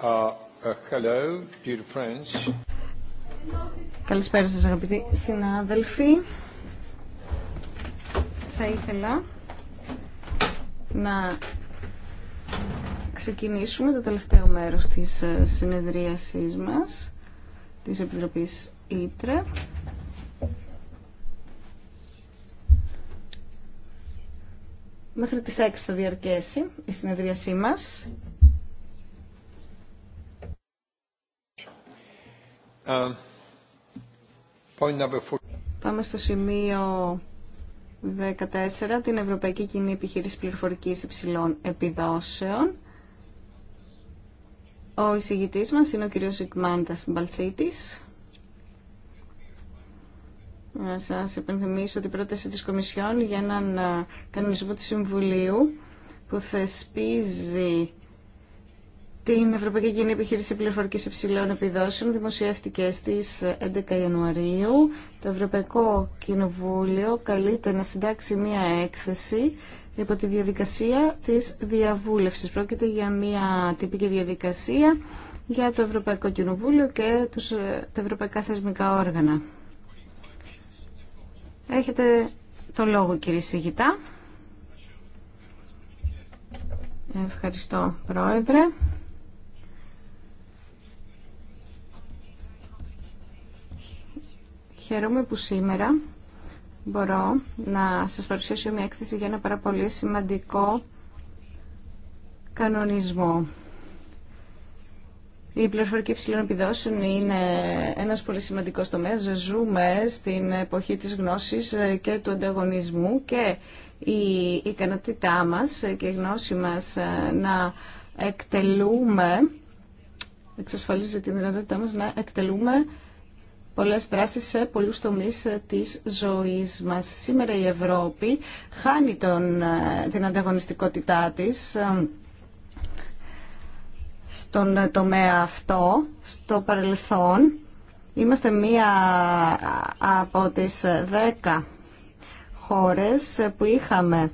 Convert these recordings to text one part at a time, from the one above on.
Uh, Καλησπέρα σας αγαπητοί συνάδελφοι. Θα ήθελα να ξεκινήσουμε το τελευταίο μέρος της ε, συνεδρίασής μας της Επιτροπής Ήτρε. Μέχρι τις 6 θα διαρκέσει η συνεδρίασή μας. Πάμε στο σημείο 14, την Ευρωπαϊκή Κοινή Επιχείρηση Πληροφορικής Υψηλών Επιδόσεων. Ο εισηγητής μας είναι ο κύριος Ικμάντας Μπαλτσίτης. Να σας υπενθυμίσω την πρόταση της Κομισιόν για έναν ε, κανονισμό του Συμβουλίου που θεσπίζει την Ευρωπαϊκή Κοινή Επιχείρηση Πληροφορικής Υψηλών Επιδόσεων δημοσιεύτηκε στις 11 Ιανουαρίου. Το Ευρωπαϊκό Κοινοβούλιο καλείται να συντάξει μία έκθεση υπό τη διαδικασία της διαβούλευσης. Πρόκειται για μία τυπική διαδικασία για το Ευρωπαϊκό Κοινοβούλιο και τους, ε, τα ευρωπαϊκά θεσμικά όργανα. Έχετε το λόγο κύριε Σιγητά. Ευχαριστώ Πρόεδρε. Χαίρομαι που σήμερα μπορώ να σας παρουσιάσω μια έκθεση για ένα πάρα πολύ σημαντικό κανονισμό. Η πληροφορική υψηλών επιδόσεων είναι ένας πολύ σημαντικός τομέας. Ζούμε στην εποχή της γνώσης και του ανταγωνισμού και η ικανότητά μας και η γνώση μας να εκτελούμε, εξασφαλίζει τη δυνατότητά μας να εκτελούμε πολλές δράσεις σε πολλούς τομείς ε, της ζωής μας. Σήμερα η Ευρώπη χάνει τον, ε, την ανταγωνιστικότητά της ε, στον τομέα αυτό, στο παρελθόν. Είμαστε μία από τις δέκα χώρες που είχαμε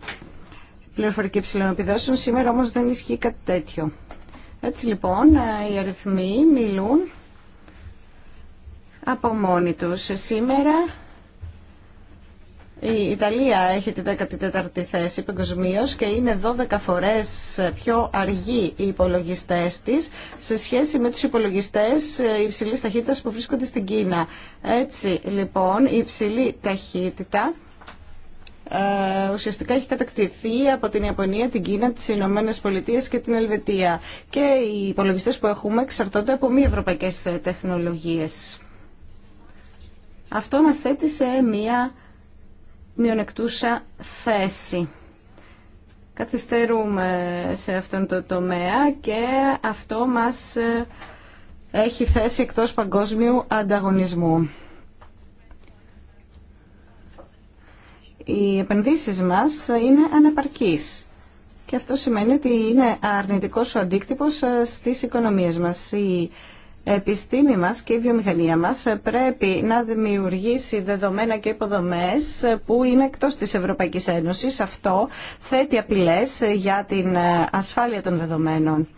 πληροφορική υψηλών επιδόσεων. Σήμερα όμως δεν ισχύει κάτι τέτοιο. Έτσι λοιπόν οι αριθμοί μιλούν από μόνοι τους. Σήμερα η Ιταλία έχει την 14η θέση παγκοσμίω και είναι 12 φορές πιο αργοί οι υπολογιστές της σε σχέση με τους υπολογιστές υψηλής ταχύτητας που βρίσκονται στην Κίνα. Έτσι λοιπόν η υψηλή ταχύτητα ε, ουσιαστικά έχει κατακτηθεί από την Ιαπωνία, την Κίνα, τις Ηνωμένε Πολιτείε και την Ελβετία. Και οι υπολογιστές που έχουμε εξαρτώνται από μη ευρωπαϊκές τεχνολογίες. Αυτό μας θέτει σε μία μειονεκτούσα θέση. Καθυστερούμε σε αυτόν το τομέα και αυτό μας ε, έχει θέση εκτός παγκόσμιου ανταγωνισμού. Οι επενδύσεις μας είναι αναπαρκής Και αυτό σημαίνει ότι είναι αρνητικός ο αντίκτυπος ε, στις οικονομίες μας επιστήμη μας και η βιομηχανία μας πρέπει να δημιουργήσει δεδομένα και υποδομές που είναι εκτός της Ευρωπαϊκής Ένωσης. Αυτό θέτει απειλές για την ασφάλεια των δεδομένων.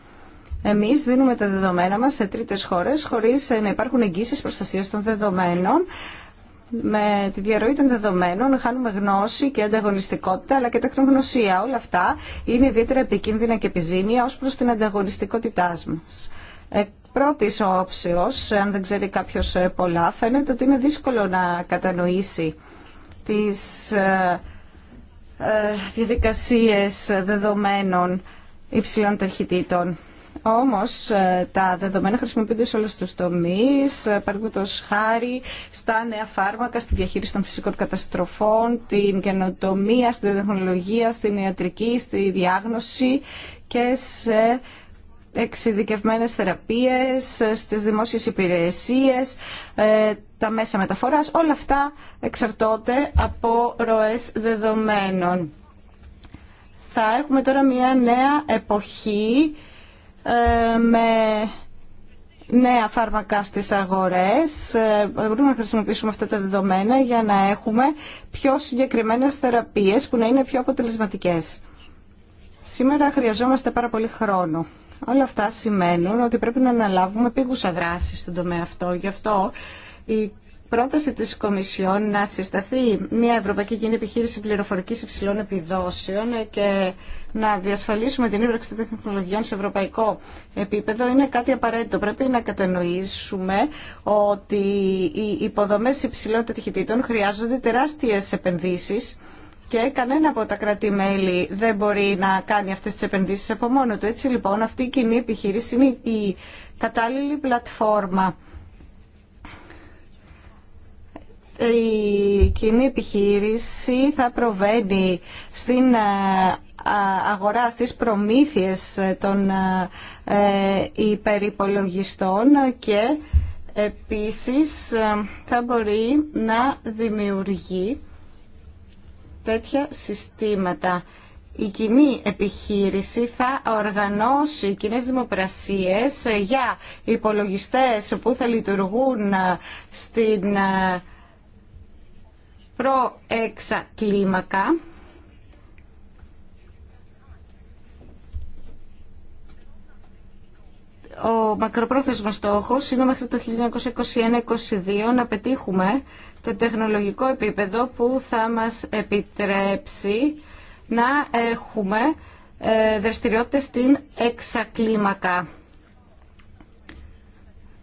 Εμείς δίνουμε τα δεδομένα μας σε τρίτες χώρες χωρίς να υπάρχουν εγγύσεις προστασίας των δεδομένων. Με τη διαρροή των δεδομένων χάνουμε γνώση και ανταγωνιστικότητα αλλά και τεχνογνωσία. Όλα αυτά είναι ιδιαίτερα επικίνδυνα και επιζήμια ως προς την ανταγωνιστικότητά μας ε, Πρώτη όψεω, αν δεν ξέρει κάποιο ε, πολλά, φαίνεται ότι είναι δύσκολο να κατανοήσει τις ε, ε, διαδικασίε δεδομένων υψηλών ταχυτήτων. Όμως τα δεδομένα χρησιμοποιούνται σε όλου τους τομείς, το χάρη στα νέα φάρμακα, στη διαχείριση των φυσικών καταστροφών, την καινοτομία, στην τεχνολογία, στην ιατρική, στη διάγνωση και σε εξειδικευμένες θεραπείες, στις δημόσιες υπηρεσίες, ε, τα μέσα μεταφοράς, όλα αυτά εξαρτώνται από ροές δεδομένων. Θα έχουμε τώρα μια νέα εποχή ε, με νέα φάρμακα στις αγορές. Ε, μπορούμε να χρησιμοποιήσουμε αυτά τα δεδομένα για να έχουμε πιο συγκεκριμένες θεραπείες που να είναι πιο αποτελεσματικές. Σήμερα χρειαζόμαστε πάρα πολύ χρόνο Όλα αυτά σημαίνουν ότι πρέπει να αναλάβουμε πήγουσα δράση στον τομέα αυτό. Γι' αυτό η πρόταση της Κομισιόν να συσταθεί μια Ευρωπαϊκή Κοινή Επιχείρηση Πληροφορικής Υψηλών Επιδόσεων και να διασφαλίσουμε την ύπαρξη των τεχνολογιών σε ευρωπαϊκό επίπεδο είναι κάτι απαραίτητο. Πρέπει να κατανοήσουμε ότι οι υποδομές υψηλών ταχυτήτων χρειάζονται τεράστιες επενδύσεις και κανένα από τα κράτη-μέλη δεν μπορεί να κάνει αυτές τις επενδύσεις από μόνο του. Έτσι λοιπόν αυτή η κοινή επιχείρηση είναι η κατάλληλη πλατφόρμα. Η κοινή επιχείρηση θα προβαίνει στην ε, αγορά στις προμήθειες των ε, ε, υπερυπολογιστών και επίσης θα μπορεί να δημιουργεί τέτοια συστήματα. Η κοινή επιχείρηση θα οργανώσει κοινέ δημοπρασίες για υπολογιστές που θα λειτουργούν στην ε, προέξα κλίμακα. Ο μακροπρόθεσμος στόχος είναι μέχρι το 1921-22 να πετύχουμε το τεχνολογικό επίπεδο που θα μας επιτρέψει να έχουμε ε, δραστηριότητες στην εξακλίμακα.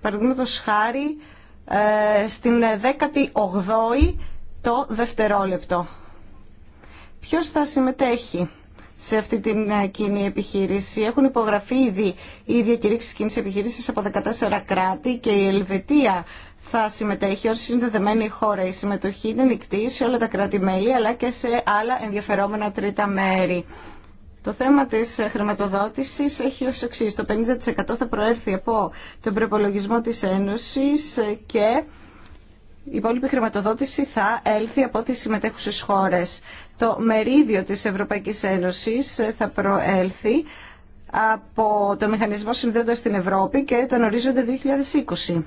Παραδείγματο χάρη ε, στην 18η το δευτερόλεπτο. Ποιος θα συμμετέχει σε αυτή την ε, κοινή επιχείρηση. Έχουν υπογραφεί ήδη οι διακηρύξει κοινή επιχείρηση από 14 κράτη και η Ελβετία θα συμμετέχει ως συνδεδεμένη χώρα. Η συμμετοχή είναι ανοιχτή σε όλα τα κράτη-μέλη αλλά και σε άλλα ενδιαφερόμενα τρίτα μέρη. Το θέμα τη χρηματοδότηση έχει ω εξή. Το 50% θα προέρθει από τον προπολογισμό τη Ένωση και η υπόλοιπη χρηματοδότηση θα έλθει από τις συμμετέχουσες χώρες το μερίδιο της Ευρωπαϊκής Ένωσης θα προέλθει από το Μηχανισμό Συνδέοντας στην Ευρώπη και τον ορίζοντα 2020.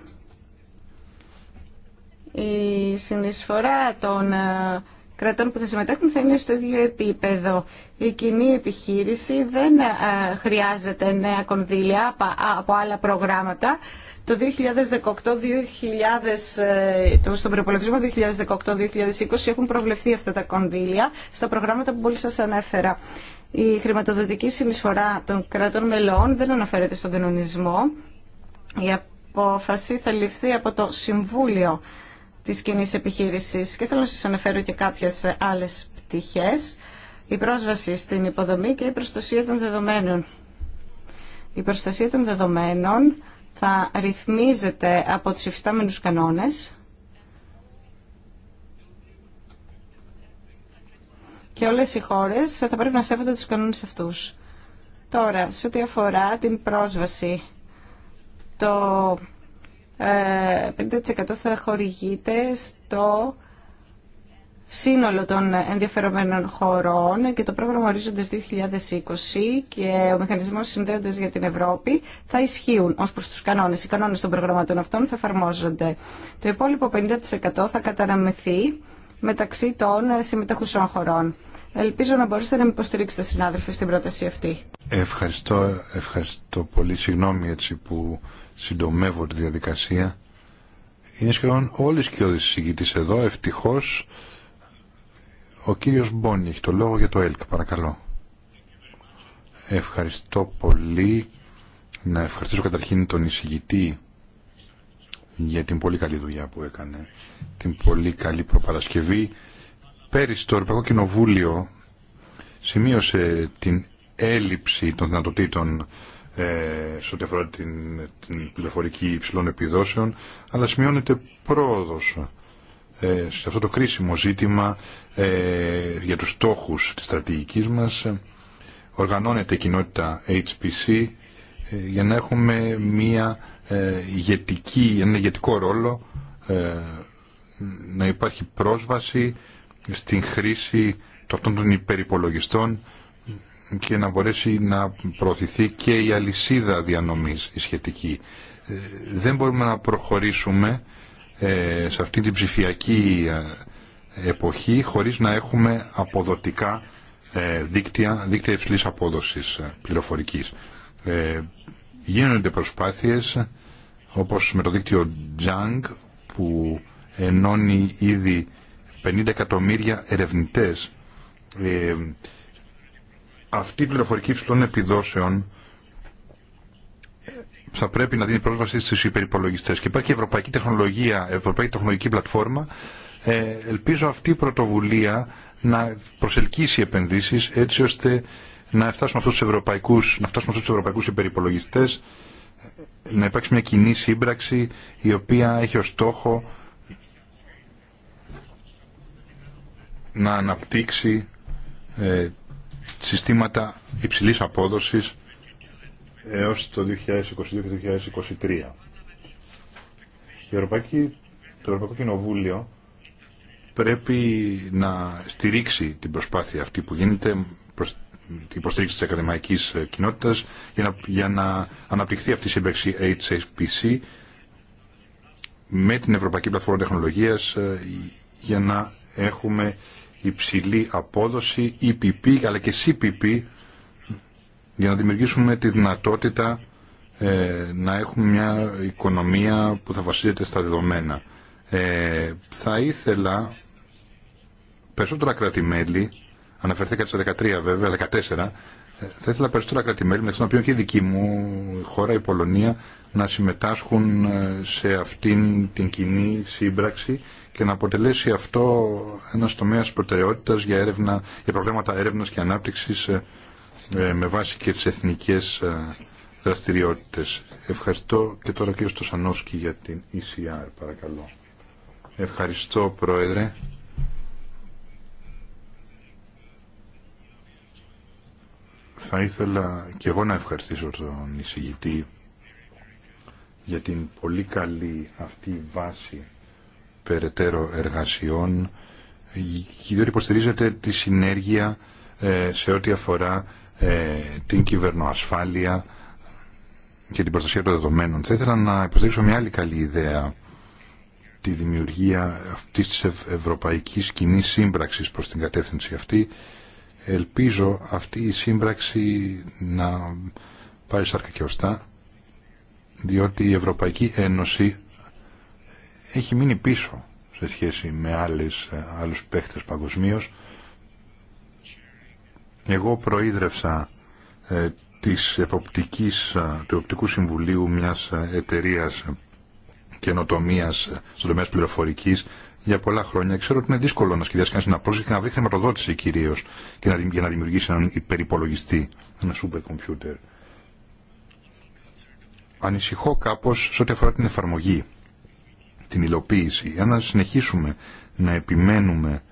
Η συνεισφορά των ε, κρατών που θα συμμετέχουν θα είναι στο ίδιο επίπεδο. Η κοινή επιχείρηση δεν ε, χρειάζεται νέα κονδύλια από άλλα προγράμματα το 2018, ε, στον προπολογισμό 2018-2020 έχουν προβλεφθεί αυτά τα κονδύλια στα προγράμματα που πολύ σας ανέφερα. Η χρηματοδοτική συνεισφορά των κρατών μελών δεν αναφέρεται στον κανονισμό. Η απόφαση θα ληφθεί από το Συμβούλιο της κοινή επιχείρησης και θέλω να σας αναφέρω και κάποιες άλλες πτυχές. Η πρόσβαση στην υποδομή και η προστασία των δεδομένων. Η προστασία των δεδομένων θα ρυθμίζεται από τους υφιστάμενους κανόνες και όλες οι χώρες θα πρέπει να σέβονται τους κανόνες αυτούς. Τώρα, σε ό,τι αφορά την πρόσβαση, το 50% ε, θα χορηγείται στο σύνολο των ενδιαφερομένων χωρών και το πρόγραμμα Ορίζοντας 2020 και ο Μηχανισμός Συνδέοντας για την Ευρώπη θα ισχύουν ως προς τους κανόνες. Οι κανόνες των προγραμματών αυτών θα εφαρμόζονται. Το υπόλοιπο 50% θα καταναμεθεί μεταξύ των συμμετεχουσών χωρών. Ελπίζω να μπορέσετε να με υποστηρίξετε, συνάδελφοι, στην πρόταση αυτή. Ευχαριστώ, ευχαριστώ πολύ. Συγγνώμη έτσι που συντομεύω τη διαδικασία. Είναι σχεδόν όλοι οι σκιώδεις εδώ, ευτυχώς. Ο κύριος Μπόνι έχει το λόγο για το ΕΛΚ, παρακαλώ. Ευχαριστώ πολύ. Να ευχαριστήσω καταρχήν τον εισηγητή για την πολύ καλή δουλειά που έκανε, την πολύ καλή προπαρασκευή. Πέρυσι το Ευρωπαϊκό Κοινοβούλιο σημείωσε την έλλειψη των δυνατοτήτων ε, σε ό,τι αφορά την, την πληροφορική υψηλών επιδόσεων, αλλά σημειώνεται πρόοδος. Ε, σε αυτό το κρίσιμο ζήτημα ε, για τους στόχους της στρατηγικής μας. Ε, οργανώνεται η κοινότητα HPC για να έχουμε μια ηγετική, ένα ηγετικό ρόλο να υπάρχει πρόσβαση στην χρήση αυτών των υπερυπολογιστών και να μπορέσει να προωθηθεί και η αλυσίδα διανομής σχετική. Δεν μπορούμε να προχωρήσουμε ε, σε αυτή την ψηφιακή ε, εποχή χωρίς να έχουμε αποδοτικά ε, δίκτυα, δίκτυα υψηλής απόδοσης ε, πληροφορικής. Ε, γίνονται προσπάθειες όπως με το δίκτυο Jang που ενώνει ήδη 50 εκατομμύρια ερευνητές. αυτή η πληροφορική υψηλών επιδόσεων θα πρέπει να δίνει πρόσβαση στους υπερυπολογιστές. Και υπάρχει και ευρωπαϊκή τεχνολογία, ευρωπαϊκή τεχνολογική πλατφόρμα. Ε, ελπίζω αυτή η πρωτοβουλία να προσελκύσει επενδύσεις έτσι ώστε να φτάσουμε αυτούς τους ευρωπαϊκούς, να στους ευρωπαϊκούς υπερυπολογιστές, να υπάρξει μια κοινή σύμπραξη η οποία έχει ως στόχο να αναπτύξει ε, συστήματα υψηλής απόδοσης έως το 2022 και το 2023. Η Ευρωπαϊκή, το Ευρωπαϊκό Κοινοβούλιο πρέπει να στηρίξει την προσπάθεια αυτή που γίνεται προς την υποστήριξη της ακαδημαϊκής ε, κοινότητας για να, για να αναπτυχθεί αυτή η σύμπραξη HSPC με την Ευρωπαϊκή Πλατφόρμα Τεχνολογίας ε, για να έχουμε υψηλή απόδοση EPP αλλά και CPP για να δημιουργήσουμε τη δυνατότητα ε, να έχουμε μια οικονομία που θα βασίζεται στα δεδομένα. Ε, θα ήθελα περισσότερα κράτη-μέλη, αναφερθήκατε στα 13 βέβαια, 14, ε, θα ήθελα περισσότερα κράτη-μέλη, μεταξύ των οποίων και η δική μου η χώρα, η Πολωνία, να συμμετάσχουν ε, σε αυτήν την κοινή σύμπραξη και να αποτελέσει αυτό ένα τομέα προτεραιότητα για, για προγράμματα έρευνα και ανάπτυξη ε, ε, με βάση και τις εθνικές ε, δραστηριότητες. Ευχαριστώ και τώρα κύριο Στοσανόσκη για την ECR, παρακαλώ. Ευχαριστώ, Πρόεδρε. Θα ήθελα και εγώ να ευχαριστήσω τον εισηγητή για την πολύ καλή αυτή βάση περαιτέρω εργασιών, ε, διότι υποστηρίζεται τη συνέργεια σε ό,τι αφορά ε, την κυβερνοασφάλεια και την προστασία των δεδομένων. Θα ήθελα να υποστηρίξω μια άλλη καλή ιδέα τη δημιουργία αυτής της ευρωπαϊκής κοινή σύμπραξης προς την κατεύθυνση αυτή. Ελπίζω αυτή η σύμπραξη να πάρει σάρκα και οστά, διότι η Ευρωπαϊκή Ένωση έχει μείνει πίσω σε σχέση με άλλες, ε, άλλους παίχτες παγκοσμίως εγώ προείδρευσα ε, της εποπτικής, ε, του Εποπτικού Συμβουλίου μιας ε, εταιρείας καινοτομίας στον τομέα πληροφορικής για πολλά χρόνια. Ξέρω ότι είναι δύσκολο να σχεδιάσει κανεί ένα project και να βρει χρηματοδότηση κυρίω για να δημιουργήσει έναν υπερυπολογιστή, ένα super computer. Ανησυχώ κάπω σε ό,τι αφορά την εφαρμογή, την υλοποίηση. Αν συνεχίσουμε να επιμένουμε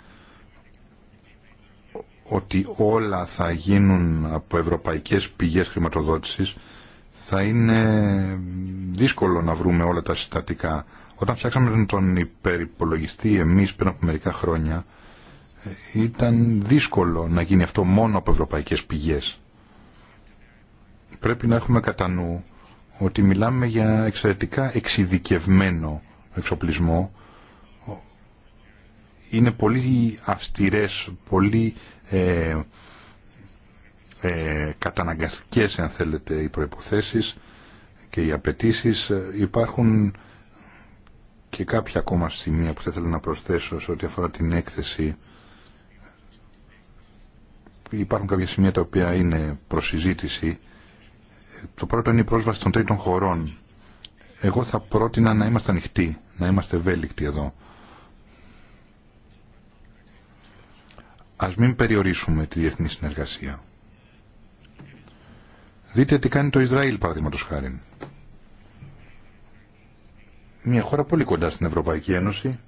ότι όλα θα γίνουν από ευρωπαϊκές πηγές χρηματοδότησης θα είναι δύσκολο να βρούμε όλα τα συστατικά. Όταν φτιάξαμε τον υπερυπολογιστή εμείς πριν από μερικά χρόνια ήταν δύσκολο να γίνει αυτό μόνο από ευρωπαϊκές πηγές. Πρέπει να έχουμε κατά νου ότι μιλάμε για εξαιρετικά εξειδικευμένο εξοπλισμό. Είναι πολύ αυστηρές, πολύ ε, ε, καταναγκαστικές αν θέλετε οι προϋποθέσεις και οι απαιτήσεις ε, υπάρχουν και κάποια ακόμα σημεία που θα ήθελα να προσθέσω σε ό,τι αφορά την έκθεση υπάρχουν κάποια σημεία τα οποία είναι προσυζήτηση το πρώτο είναι η πρόσβαση των τρίτων χωρών εγώ θα πρότεινα να είμαστε ανοιχτοί να είμαστε ευέλικτοι εδώ Ας μην περιορίσουμε τη διεθνή συνεργασία. Δείτε τι κάνει το Ισραήλ, παραδείγματο χάρη. Μια χώρα πολύ κοντά στην Ευρωπαϊκή Ένωση,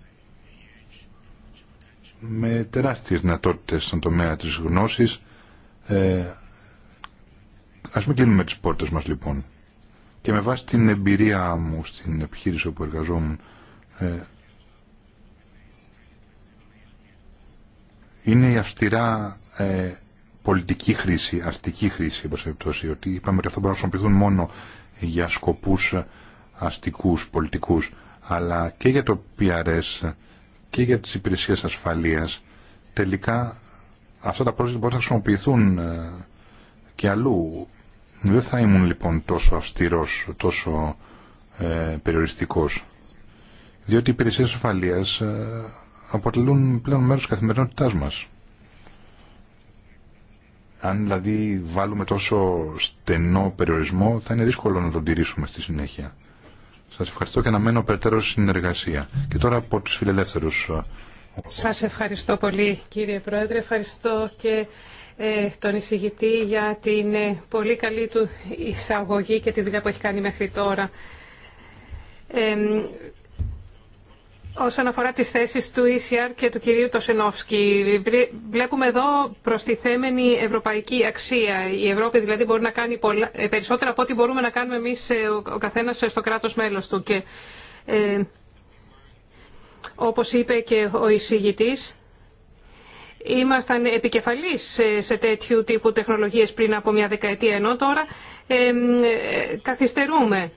με τεράστιες δυνατότητες στον τομέα της γνώσης. Ε, ας μην κλείνουμε τις πόρτες μας λοιπόν. Και με βάση την εμπειρία μου στην επιχείρηση όπου εργαζόμουν, ε, είναι η αυστηρά ε, πολιτική χρήση, αστική χρήση, εν ότι είπαμε ότι αυτό μπορούν να χρησιμοποιηθούν μόνο για σκοπούς ε, αστικούς, πολιτικούς, αλλά και για το PRS και για τις υπηρεσίες ασφαλείας, τελικά αυτά τα πράγματα μπορεί να χρησιμοποιηθούν ε, και αλλού. Δεν θα ήμουν λοιπόν τόσο αυστηρός, τόσο ε, περιοριστικός, διότι οι υπηρεσίες ασφαλείας αποτελούν πλέον μέρος της καθημερινότητάς μας. Αν δηλαδή βάλουμε τόσο στενό περιορισμό θα είναι δύσκολο να τον τηρήσουμε στη συνέχεια. Σας ευχαριστώ και αναμένω περαιτέρω συνεργασία. Και τώρα από τους φιλελεύθερους. Σας ευχαριστώ πολύ κύριε Πρόεδρε. Ευχαριστώ και ε, τον εισηγητή για την ε, πολύ καλή του εισαγωγή και τη δουλειά που έχει κάνει μέχρι τώρα. Όσον αφορά τις θέσεις του ECR και του κυρίου Τοσενόφσκι, βλέπουμε εδώ προστιθέμενη ευρωπαϊκή αξία. Η Ευρώπη δηλαδή μπορεί να κάνει ε, περισσότερα από ό,τι μπορούμε να κάνουμε εμείς ε, ο καθένας ε, στο κράτος μέλος του. Και, ε, όπως είπε και ο εισηγητής, ήμασταν επικεφαλής σε τέτοιου τύπου τεχνολογίες πριν από μια δεκαετία, ενώ τώρα ε, καθυστερούμε.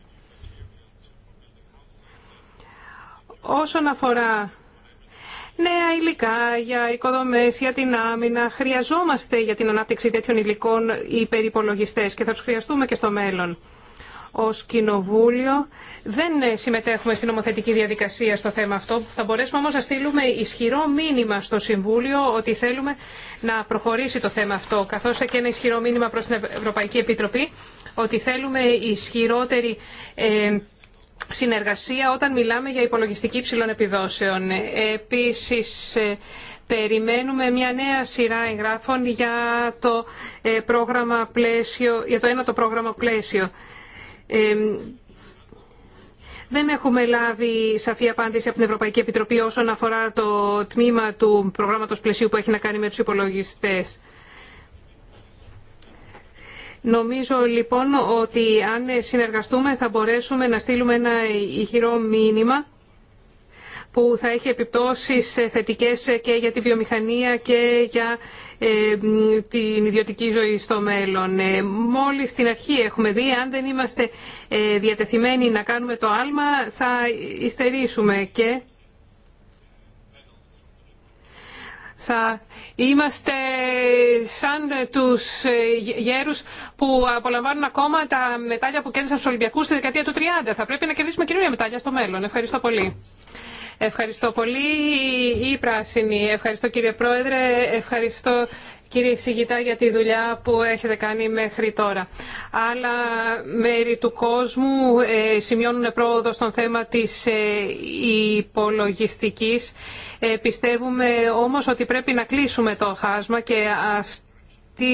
όσον αφορά νέα υλικά για οικοδομές, για την άμυνα, χρειαζόμαστε για την ανάπτυξη τέτοιων υλικών υπερυπολογιστές και θα τους χρειαστούμε και στο μέλλον. Ως Κοινοβούλιο δεν συμμετέχουμε στην νομοθετική διαδικασία στο θέμα αυτό. Θα μπορέσουμε όμως να στείλουμε ισχυρό μήνυμα στο Συμβούλιο ότι θέλουμε να προχωρήσει το θέμα αυτό, καθώς και ένα ισχυρό μήνυμα προς την Ευρωπαϊκή Επιτροπή ότι θέλουμε ισχυρότερη ε, συνεργασία όταν μιλάμε για υπολογιστική υψηλών επιδόσεων. Επίσης, ε, περιμένουμε μια νέα σειρά εγγράφων για το, ε, πρόγραμμα πλαίσιο, για το ένα το πρόγραμμα πλαίσιο. Ε, δεν έχουμε λάβει σαφή απάντηση από την Ευρωπαϊκή Επιτροπή όσον αφορά το τμήμα του προγράμματος πλαισίου που έχει να κάνει με τους υπολογιστές. Νομίζω λοιπόν ότι αν συνεργαστούμε θα μπορέσουμε να στείλουμε ένα ηχηρό μήνυμα που θα έχει επιπτώσεις θετικές και για τη βιομηχανία και για ε, την ιδιωτική ζωή στο μέλλον. Ε, μόλις στην αρχή έχουμε δει, αν δεν είμαστε ε, διατεθειμένοι να κάνουμε το άλμα θα υστερήσουμε και Θα είμαστε σαν τους ε, γέρους που απολαμβάνουν ακόμα τα μετάλλια που κέρδισαν στους Ολυμπιακούς στη δεκαετία του 30. Θα πρέπει να κερδίσουμε καινούργια μετάλλια στο μέλλον. Ευχαριστώ πολύ. Ευχαριστώ πολύ η Πράσινη. Ευχαριστώ κύριε Πρόεδρε. Ευχαριστώ κύριε Σιγητά για τη δουλειά που έχετε κάνει μέχρι τώρα. Άλλα μέρη του κόσμου ε, σημειώνουν πρόοδο στον θέμα της ε, υπολογιστικής ε, πιστεύουμε όμως ότι πρέπει να κλείσουμε το χάσμα και αυτή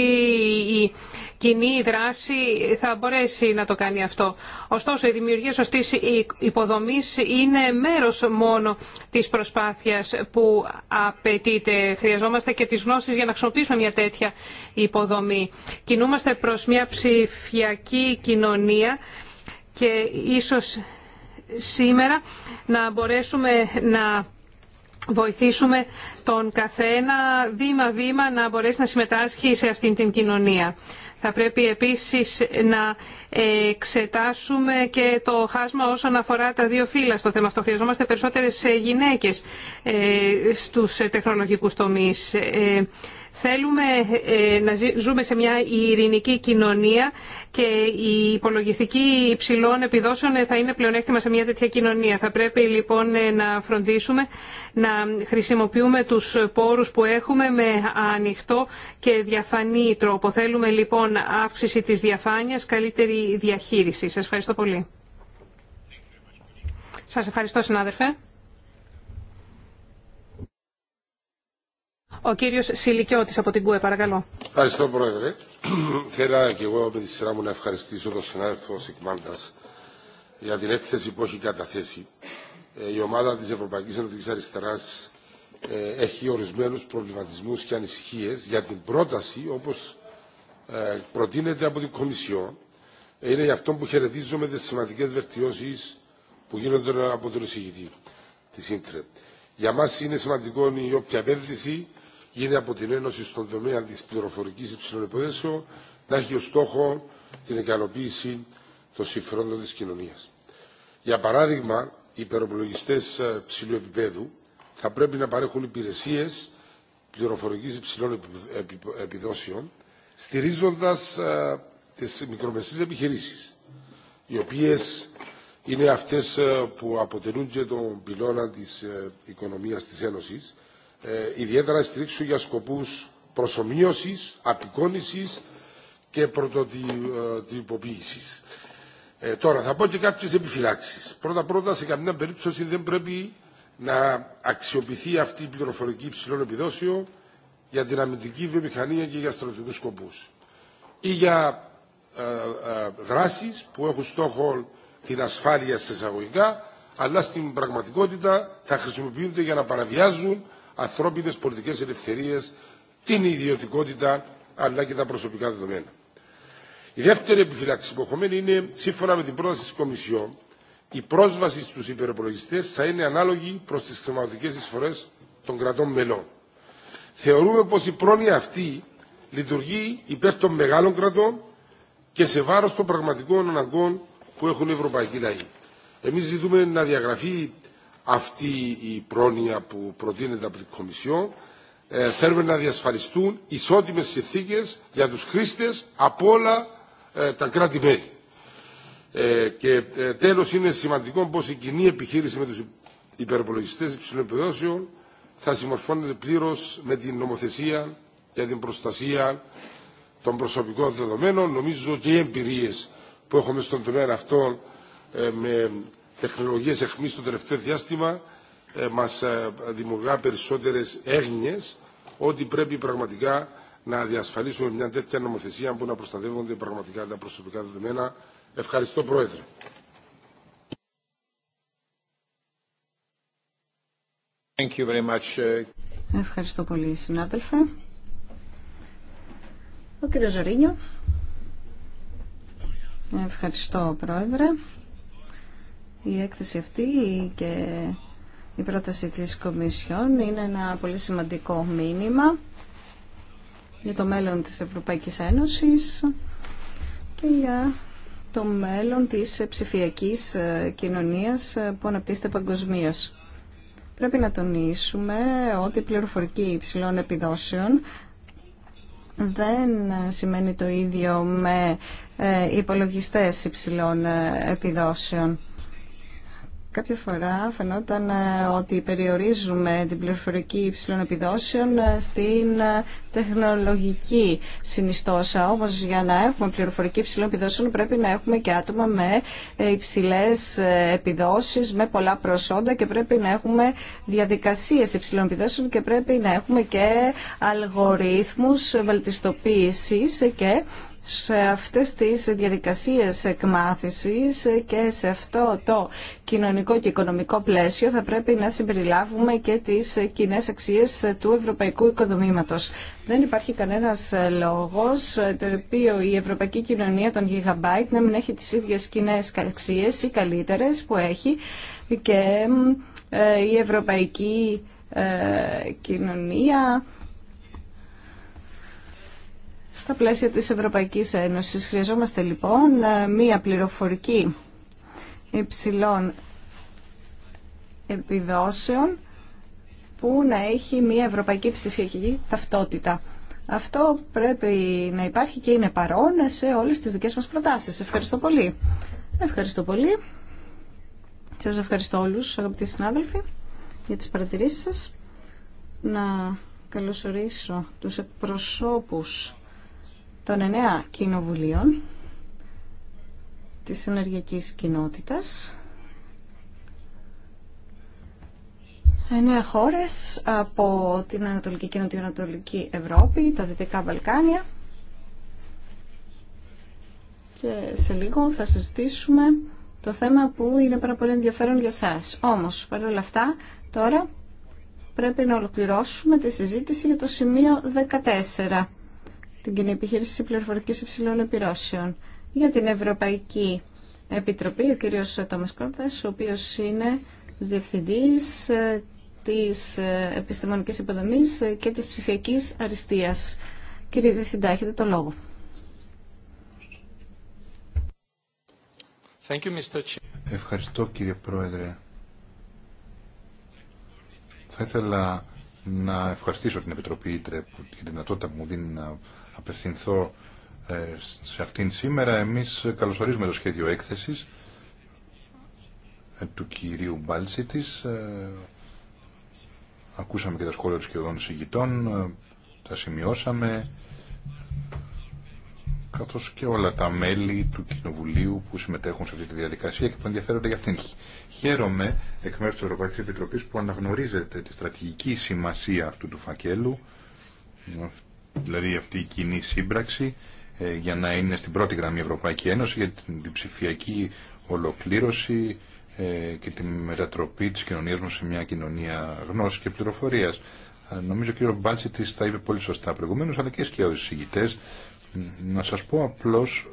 η κοινή δράση θα μπορέσει να το κάνει αυτό. Ωστόσο, η δημιουργία σωστής υποδομής είναι μέρος μόνο της προσπάθειας που απαιτείται. Χρειαζόμαστε και τις γνώσεις για να χρησιμοποιήσουμε μια τέτοια υποδομή. Κινούμαστε προς μια ψηφιακή κοινωνία και ίσως σήμερα να μπορέσουμε να βοηθήσουμε τον καθένα βήμα-βήμα να μπορέσει να συμμετάσχει σε αυτήν την κοινωνία. Θα πρέπει επίσης να εξετάσουμε και το χάσμα όσον αφορά τα δύο φύλλα στο θέμα αυτό. Χρειαζόμαστε περισσότερες γυναίκες ε, στους τεχνολογικούς τομείς. Ε, Θέλουμε ε, να ζούμε σε μια ειρηνική κοινωνία και η υπολογιστική υψηλών επιδόσεων ε, θα είναι πλεονέκτημα σε μια τέτοια κοινωνία. Θα πρέπει λοιπόν ε, να φροντίσουμε να χρησιμοποιούμε τους πόρους που έχουμε με ανοιχτό και διαφανή τρόπο. Θέλουμε λοιπόν αύξηση της διαφάνειας, καλύτερη διαχείριση. Σας ευχαριστώ πολύ. Σας ευχαριστώ συνάδελφε. Ο κύριο Σιλικιώτη από την ΚΟΕ, παρακαλώ. Ευχαριστώ, Πρόεδρε. Θέλω και εγώ με τη σειρά μου να ευχαριστήσω τον συνάδελφο Σικμάντα για την έκθεση που έχει καταθέσει. Ε, η ομάδα τη Ευρωπαϊκή Ενωτικής Αριστερά ε, έχει ορισμένου προβληματισμού και ανησυχίε για την πρόταση όπω ε, προτείνεται από την Κομισιό. Είναι γι' αυτό που χαιρετίζομαι τι σημαντικέ βελτιώσει που γίνονται από τον εισηγητή τη ΙΝΤΡΕ. Για μα είναι σημαντικό η όποια επένδυση γίνει από την Ένωση στον τομέα της πληροφορικής υψηλών να έχει ως στόχο την ικανοποίηση των συμφερόντων της κοινωνίας. Για παράδειγμα, οι υπεροπολογιστές ε, ψηλού επίπεδου θα πρέπει να παρέχουν υπηρεσίες πληροφορικής υψηλών επιδόσεων, στηρίζοντας ε, τις μικρομεσαίες επιχειρήσεις, οι οποίες είναι αυτές ε, που αποτελούν και τον πυλώνα της οικονομίας της Ένωσης ε, ιδιαίτερα στηρίξουν για σκοπούς προσωμείωσης, απεικόνησης και πρωτοτυποποίησης. Ε, τώρα θα πω και κάποιες επιφυλάξεις. Πρώτα-πρώτα σε καμία περίπτωση δεν πρέπει να αξιοποιηθεί αυτή η πληροφορική υψηλών επιδόσεων για την αμυντική βιομηχανία και για στρατιωτικούς σκοπούς ή για ε, ε δράσεις που έχουν στόχο την ασφάλεια σε εισαγωγικά αλλά στην πραγματικότητα θα χρησιμοποιούνται για να παραβιάζουν ανθρώπινε πολιτικέ ελευθερίε, την ιδιωτικότητα αλλά και τα προσωπικά δεδομένα. Η δεύτερη επιφύλαξη υποχωμένη είναι, σύμφωνα με την πρόταση τη Κομισιόν, η πρόσβαση στου υπεροπολογιστέ θα είναι ανάλογη προ τι χρηματοδοτικέ εισφορέ των κρατών μελών. Θεωρούμε πω η πρόνοια αυτή λειτουργεί υπέρ των μεγάλων κρατών και σε βάρο των πραγματικών αναγκών που έχουν οι ευρωπαϊκοί λαοί. Εμεί ζητούμε να διαγραφεί αυτή η πρόνοια που προτείνεται από την Κομισιό Ε, θέλουμε να διασφαλιστούν ισότιμες συνθήκε για τους χρήστες από όλα ε, τα κράτη-μέλη. Ε, και ε, τέλος είναι σημαντικό πως η κοινή επιχείρηση με τους υπερπολογιστές υψηλών επιδόσεων θα συμμορφώνεται πλήρως με την νομοθεσία για την προστασία των προσωπικών δεδομένων. Νομίζω και οι εμπειρίες που έχουμε στον τομέα αυτό με τεχνολογίες εχμής στο τελευταίο διάστημα ε, μας ε, δημιουργά περισσότερες έγνοιες ότι πρέπει πραγματικά να διασφαλίσουμε μια τέτοια νομοθεσία που να προστατεύονται πραγματικά τα προσωπικά δεδομένα. Ευχαριστώ Πρόεδρε. Thank you very much. Ε. Ευχαριστώ πολύ συνάδελφε. Ο κύριος Ζωρίνιο. Ευχαριστώ Πρόεδρε. Η έκθεση αυτή και η πρόταση της Κομισιόν είναι ένα πολύ σημαντικό μήνυμα για το μέλλον της Ευρωπαϊκής Ένωσης και για το μέλλον της ψηφιακής ε, κοινωνίας ε, που αναπτύσσεται παγκοσμίω. Πρέπει να τονίσουμε ότι η πληροφορική υψηλών επιδόσεων δεν ε, σημαίνει το ίδιο με υπολογιστές υψηλών επιδόσεων. Κάποια φορά φαινόταν ε, ότι περιορίζουμε την πληροφορική υψηλών επιδόσεων ε, στην ε, τεχνολογική συνιστόσα. Όμως για να έχουμε πληροφορική υψηλών επιδόσεων πρέπει να έχουμε και άτομα με υψηλές επιδόσεις, με πολλά προσόντα και πρέπει να έχουμε διαδικασίες υψηλών επιδόσεων και πρέπει να έχουμε και αλγορίθμους βελτιστοποίησης και σε αυτές τις διαδικασίες εκμάθησης και σε αυτό το κοινωνικό και οικονομικό πλαίσιο θα πρέπει να συμπεριλάβουμε και τις κοινέ αξίες του ευρωπαϊκού οικοδομήματος. Δεν υπάρχει κανένας λόγος το οποίο η ευρωπαϊκή κοινωνία των Gigabyte να μην έχει τις ίδιες κοινέ αξίες ή καλύτερες που έχει και ε, η ευρωπαϊκή ε, κοινωνία στα πλαίσια της Ευρωπαϊκής Ένωσης χρειαζόμαστε λοιπόν ε, μία πληροφορική υψηλών επιδόσεων που να έχει μία ευρωπαϊκή ψηφιακή ταυτότητα. Αυτό πρέπει να υπάρχει και είναι παρόν σε όλες τις δικές μας προτάσεις. Ευχαριστώ πολύ. Ευχαριστώ πολύ. Σας ευχαριστώ όλους αγαπητοί συνάδελφοι για τις παρατηρήσεις σας. Να καλωσορίσω τους εκπροσώπους των εννέα κοινοβουλίων της ενεργειακής κοινότητας. Εννέα χώρες από την Ανατολική και Νοτιοανατολική Ευρώπη, τα Δυτικά Βαλκάνια. Και σε λίγο θα συζητήσουμε το θέμα που είναι πάρα πολύ ενδιαφέρον για σας. Όμως, παρ' αυτά, τώρα πρέπει να ολοκληρώσουμε τη συζήτηση για το σημείο 14 την κοινή επιχείρηση πληροφορική υψηλών επιρρώσεων. Για την Ευρωπαϊκή Επιτροπή, ο κύριος Τόμας Κόρτας, ο οποίος είναι διευθυντής ε, της ε, επιστημονικής υποδομής και της ψηφιακής αριστείας. Κύριε Διευθυντά, έχετε το λόγο. Ευχαριστώ κύριε Πρόεδρε. Θα ήθελα να ευχαριστήσω την Επιτροπή ΙΤΡΕ για τη δυνατότητα μου δίνει να απευθυνθώ ε, σε αυτήν σήμερα. Εμείς καλωσορίζουμε το σχέδιο έκθεσης ε, του κυρίου Μπάλτσιτης. Ε, ακούσαμε και τα σχόλια του σχεδόν συγγητών, τα σημειώσαμε, καθώς και όλα τα μέλη του Κοινοβουλίου που συμμετέχουν σε αυτή τη διαδικασία και που ενδιαφέρονται για αυτήν. Χαίρομαι εκ μέρους της Ευρωπαϊκής Επιτροπής που αναγνωρίζεται τη στρατηγική σημασία αυτού του φακέλου, δηλαδή αυτή η κοινή σύμπραξη ε, για να είναι στην πρώτη γραμμή η Ευρωπαϊκή Ένωση για την ψηφιακή ολοκλήρωση ε, και τη μετατροπή της κοινωνίας μας σε μια κοινωνία γνώσης και πληροφορίας. Ε, νομίζω ο κ. Μπάλτσιτης τα είπε πολύ σωστά προηγουμένω, αλλά και οι συγητές. Να σας πω απλώς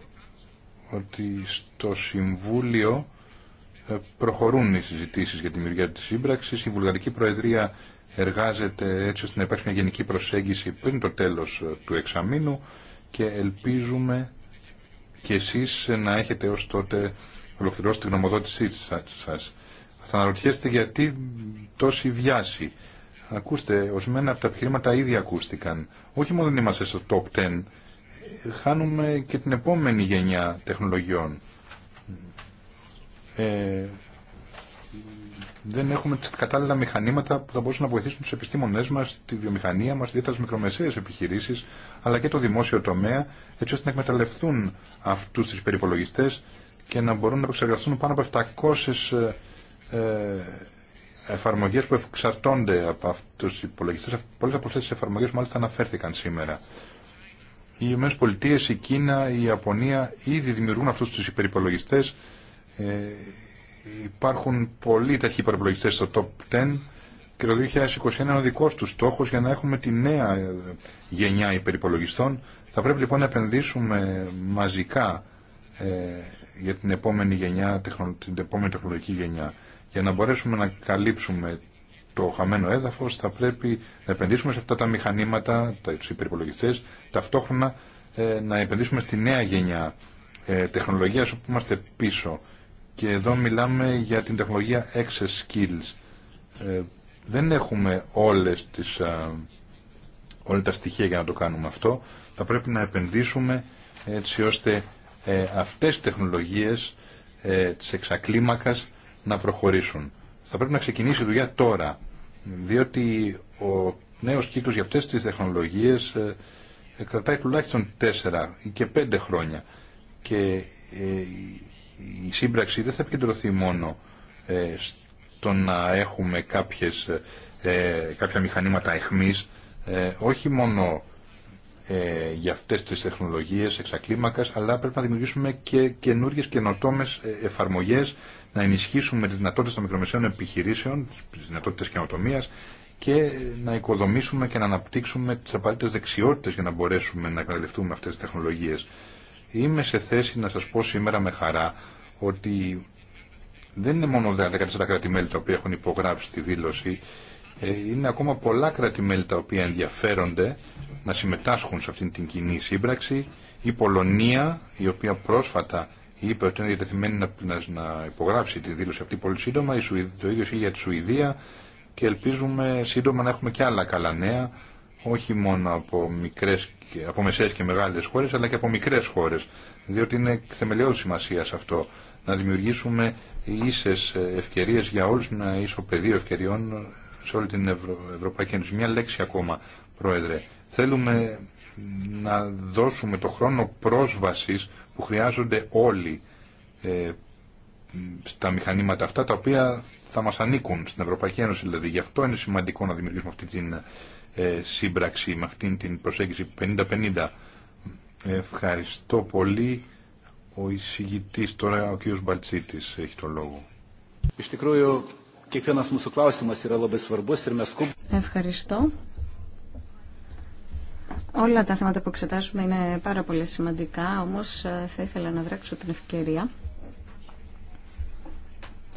ότι στο Συμβούλιο προχωρούν οι συζητήσεις για τη δημιουργία της σύμπραξης. Η Βουλγαρική Προεδρία εργάζεται έτσι ώστε να υπάρχει μια γενική προσέγγιση πριν το τέλος του εξαμήνου και ελπίζουμε και εσείς να έχετε ως τότε ολοκληρώσει την γνωμοδότησή σας. Θα αναρωτιέστε γιατί τόση βιάση. Ακούστε, μένα από τα επιχειρήματα ήδη ακούστηκαν. Όχι μόνο δεν είμαστε στο top 10, χάνουμε και την επόμενη γενιά τεχνολογιών. Ε, δεν έχουμε τις κατάλληλα μηχανήματα που θα μπορούσαν να βοηθήσουν τους επιστήμονές μας, τη βιομηχανία μας, ιδιαίτερα τις μικρομεσαίες επιχειρήσεις, αλλά και το δημόσιο τομέα, έτσι ώστε να εκμεταλλευτούν αυτού τους υπερυπολογιστέ και να μπορούν να επεξεργαστούν πάνω από 700 ε, ε εφαρμογέ που εξαρτώνται από αυτού του υπολογιστέ. Πολλέ από αυτέ τι εφαρμογέ μάλιστα αναφέρθηκαν σήμερα. Οι ΗΠΑ, η Κίνα, η Ιαπωνία ήδη δημιουργούν αυτού του υπερυπολογιστέ. Ε, Υπάρχουν πολλοί τέτοιοι στο top 10 και το 2021 είναι ο δικό του στόχο για να έχουμε τη νέα ε, γενιά υπερυπολογιστών. Θα πρέπει λοιπόν να επενδύσουμε μαζικά ε, για την επόμενη, γενιά, την επόμενη τεχνολογική γενιά. Για να μπορέσουμε να καλύψουμε το χαμένο έδαφο, θα πρέπει να επενδύσουμε σε αυτά τα μηχανήματα, του υπερυπολογιστέ, ταυτόχρονα ε, να επενδύσουμε στη νέα γενιά ε, τεχνολογία όπου είμαστε πίσω. Και εδώ μιλάμε για την τεχνολογία excess skills. Ε, δεν έχουμε όλες τις, α, ε, όλα τα στοιχεία για να το κάνουμε αυτό. Θα πρέπει να επενδύσουμε έτσι ώστε ε, αυτές οι τεχνολογίες ε, της εξακλίμακας να προχωρήσουν. Θα πρέπει να ξεκινήσει η δουλειά τώρα, διότι ο νέος κύκλος για αυτές τις τεχνολογίες ε, κρατάει τουλάχιστον τέσσερα ή και πέντε χρόνια. Και η σύμπραξη δεν θα επικεντρωθεί μόνο ε, στο να έχουμε κάποιες, ε, κάποια μηχανήματα εχμής, ε, όχι μόνο για αυτές τις τεχνολογίες εξακλίμακας, αλλά πρέπει να δημιουργήσουμε και καινούργιες καινοτόμες εφαρμογές, να ενισχύσουμε τις δυνατότητες των μικρομεσαίων επιχειρήσεων, τις δυνατότητες καινοτομίας και να οικοδομήσουμε και να αναπτύξουμε τις απαραίτητες δεξιότητες για να μπορέσουμε να εκμεταλλευτούμε αυτές τις τεχνολογίες. Είμαι σε θέση να σας πω σήμερα με χαρά ότι δεν είναι μόνο 14 κράτη-μέλη τα οποία έχουν υπογράψει τη δήλωση, ε, είναι ακόμα πολλά κράτη-μέλη τα οποία ενδιαφέρονται να συμμετάσχουν σε αυτήν την κοινή σύμπραξη. Η Πολωνία, η οποία πρόσφατα είπε ότι είναι διατεθειμένη να, να, υπογράψει τη δήλωση αυτή πολύ σύντομα, το ίδιο είχε για τη Σουηδία και ελπίζουμε σύντομα να έχουμε και άλλα καλά νέα, όχι μόνο από, μικρές, από μεσαίες και μεγάλες χώρες, αλλά και από μικρές χώρες, διότι είναι θεμελιώδη σημασία σε αυτό να δημιουργήσουμε ίσες ε, ευκαιρίες για όλους, ένα ίσο πεδίο ευκαιριών σε όλη την Ευρωπαϊκή Ένωση. Μια λέξη ακόμα, Πρόεδρε. Θέλουμε να δώσουμε το χρόνο πρόσβασης που χρειάζονται όλοι ε, στα μηχανήματα αυτά, τα οποία θα μας ανήκουν στην Ευρωπαϊκή Ένωση. Δηλαδή, γι' αυτό είναι σημαντικό να δημιουργήσουμε αυτή την ε, σύμπραξη, με αυτή την προσέγγιση 50-50. Ευχαριστώ πολύ. Ο εισηγητής τώρα, ο κ. Μπαλτσίτης, έχει τον λόγο. Ευχαριστώ. Όλα τα θέματα που εξετάζουμε είναι πάρα πολύ σημαντικά, όμως ε, θα ήθελα να δράξω την ευκαιρία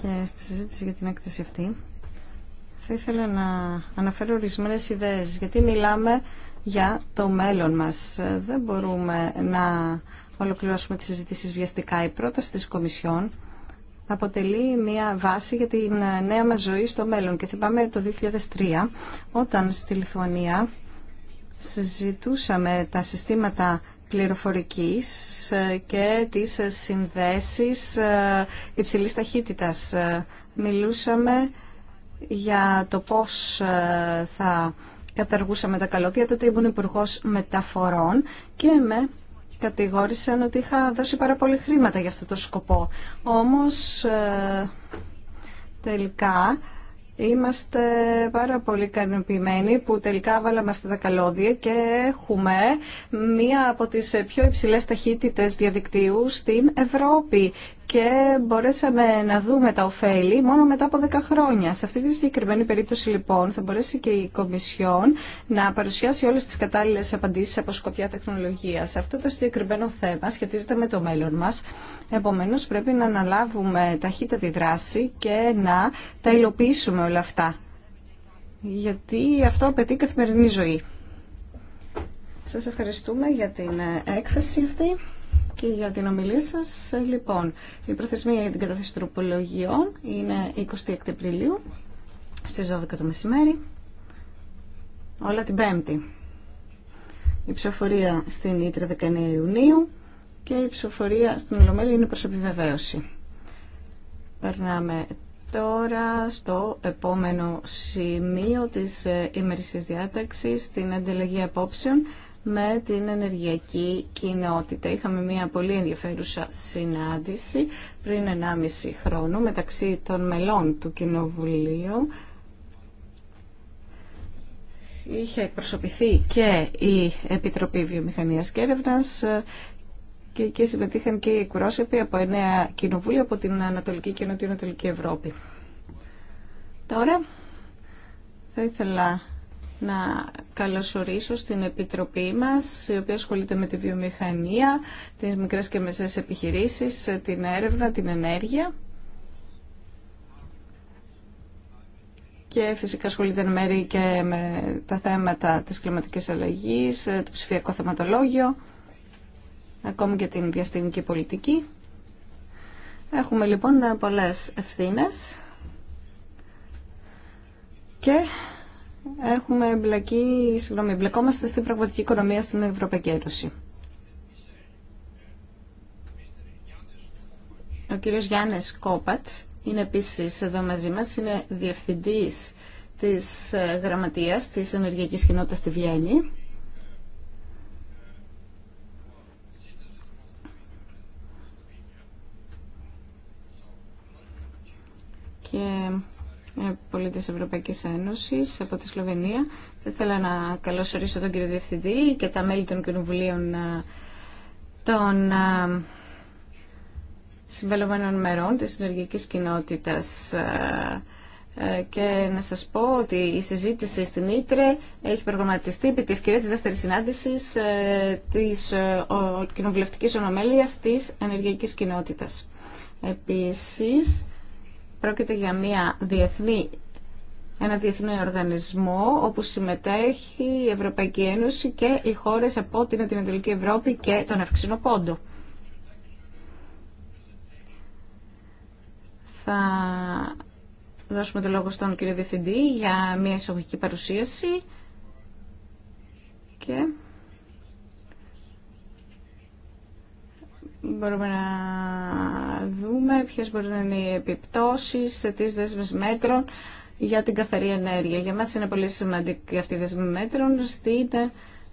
και στη συζήτηση για την έκθεση αυτή. Θα ήθελα να αναφέρω ορισμένε ιδέες, γιατί μιλάμε για το μέλλον μας. Ε, δεν μπορούμε να ολοκληρώσουμε τις συζητήσεις βιαστικά. Η πρόταση της Κομισιόν αποτελεί μια βάση για την ε, νέα μας ζωή στο μέλλον. Και θυμάμαι το 2003, όταν στη Λιθουανία συζητούσαμε τα συστήματα πληροφορικής ε, και τις ε, συνδέσεις υψηλής ταχύτητας. Μιλούσαμε για το πώς θα καταργούσαμε τα καλώδια. Τότε ήμουν υπουργό μεταφορών και με κατηγόρησαν ότι είχα δώσει πάρα πολύ χρήματα για αυτό το σκοπό. Όμως ε, τελικά είμαστε πάρα πολύ ικανοποιημένοι που τελικά βάλαμε αυτά τα καλώδια και έχουμε μία από τις πιο υψηλές ταχύτητες διαδικτύου στην Ευρώπη και μπορέσαμε να δούμε τα ωφέλη μόνο μετά από 10 χρόνια. Σε αυτή τη συγκεκριμένη περίπτωση λοιπόν θα μπορέσει και η Κομισιόν να παρουσιάσει όλες τις κατάλληλες απαντήσεις από σκοπιά τεχνολογίας. Αυτό το συγκεκριμένο θέμα σχετίζεται με το μέλλον μας. Επομένως πρέπει να αναλάβουμε ταχύτατη δράση και να τα υλοποιήσουμε όλα αυτά. Γιατί αυτό απαιτεί καθημερινή ζωή. Σας ευχαριστούμε για την έκθεση αυτή και για την ομιλία σας. Ε, λοιπόν, η προθεσμία για την κατάθεση τροπολογιών είναι 26 Απριλίου στις 12 το μεσημέρι, όλα την Πέμπτη. Η ψηφοφορία στην Ήτρα 19 Ιουνίου και η ψηφοφορία στην Ολομέλη είναι προ επιβεβαίωση. Περνάμε τώρα στο επόμενο σημείο της ε, ημερησίας διάταξης, την ανταλλαγή απόψεων με την ενεργειακή κοινότητα. Είχαμε μια πολύ ενδιαφέρουσα συνάντηση πριν 1,5 χρόνο μεταξύ των μελών του Κοινοβουλίου. Είχε εκπροσωπηθεί και η Επιτροπή Βιομηχανίας και Έρευνας και εκεί συμμετείχαν και οι εκπρόσωποι από εννέα κοινοβούλια από την Ανατολική και Νοτιοανατολική Ευρώπη. Τώρα θα ήθελα να καλωσορίσω στην Επιτροπή μας, η οποία ασχολείται με τη βιομηχανία, τις μικρές και μεσές επιχειρήσεις, την έρευνα, την ενέργεια. Και φυσικά ασχολείται μέρη και με τα θέματα της κλιματικής αλλαγής, το ψηφιακό θεματολόγιο, ακόμη και την διαστημική πολιτική. Έχουμε λοιπόν πολλές ευθύνες και έχουμε εμπλακεί, συγγνώμη, εμπλεκόμαστε στην πραγματική οικονομία στην Ευρωπαϊκή Ένωση. Ο κύριος Γιάννης Κόπατς είναι επίσης εδώ μαζί μας, είναι διευθυντής της ε, γραμματείας της Ενεργειακής Κοινότητας στη Βιέννη. Και ε, πολίτης Ευρωπαϊκής Ένωσης από τη Σλοβενία. Θα ήθελα να καλωσορίσω τον κύριο Διευθυντή και τα μέλη των κοινοβουλίων ε, των ε, συμβαλωμένων μερών της συνεργικής κοινότητας και να σας πω ότι η συζήτηση στην Ήτρε έχει προγραμματιστεί επί τη ευκαιρία της δεύτερης συνάντησης της κοινοβουλευτικής ονομέλειας της ενεργειακής κοινότητας. Επίσης, Πρόκειται για μια διεθνή ένα διεθνή οργανισμό όπου συμμετέχει η Ευρωπαϊκή Ένωση και οι χώρες από την Ανατολική Ευρώπη και τον Αυξήνο Πόντο. Θα δώσουμε το λόγο στον κύριο Διευθυντή για μια εισαγωγική παρουσίαση και Μπορούμε να δούμε ποιες μπορεί να είναι οι επιπτώσεις τις δέσμης μέτρων για την καθαρή ενέργεια. Για μας είναι πολύ σημαντική αυτή η δέσμη μέτρων στην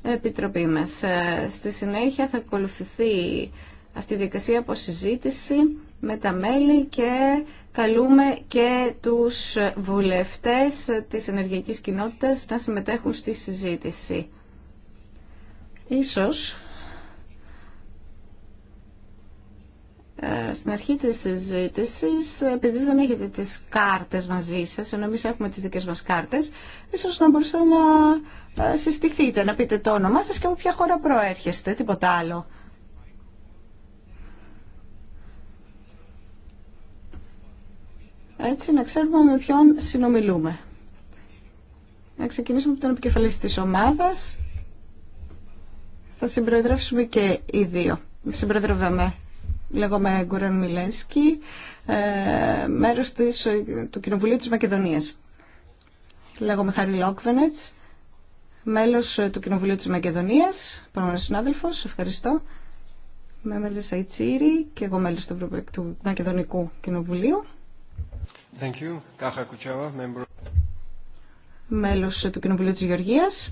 Επιτροπή μας. Ε, στη συνέχεια θα ακολουθηθεί αυτή η διαδικασία από συζήτηση με τα μέλη και καλούμε και τους βουλευτές της ενεργειακής κοινότητας να συμμετέχουν στη συζήτηση. Ίσως Ε, στην αρχή της συζήτηση, επειδή δεν έχετε τις κάρτες μαζί σας, ενώ εμείς έχουμε τις δικές μας κάρτες, ίσως να μπορούσατε να ε, συστηθείτε, να πείτε το όνομά σας και από ποια χώρα προέρχεστε, τίποτα άλλο. Έτσι να ξέρουμε με ποιον συνομιλούμε. Να ξεκινήσουμε από τον επικεφαλής της ομάδας. Θα συμπροεδρεύσουμε και οι δύο. Συμπροεδρεύαμε Λέγομαι Γκουραν Μιλένσκι, ε, μέρος ε, του Κοινοβουλίου της Μακεδονίας. Λέγομαι Χάρη Λόκβενετς, μέλος ε, του Κοινοβουλίου της Μακεδονίας, παραμονός συνάδελφος, ευχαριστώ. Με μέλη Αϊτσίρη και εγώ μέλος του, του Μακεδονικού Κοινοβουλίου. Thank you. Member. Μέλος του Κοινοβουλίου της Γεωργίας.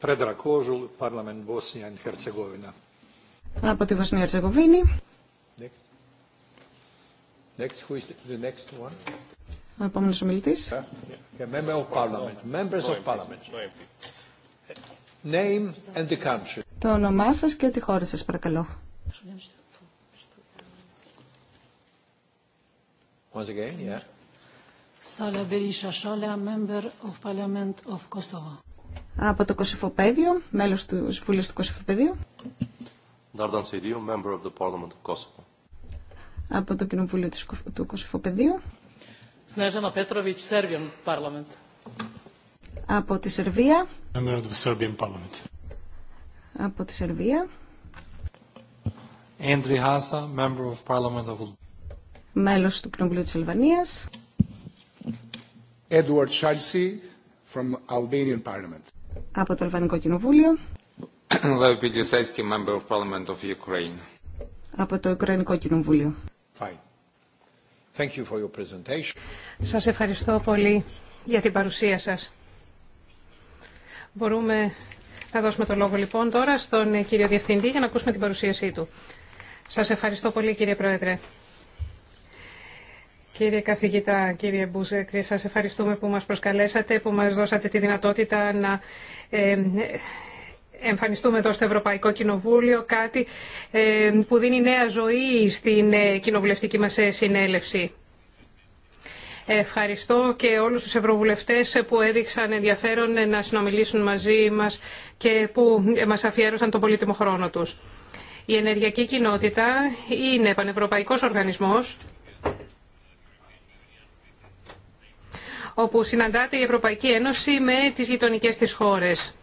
Predrag Kožul, Parlament Bosnija i Hercegovina. Από τη i Hercegovini. Next. Next, who is the next one? Ο επόμενος ομιλητής. Yeah. Member of Parliament. Members of Parliament. Name and the country. Το όνομά σας και τη χώρα σας, παρακαλώ. Once again, yeah. Sala Berisha Shala, member of Parliament of Kosovo από το Κωσυφοπαίδιο, μέλος του Συμβουλίου του Κωσυφοπαιδίου. Dardan Sidiou, member of the Parliament of Kosovo. Από το Κοινοβούλιο του Κωσυφοπαιδίου. Snežana Petrović, Serbian Parliament. Από τη Σερβία. Member of the Serbian Parliament. Από τη Σερβία. Andri Hasa, member of Parliament of Μέλος του Κοινοβουλίου της Αλβανίας. Edward Chalsi, from Albanian Parliament από το Αλβανικό Κοινοβούλιο. από το Ουκρανικό Κοινοβούλιο. Fine. Thank you for your presentation. Σας ευχαριστώ πολύ για την παρουσία σας. Μπορούμε να δώσουμε το λόγο λοιπόν τώρα στον κύριο Διευθυντή για να ακούσουμε την παρουσίασή του. Σας ευχαριστώ πολύ κύριε Πρόεδρε. Κύριε καθηγητά, κύριε Μπούζεκ, σας ευχαριστούμε που μας προσκαλέσατε, που μας δώσατε τη δυνατότητα να ε, εμφανιστούμε εδώ στο Ευρωπαϊκό Κοινοβούλιο, κάτι ε, που δίνει νέα ζωή στην ε, κοινοβουλευτική μας συνέλευση. Ευχαριστώ και όλους τους ευρωβουλευτές που έδειξαν ενδιαφέρον να συνομιλήσουν μαζί μας και που μας αφιέρωσαν τον πολύτιμο χρόνο τους. Η ενεργειακή κοινότητα είναι πανευρωπαϊκός οργανισμός όπου συναντάται η Ευρωπαϊκή Ένωση με τις γειτονικές της χώρες.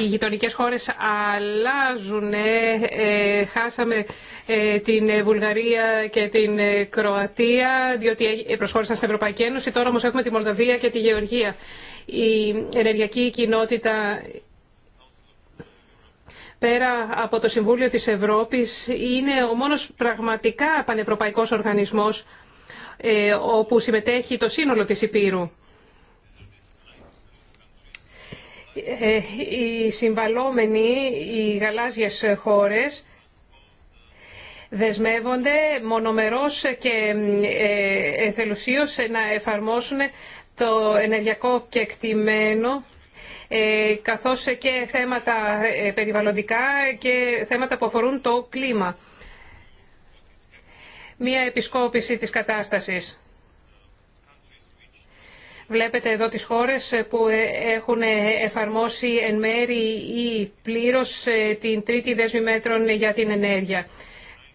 Οι γειτονικές χώρες αλλάζουν. Ε, ε, χάσαμε ε, την Βουλγαρία και την Κροατία διότι προσχώρησαν στην Ευρωπαϊκή Ένωση. Τώρα όμως έχουμε τη Μολδαβία και τη Γεωργία. Η ενεργειακή κοινότητα πέρα από το Συμβούλιο της Ευρώπης είναι ο μόνος πραγματικά πανευρωπαϊκός οργανισμός ε, όπου συμμετέχει το σύνολο της Υπήρου. Ε, οι συμβαλόμενοι, οι γαλάζιες χώρες, δεσμεύονται μονομερώς και ε, εθελουσίως να εφαρμόσουν το ενεργειακό κεκτημένο καθώς και θέματα περιβαλλοντικά και θέματα που αφορούν το κλίμα μία επισκόπηση της κατάστασης. Βλέπετε εδώ τις χώρες που ε, έχουν εφαρμόσει εν μέρη ή πλήρως ε, την τρίτη δέσμη μέτρων για την ενέργεια.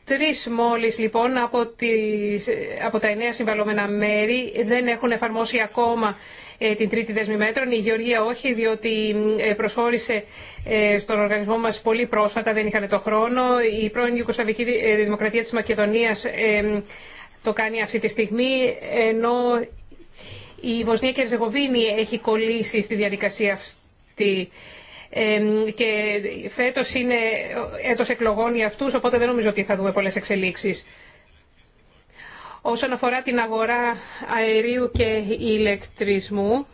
Τρεις μόλις λοιπόν από, τις, ε, από τα εννέα συμβαλωμένα μέρη δεν έχουν εφαρμόσει ακόμα ε, την τρίτη δέσμη μέτρων. Η Γεωργία όχι, διότι ε, προσχώρησε ε, στον οργανισμό μας πολύ πρόσφατα, δεν είχαν το χρόνο. Η πρώην Ιουκοσλαβική Δημοκρατία της Μακεδονίας το κάνει αυτή τη στιγμή, ενώ η Βοσνία και Ζεγοβίνη έχει κολλήσει στη διαδικασία αυτή και φέτος είναι έτος εκλογών για αυτούς, οπότε δεν νομίζω ότι θα δούμε πολλές εξελίξεις όσον αφορά την αγορά αερίου και ηλεκτρισμού.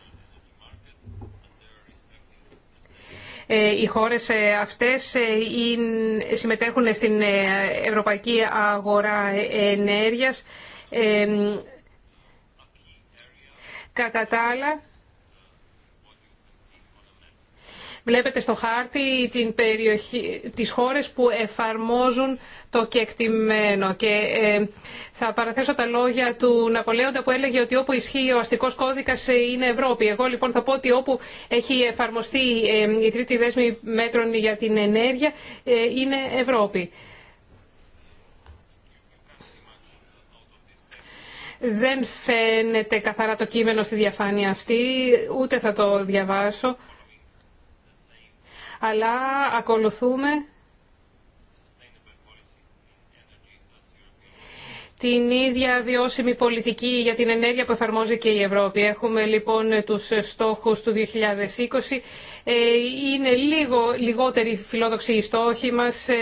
Ε, οι χώρες ε, αυτές ε, συμμετέχουν στην ευρωπαϊκή αγορά ενέργειας. Κατά τα άλλα, Βλέπετε στο χάρτη την περιοχή, τις χώρες που εφαρμόζουν το κεκτημένο. Και ε, θα παραθέσω τα λόγια του Ναπολέοντα που έλεγε ότι όπου ισχύει ο αστικός κώδικας ε, είναι Ευρώπη. Εγώ λοιπόν θα πω ότι όπου έχει εφαρμοστεί ε, η τρίτη δέσμη μέτρων για την ενέργεια είναι Ευρώπη. Δεν φαίνεται καθαρά το κείμενο στη διαφάνεια αυτή, ούτε θα το διαβάσω αλλά ακολουθούμε την ίδια βιώσιμη πολιτική για την ενέργεια που εφαρμόζει και η Ευρώπη. Έχουμε λοιπόν τους στόχους του 2020. Ε, είναι λίγο λιγότεροι φιλόδοξοι οι στόχοι μας. Ε,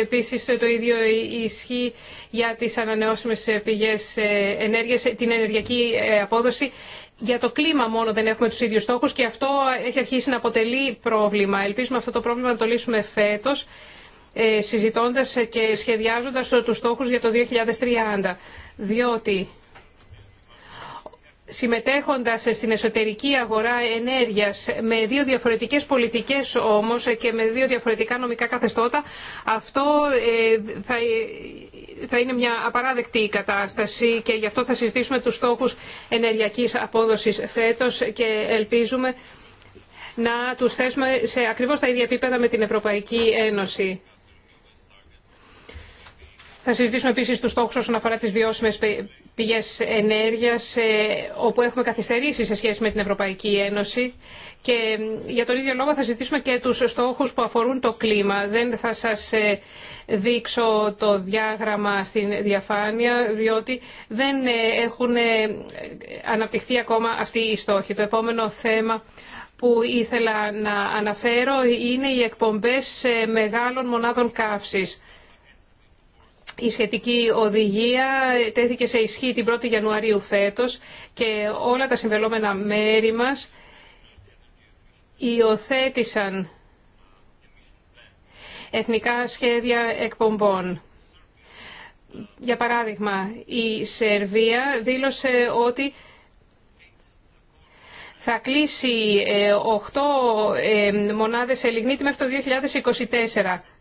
επίσης το ίδιο ισχύει για τις ανανεώσιμες πηγές ε, ενέργειας, την ενεργειακή απόδοση για το κλίμα μόνο δεν έχουμε τους ίδιου στόχου, και αυτό έχει αρχίσει να αποτελεί πρόβλημα. Ελπίζουμε αυτό το πρόβλημα να το λύσουμε φέτος, ε, συζητώντα και σχεδιάζοντα του στόχου για το 2030. Διότι συμμετέχοντας στην εσωτερική αγορά ενέργειας με δύο διαφορετικές πολιτικές όμως και με δύο διαφορετικά νομικά καθεστώτα, αυτό ε, θα θα είναι μια απαράδεκτη κατάσταση και γι' αυτό θα συζητήσουμε τους στόχους ενεργειακής απόδοσης φέτος και ελπίζουμε να τους θέσουμε σε ακριβώς τα ίδια επίπεδα με την Ευρωπαϊκή Ένωση. Θα συζητήσουμε επίσης τους στόχους όσον αφορά τις βιώσιμες πηγές ενέργειας ε, όπου έχουμε καθυστερήσει σε σχέση με την Ευρωπαϊκή Ένωση και για τον ίδιο λόγο θα ζητήσουμε και τους στόχους που αφορούν το κλίμα. Δεν θα σας ε, δείξω το διάγραμμα στην διαφάνεια διότι δεν ε, έχουν αναπτυχθεί ακόμα αυτοί οι στόχοι. Το επόμενο θέμα που ήθελα να αναφέρω είναι οι εκπομπές μεγάλων μονάδων καύσης. Η σχετική οδηγία τέθηκε σε ισχύ την 1η Ιανουαρίου φέτος και όλα τα συμβελόμενα μέρη μας υιοθέτησαν εθνικά σχέδια εκπομπών. Για παράδειγμα, η Σερβία δήλωσε ότι θα κλείσει 8 ε, ε, μονάδες σε λιγνίτη μέχρι το 2024.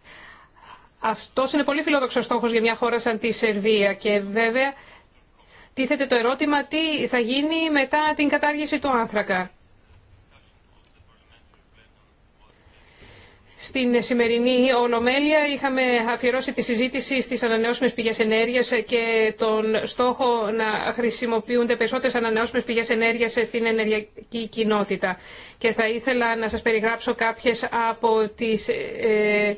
Αυτό είναι πολύ φιλόδοξο στόχο για μια χώρα σαν τη Σερβία και βέβαια τίθεται το ερώτημα τι θα γίνει μετά την κατάργηση του άνθρακα. Στην σημερινή Ολομέλεια είχαμε αφιερώσει τη συζήτηση στις ανανεώσιμες πηγές ενέργειας και τον στόχο να χρησιμοποιούνται περισσότερες ανανεώσιμες πηγές ενέργειας στην ενεργειακή κοινότητα. Και θα ήθελα να σας περιγράψω κάποιες από τις ε,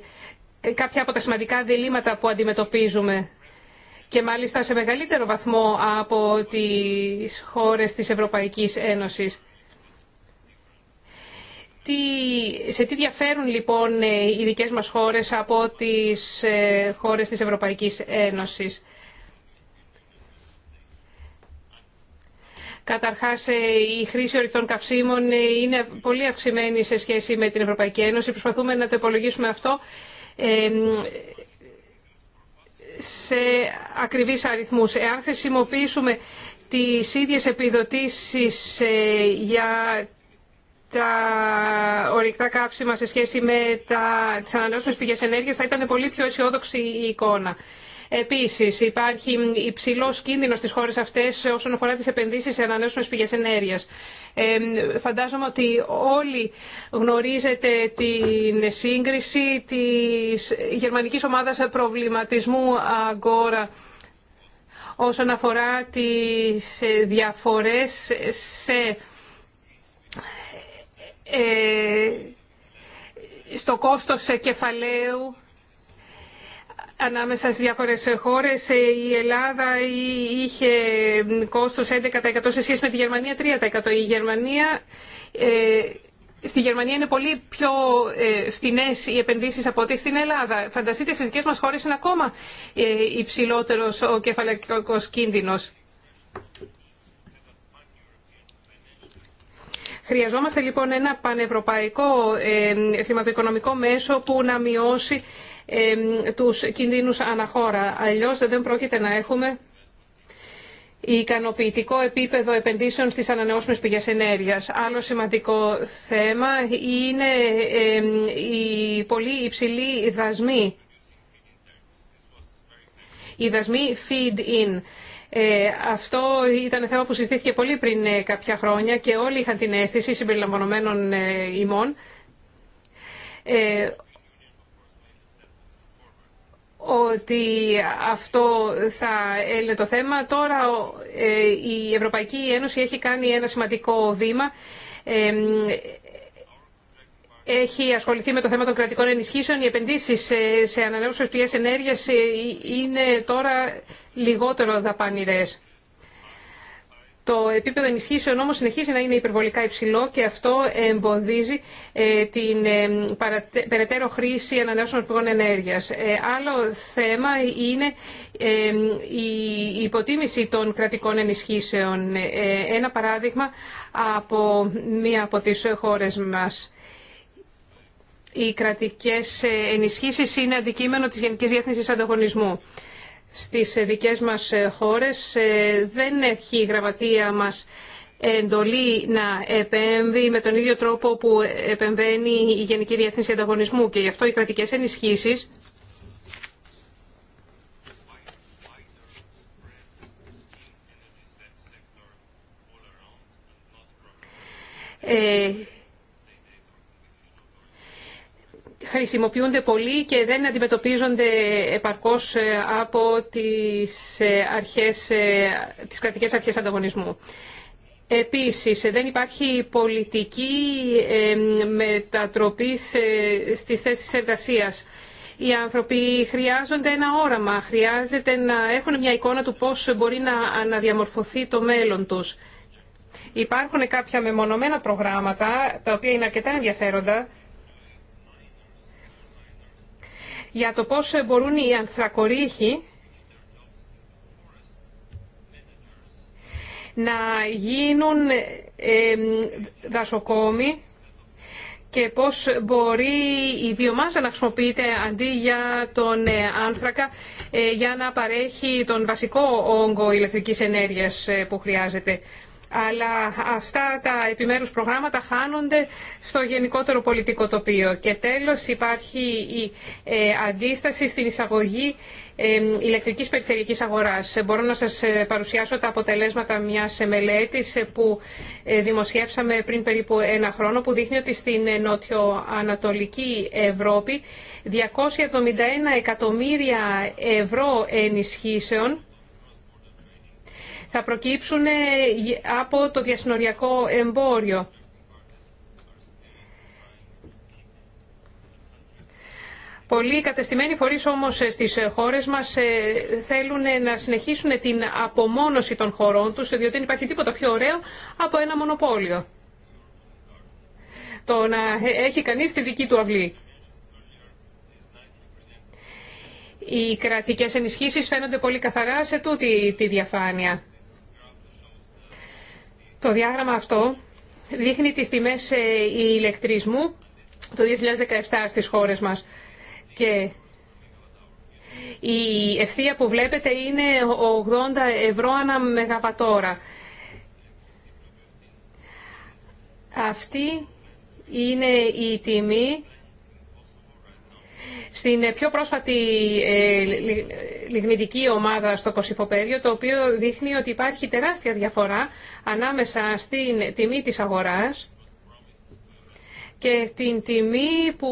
ε, κάποια από τα σημαντικά διλήμματα που αντιμετωπίζουμε και μάλιστα σε μεγαλύτερο βαθμό από τις χώρες της Ευρωπαϊκής Ένωσης. Τι, σε τι διαφέρουν λοιπόν ε, οι δικές μας χώρες από τις ε, χώρες της Ευρωπαϊκής Ένωσης. Καταρχάς, η χρήση ορυκτών καυσίμων είναι πολύ αυξημένη σε σχέση με την Ευρωπαϊκή Ένωση. Προσπαθούμε να το υπολογίσουμε αυτό σε ακριβείς αριθμούς. Εάν χρησιμοποιήσουμε τις ίδιες επιδοτήσεις ε, για τα ορυκτά κάψιμα σε σχέση με τα, τις ανανεώσιμες πηγές ενέργειας θα ήταν πολύ πιο αισιόδοξη η εικόνα. Επίσης, υπάρχει υψηλό κίνδυνος στι χώρες αυτές όσον αφορά τι επενδύσεις σε ανανεώσιμες πηγές ενέργειας. Ε, φαντάζομαι ότι όλοι γνωρίζετε την σύγκριση της γερμανικής ομάδας προβληματισμού Αγκόρα όσον αφορά τις διαφορές σε, ε, στο κόστος κεφαλαίου ανάμεσα στις διάφορες χώρες. Η Ελλάδα είχε κόστος 11% σε σχέση με τη Γερμανία 3%. Η Γερμανία, ε, στη Γερμανία είναι πολύ πιο ε, φτηνές οι επενδύσεις από ό,τι στην Ελλάδα. Φανταστείτε στις δικές μας χώρες είναι ακόμα ε, υψηλότερος ο κεφαλαϊκός κίνδυνος. Χρειαζόμαστε λοιπόν ένα πανευρωπαϊκό ε, χρηματοοικονομικό μέσο που να μειώσει τους κινδύνους αναχώρα. Αλλιώς δεν πρόκειται να έχουμε ικανοποιητικό επίπεδο επενδύσεων στις ανανεώσιμες πηγές ενέργειας. Άλλο σημαντικό θέμα είναι η πολύ υψηλή δασμή η δασμη feed feed-in. Ε, αυτό ήταν θέμα που συζητήθηκε πολύ πριν ε, κάποια χρόνια και όλοι είχαν την αίσθηση συμπεριλαμβανομένων ε, ημών ε, ότι αυτό θα έλυνε το θέμα. Τώρα ε, η Ευρωπαϊκή Ένωση έχει κάνει ένα σημαντικό βήμα. Ε, έχει ασχοληθεί με το θέμα των κρατικών ενισχύσεων. Οι επενδύσεις ε, σε ανανεώσιμες πηγές ενέργειας είναι τώρα λιγότερο δαπανηρές. Το επίπεδο ενισχύσεων όμως συνεχίζει να είναι υπερβολικά υψηλό και αυτό εμποδίζει ε, την ε, περαιτέρω χρήση ανανεώσιμων πηγών ενέργειας. Ε, άλλο θέμα είναι η υποτίμηση των κρατικών ενισχύσεων. Ένα παράδειγμα από μία από τις χώρες μας. Οι κρατικές ενισχύσεις είναι αντικείμενο της Γενικής Διεύθυνσης Ανταγωνισμού στις ε, δικές μας ε, χώρες. Ε, δεν έχει η γραμματεία μας εντολή να επέμβει με τον ίδιο τρόπο που επεμβαίνει η Γενική Διεύθυνση Ανταγωνισμού και γι' αυτό οι κρατικές ενισχύσεις χρησιμοποιούνται πολύ και δεν αντιμετωπίζονται επαρκώς ε, από τις, ε, αρχές, ε, τις κρατικές αρχές ανταγωνισμού. Επίσης, δεν υπάρχει πολιτική μετατροπή στις θέσεις εργασίας. Οι άνθρωποι χρειάζονται ένα όραμα, χρειάζεται να έχουν μια εικόνα του πώς μπορεί να αναδιαμορφωθεί το μέλλον τους. Υπάρχουν κάποια μεμονωμένα προγράμματα, τα οποία είναι αρκετά ενδιαφέροντα, για το πώς μπορούν οι ανθρακορίχοι να γίνουν δασοκόμοι και πώς μπορεί η βιομάζα να χρησιμοποιείται αντί για τον ε, άνθρακα ε, για να παρέχει τον βασικό όγκο ηλεκτρικής ενέργειας ε, που χρειάζεται αλλά αυτά τα επιμέρους προγράμματα χάνονται στο γενικότερο πολιτικό τοπίο. Και τέλος υπάρχει η ε, αντίσταση στην εισαγωγή ε, ηλεκτρικής περιφερειακής αγοράς. Μπορώ να σας ε, παρουσιάσω τα αποτελέσματα μιας μελέτης που δημοσιεύσαμε πριν περίπου ένα χρόνο που δείχνει ότι στην νότιο-ανατολική Ευρώπη 271 εκατομμύρια ευρώ ενισχύσεων θα προκύψουν ε, από το διασυνοριακό εμπόριο. Πολλοί κατεστημένοι φορείς όμως ε, στις ε, χώρες μας θέλουν να συνεχίσουν την απομόνωση των χωρών τους, διότι δεν υπάρχει τίποτα πιο ωραίο από ένα μονοπόλιο. Το να έχει κανείς τη δική του αυλή. Οι κρατικές ενισχύσεις φαίνονται πολύ καθαρά σε τούτη τη διαφάνεια. Το διάγραμμα αυτό δείχνει τις τιμές ε, ηλεκτρισμού το 2017 στις χώρες μας. Και η ευθεία που βλέπετε είναι 80 ευρώ ανά μεγαβατόρα. Αυτή είναι η τιμή στην πιο πρόσφατη ε, λιγνητική ομάδα στο Κωσυφοπέδιο, το οποίο δείχνει ότι υπάρχει τεράστια διαφορά ανάμεσα στην τιμή της αγοράς και την τιμή που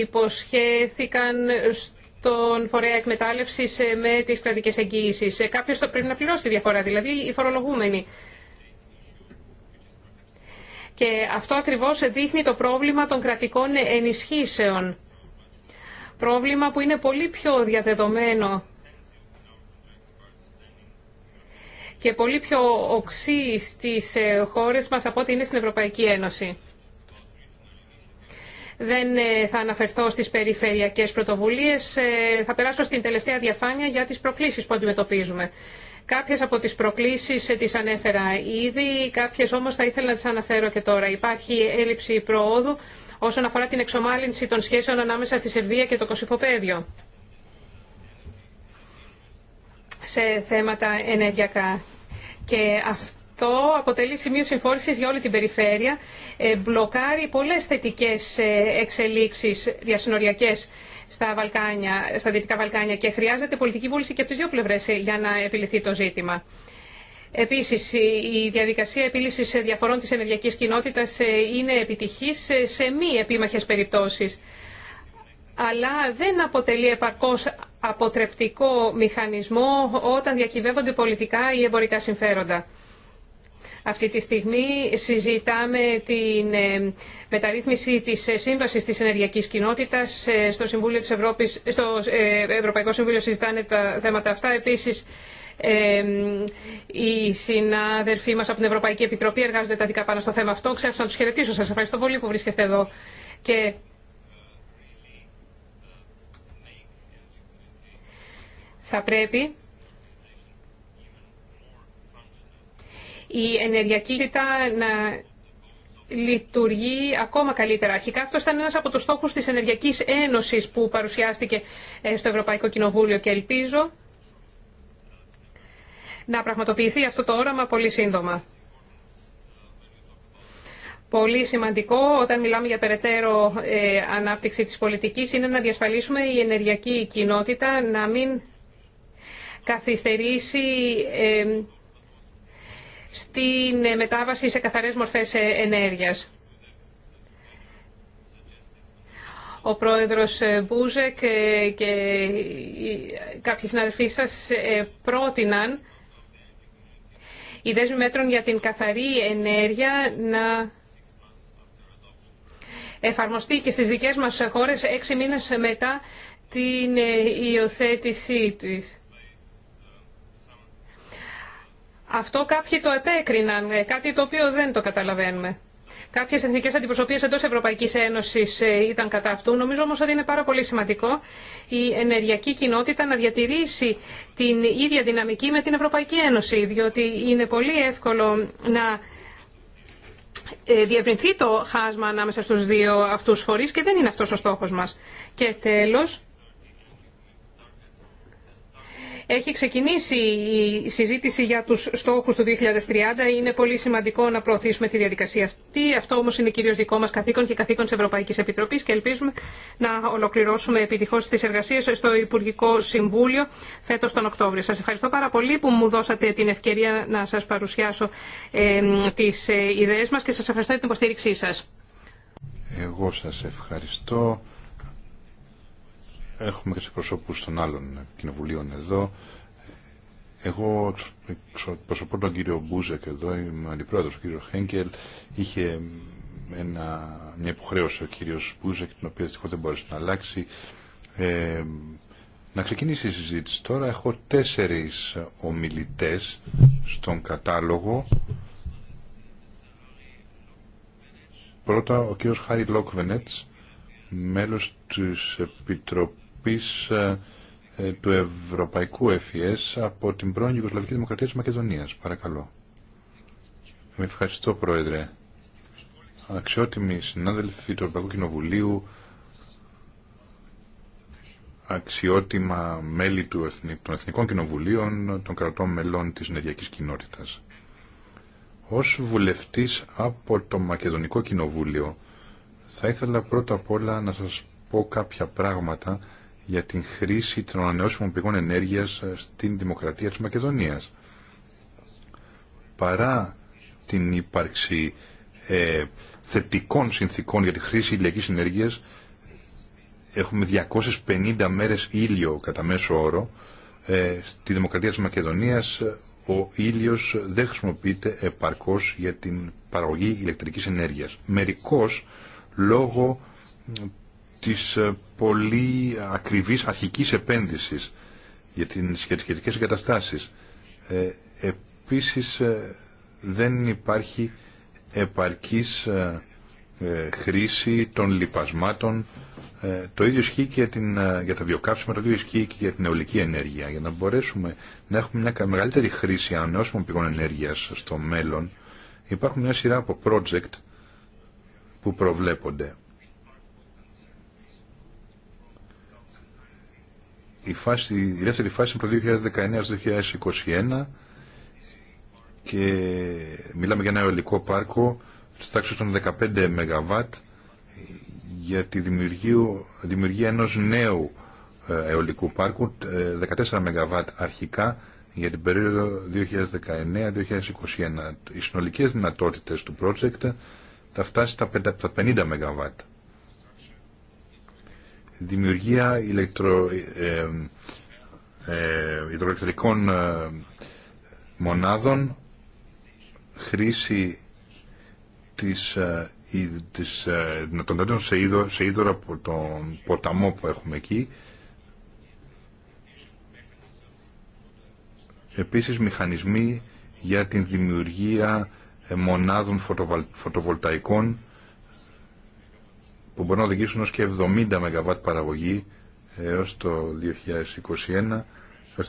υποσχέθηκαν στον φορέα εκμετάλλευση ε, με τις κρατικές εγγύησεις. Ε, κάποιος το πρέπει να πληρώσει τη διαφορά, δηλαδή οι φορολογούμενοι. Και αυτό ακριβώς δείχνει το πρόβλημα των κρατικών ενισχύσεων πρόβλημα που είναι πολύ πιο διαδεδομένο και πολύ πιο οξύ στις ε, χώρες μας από ό,τι είναι στην Ευρωπαϊκή Ένωση. Δεν ε, θα αναφερθώ στις περιφερειακές πρωτοβουλίες. Ε, θα περάσω στην τελευταία διαφάνεια για τις προκλήσεις που αντιμετωπίζουμε. Κάποιες από τις προκλήσεις τις ανέφερα ήδη, κάποιες όμως θα ήθελα να τις αναφέρω και τώρα. Υπάρχει έλλειψη προόδου όσον αφορά την εξομάλυνση των σχέσεων ανάμεσα στη Σερβία και το Κωσυφοπαίδιο σε θέματα ενεργειακά. Και αυτό αποτελεί σημείο συμφόρησης για όλη την περιφέρεια. Ε, μπλοκάρει πολλές θετικές ε, εξελίξεις διασυνοριακές στα, Βαλκάνια, στα Δυτικά Βαλκάνια και χρειάζεται πολιτική βούληση και από τις δύο πλευρές ε, για να επιληθεί το ζήτημα. Επίσης, η διαδικασία επίλυση διαφορών τη ενεργειακή κοινότητα ε, είναι επιτυχής σε μη επίμαχες περιπτώσεις. Αλλά δεν αποτελεί επαρκώς αποτρεπτικό μηχανισμό όταν διακυβεύονται πολιτικά ή εμπορικά συμφέροντα. Αυτή τη στιγμή συζητάμε την ε, μεταρρύθμιση της ε, σύμβασης της ενεργειακής κοινότητας. Στο, Συμβούλιο στο Ευρωπαϊκό Συμβούλιο συζητάνε τα θέματα αυτά. Επίσης, οι συνάδελφοί μα από την Ευρωπαϊκή Επιτροπή εργάζονται δικά πάνω στο θέμα αυτό. Ξέχασα να τους χαιρετήσω. Σας ευχαριστώ πολύ που βρίσκεστε εδώ. Και θα πρέπει η ενεργειακή να λειτουργεί ακόμα καλύτερα. Αρχικά αυτό ήταν ένας από τους στόχους της Ενεργειακής Ένωσης που παρουσιάστηκε ε, στο Ευρωπαϊκό Κοινοβούλιο και ελπίζω να πραγματοποιηθεί αυτό το όραμα πολύ σύντομα. Πολύ σημαντικό όταν μιλάμε για περαιτέρω ε, ανάπτυξη της πολιτικής είναι να διασφαλίσουμε η ενεργειακή κοινότητα να μην καθυστερήσει ε, στην ε, μετάβαση σε καθαρές μορφές ενέργειας. Ο πρόεδρος Μπούζεκ και κάποιοι συναδελφοί σας πρότειναν οι δέσμοι μέτρων για την καθαρή ενέργεια να εφαρμοστεί και στις δικές μας χώρες έξι μήνες μετά την υιοθέτησή της. Αυτό κάποιοι το επέκριναν, κάτι το οποίο δεν το καταλαβαίνουμε. Κάποιε εθνικέ αντιπροσωπείε εντό Ευρωπαϊκή Ένωση ε, ήταν κατά αυτού. Νομίζω όμω ότι είναι πάρα πολύ σημαντικό η ενεργειακή κοινότητα να διατηρήσει την ίδια δυναμική με την Ευρωπαϊκή Ένωση, διότι είναι πολύ εύκολο να ε, διευρυνθεί το χάσμα ανάμεσα στους δύο αυτούς φορείς και δεν είναι αυτός ο στόχος μας. Και τέλος, έχει ξεκινήσει η συζήτηση για τους στόχους του 2030. Είναι πολύ σημαντικό να προωθήσουμε τη διαδικασία αυτή. Αυτό όμως είναι κυρίως δικό μας καθήκον και καθήκον της Ευρωπαϊκής Επιτροπής και ελπίζουμε να ολοκληρώσουμε επιτυχώς τις εργασίες στο Υπουργικό Συμβούλιο φέτος τον Οκτώβριο. Σας ευχαριστώ πάρα πολύ που μου δώσατε την ευκαιρία να σας παρουσιάσω ε, τις ε, ιδέες μας και σας ευχαριστώ για την υποστήριξή σας. Εγώ σας ευχαριστώ έχουμε και τι προσώπους των άλλων κοινοβουλίων εδώ. Εγώ προσωπώ τον κύριο Μπούζεκ εδώ, είμαι αντιπρόεδρος, ο κύριου Χέγκελ. Είχε ένα, μια υποχρέωση ο κύριος Μπούζεκ, την οποία δυστυχώς δεν μπόρεσε να αλλάξει. Ε, να ξεκινήσει η συζήτηση. Τώρα έχω τέσσερις ομιλητές στον κατάλογο. Πρώτα ο κύριος Χάρη Λόκβενετς, μέλος της επιτροπή. Επιτροπής ε, ε, του Ευρωπαϊκού ΕΦΙΕΣ e από την πρώην Ιουγκοσλαβική Δημοκρατία της Μακεδονίας. Παρακαλώ. Με ευχαριστώ, Πρόεδρε. Αξιότιμοι συνάδελφοι του Ευρωπαϊκού Κοινοβουλίου, αξιότιμα μέλη του των Εθνικών Κοινοβουλίων των κρατών μελών της Νεριακής κοινότητας. Ως βουλευτής από το Μακεδονικό Κοινοβούλιο θα ήθελα πρώτα απ' όλα να σας πω κάποια πράγματα για την χρήση των ανανεώσιμων πηγών ενέργειας στην δημοκρατία της Μακεδονίας. Παρά την ύπαρξη ε, θετικών συνθήκων για τη χρήση ηλιακής ενέργειας, έχουμε 250 μέρες ήλιο κατά μέσο όρο. Ε, στη Δημοκρατία της Μακεδονίας ο ήλιος δεν χρησιμοποιείται επαρκώς για την παραγωγή ηλεκτρικής ενέργειας. Μερικώς λόγω της ε, πολύ ακριβής αρχικής επένδυσης για τις σχετικές εγκαταστάσεις. Ε, επίσης ε, δεν υπάρχει επαρκής ε, χρήση των λιπασμάτων. το ίδιο ισχύει και την, για τα βιοκάψιμα, το ίδιο ισχύει και για την αιωλική ενέργεια. Για να μπορέσουμε να έχουμε μια μεγαλύτερη χρήση ανανεώσιμων πηγών ενέργειας στο μέλλον, υπάρχουν μια σειρά από project που προβλέπονται. η, φάση, η δεύτερη φάση είναι το 2019-2021 και μιλάμε για ένα αεολικό πάρκο της τάξης των 15 ΜΒ για τη δημιουργία ενός νέου ε, αεολικού πάρκου 14 ε, ΜΒ αρχικά για την περίοδο 2019-2021. Οι συνολικές δυνατότητες του project θα φτάσει στα 50 ΜΒ δημιουργία ηλεκτρο, ε, ε, ε, μονάδων, χρήση της, της, των σε, είδο, σε από τον ποταμό που έχουμε εκεί. Επίσης μηχανισμοί για την δημιουργία μονάδων φωτοβολταϊκών που μπορούν να οδηγήσουν ως και 70 ΜΒ παραγωγή ε, έως το 2021. το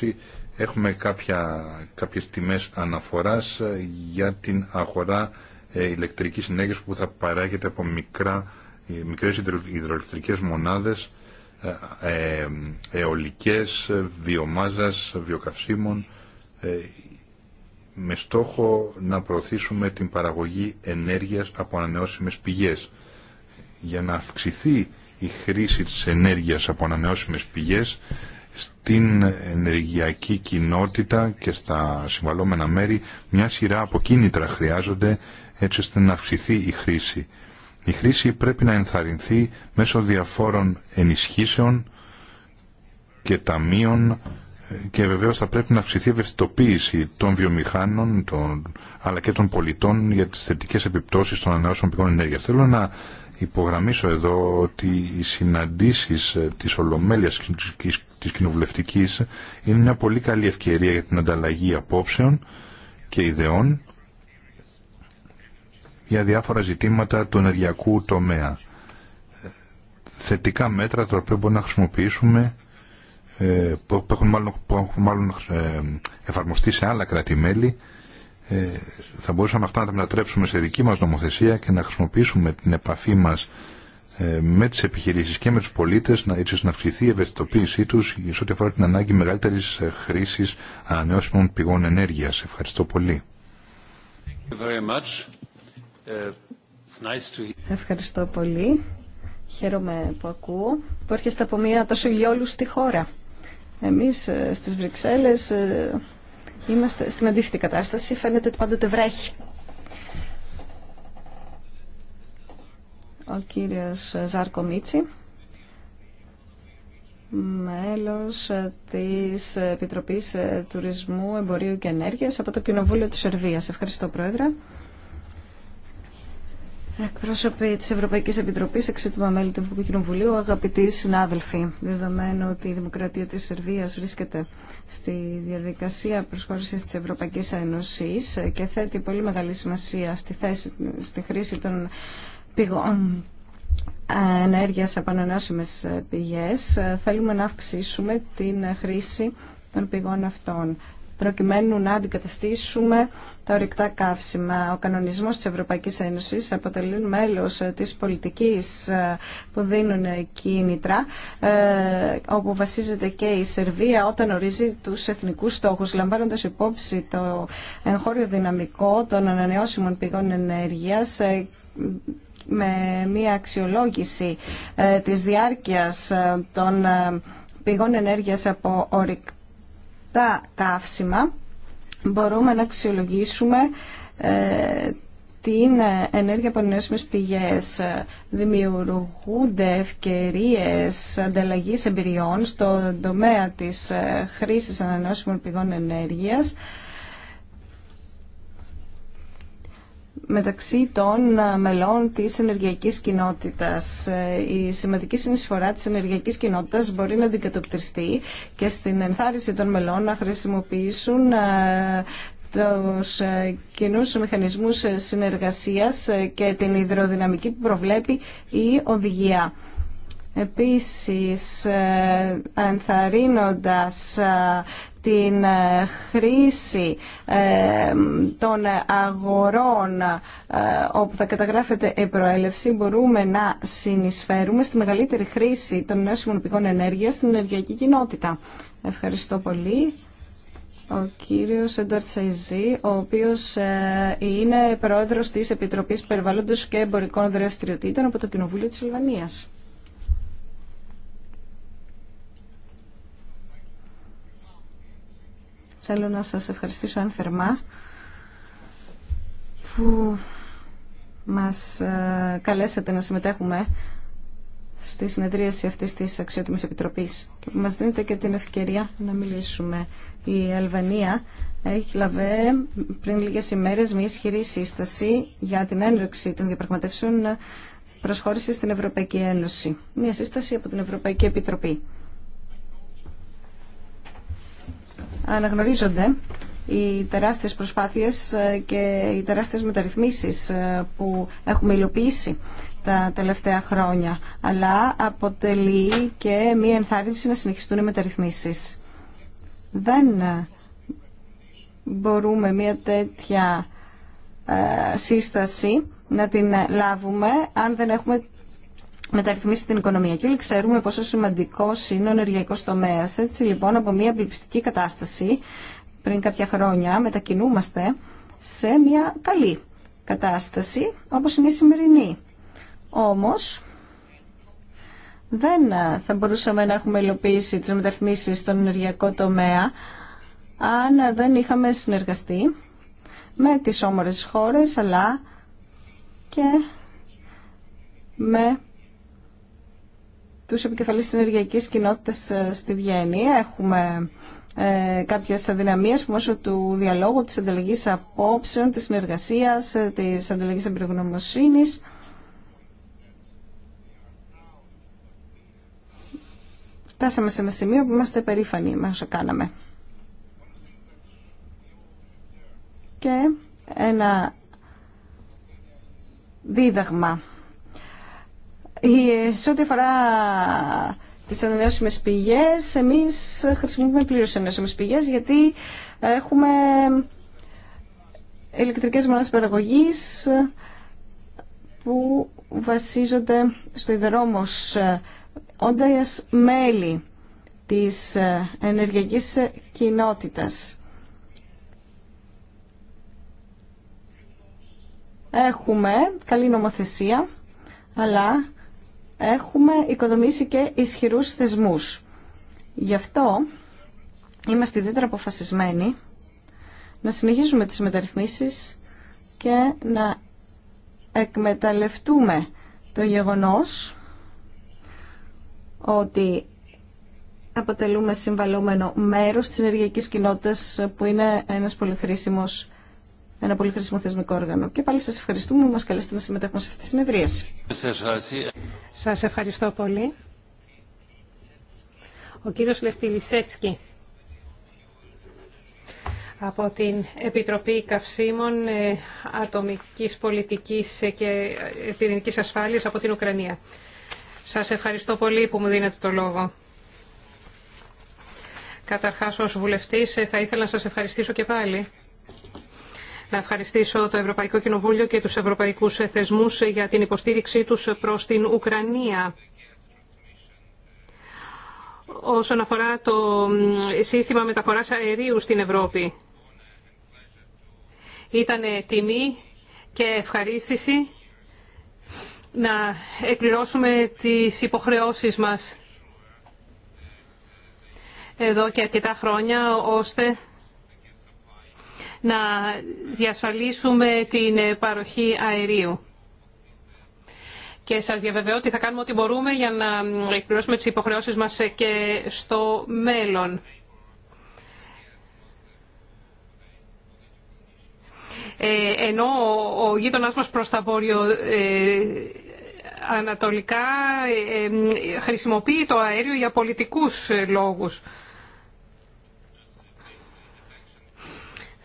2020 έχουμε κάποια, κάποιες τιμές αναφοράς ε, για την αγορά ε, ηλεκτρικής ενέργειας που θα παράγεται από μικρά, μικρές υδροελεκτρικές μονάδες, ε, αιωλικές, βιομάζας, βιοκαυσίμων, με στόχο να προωθήσουμε την παραγωγή ενέργειας από ανανεώσιμες πηγές για να αυξηθεί η χρήση της ενέργειας από ανανεώσιμες πηγές στην ενεργειακή κοινότητα και στα συμβαλόμενα μέρη μια σειρά από κίνητρα χρειάζονται έτσι ώστε να αυξηθεί η χρήση. Η χρήση πρέπει να ενθαρρυνθεί μέσω διαφόρων ενισχύσεων και ταμείων και βεβαίως θα πρέπει να αυξηθεί η ευαισθητοποίηση των βιομηχάνων αλλά και των πολιτών για τις θετικές επιπτώσεις των ανανεώσιμων πηγών ενέργειας. Θέλω να υπογραμμίσω εδώ ότι οι συναντήσεις ε, της Ολομέλειας της Κοινοβουλευτικής είναι μια πολύ καλή ευκαιρία για την ανταλλαγή απόψεων και ιδεών για διάφορα ζητήματα του ενεργειακού τομέα. Θετικά μέτρα τα οποία μπορούμε να χρησιμοποιήσουμε ε, που έχουν μάλλον, που έχουν μάλλον ε, εφαρμοστεί σε άλλα κράτη-μέλη ε, θα μπορούσαμε αυτά να τα μετατρέψουμε σε δική μας νομοθεσία και να χρησιμοποιήσουμε την επαφή μας ε, με τις επιχειρήσεις και με τους πολίτες να, έτσι ώστε να αυξηθεί η ευαισθητοποίησή τους σε ό,τι αφορά την ανάγκη μεγαλύτερης ε, χρήσης ανανεώσιμων πηγών ενέργειας. Ευχαριστώ πολύ. Ευχαριστώ πολύ. Χαίρομαι που ακούω που έρχεστε από μια τόσο ηλιόλουστη χώρα. Εμείς στις Βρυξέλλες Είμαστε στην αντίθετη κατάσταση. Φαίνεται ότι πάντοτε βρέχει. Ο κύριος Ζάρκο Μίτσι, μέλος της Επιτροπής Τουρισμού, Εμπορίου και Ενέργειας από το Κοινοβούλιο της Σερβίας. Ευχαριστώ, Πρόεδρε. Εκπρόσωποι τη Ευρωπαϊκή Επιτροπή, εξήτημα μέλη του Ευρωπαϊκού Κοινοβουλίου, αγαπητοί συνάδελφοι, δεδομένου ότι η Δημοκρατία τη Σερβία βρίσκεται στη διαδικασία προσχώρηση τη Ευρωπαϊκή Ένωση και θέτει πολύ μεγάλη σημασία στη, χρήση των πηγών ε, ενέργεια από ανανεώσιμε πηγές, θέλουμε να αυξήσουμε την χρήση των πηγών αυτών προκειμένου να αντικαταστήσουμε τα ορυκτά καύσιμα. Ο κανονισμός της Ευρωπαϊκής Ένωσης αποτελεί μέλος ε, της πολιτικής ε, που δίνουν κίνητρα, ε, όπου βασίζεται και η Σερβία όταν ορίζει τους εθνικούς στόχους, λαμβάνοντας υπόψη το εγχώριο δυναμικό των ανανεώσιμων πηγών ενέργειας με μία αξιολόγηση της διάρκειας των πηγών ενέργειας από τα καύσιμα μπορούμε να αξιολογήσουμε ε, την ενέργεια από ενώσιμες πηγές. Δημιουργούνται ευκαιρίες ανταλλαγής εμπειριών στον τομέα της ε, χρήσης ανανεώσιμων πηγών ενέργειας μεταξύ των ε, μελών της ενεργειακής κοινότητας. Ε, η σημαντική συνεισφορά της ενεργειακής κοινότητας μπορεί να αντικατοπτριστεί και στην ενθάρρυνση των μελών να χρησιμοποιήσουν ε, τους κοινούς μηχανισμούς συνεργασίας και την υδροδυναμική που προβλέπει η οδηγία. Επίσης, ενθαρρύνοντας την ε, χρήση ε, των αγορών ε, όπου θα καταγράφεται η προέλευση μπορούμε να συνεισφέρουμε στη μεγαλύτερη χρήση των νέων πηγών ενέργειας στην ενεργειακή κοινότητα. Ευχαριστώ πολύ ο κύριος Εντουαρτ Σαϊζή, ο οποίος είναι πρόεδρος της Επιτροπής Περιβάλλοντος και Εμπορικών Δραστηριοτήτων από το Κοινοβούλιο της Αλβανίας. Θέλω να σας ευχαριστήσω αν που μας ε, καλέσατε να συμμετέχουμε στη συνεδρίαση αυτής της αξιότιμης επιτροπής και που μας δίνετε και την ευκαιρία να μιλήσουμε. Η Αλβανία έχει λαβέ πριν λίγες ημέρες μια ισχυρή σύσταση για την έναρξη των διαπραγματεύσεων προσχώρηση στην Ευρωπαϊκή Ένωση. Μια σύσταση από την Ευρωπαϊκή Επιτροπή. αναγνωρίζονται οι τεράστιες προσπάθειες ε, και οι τεράστιες μεταρρυθμίσεις ε, που έχουμε υλοποιήσει τα τελευταία χρόνια, αλλά αποτελεί και μία ενθάρρυνση να συνεχιστούν οι μεταρρυθμίσεις. Δεν ε, μπορούμε μία τέτοια σύσταση να την λάβουμε αν δεν έχουμε μεταρρυθμίσει την οικονομία. Και όλοι ξέρουμε πόσο σημαντικό είναι ο ενεργειακό τομέα. Έτσι λοιπόν, από μια πληπιστική κατάσταση πριν κάποια χρόνια μετακινούμαστε σε μια καλή κατάσταση όπως είναι η σημερινή. Όμως, δεν θα μπορούσαμε να έχουμε υλοποιήσει τις μεταρρυθμίσεις στον ενεργειακό τομέα αν δεν είχαμε συνεργαστεί με τις όμορες χώρες αλλά και με τους επικεφαλής της ενεργειακής κοινότητας ε, στη Βιέννη. Έχουμε ε, κάποιες αδυναμίες που μέσω του διαλόγου, της ανταλλαγής απόψεων, της συνεργασίας, ε, της ανταλλαγής εμπειρογνωμοσύνης. Φτάσαμε σε ένα σημείο που είμαστε περήφανοι με όσο κάναμε. Και ένα δίδαγμα σε ό,τι αφορά τι ανανεώσιμε πηγέ, εμεί χρησιμοποιούμε πλήρω ανανεώσιμε πηγέ γιατί έχουμε ηλεκτρικές μονάδε παραγωγής που βασίζονται στο υδρόμο όντα μέλη της ενεργειακής κοινότητας. Έχουμε καλή νομοθεσία, αλλά έχουμε οικοδομήσει και ισχυρούς θεσμούς. Γι' αυτό είμαστε ιδιαίτερα αποφασισμένοι να συνεχίζουμε τις μεταρρυθμίσεις και να εκμεταλλευτούμε το γεγονός ότι αποτελούμε συμβαλόμενο μέρος της ενεργειακής κοινότητας που είναι ένας πολύ χρήσιμος ένα πολύ χρήσιμο θεσμικό όργανο. Και πάλι σας ευχαριστούμε που μας καλέσετε να συμμετέχουμε σε αυτή τη συνεδρίαση. Σας ευχαριστώ πολύ. Ο κύριος Λευτιλισέτσκι από την Επιτροπή Καυσίμων ε, Ατομικής Πολιτικής και Πυρηνικής Ασφάλειας από την Ουκρανία. Σας ευχαριστώ πολύ που μου δίνετε το λόγο. Καταρχάς ως βουλευτής ε, θα ήθελα να σας ευχαριστήσω και πάλι να ευχαριστήσω το Ευρωπαϊκό Κοινοβούλιο και τους ευρωπαϊκούς θεσμούς για την υποστήριξή τους προς την Ουκρανία. Όσον αφορά το σύστημα μεταφοράς αερίου στην Ευρώπη. Ήταν τιμή και ευχαρίστηση να εκπληρώσουμε τις υποχρεώσεις μας εδώ και αρκετά χρόνια, ώστε να διασφαλίσουμε την παροχή αερίου. Και σας διαβεβαιώ ότι θα κάνουμε ό,τι μπορούμε για να εκπληρώσουμε τις υποχρεώσεις μας και στο μέλλον. Ε, ενώ ο γείτονάς μας προς τα βόρειο ε, ανατολικά ε, χρησιμοποιεί το αέριο για πολιτικούς λόγους.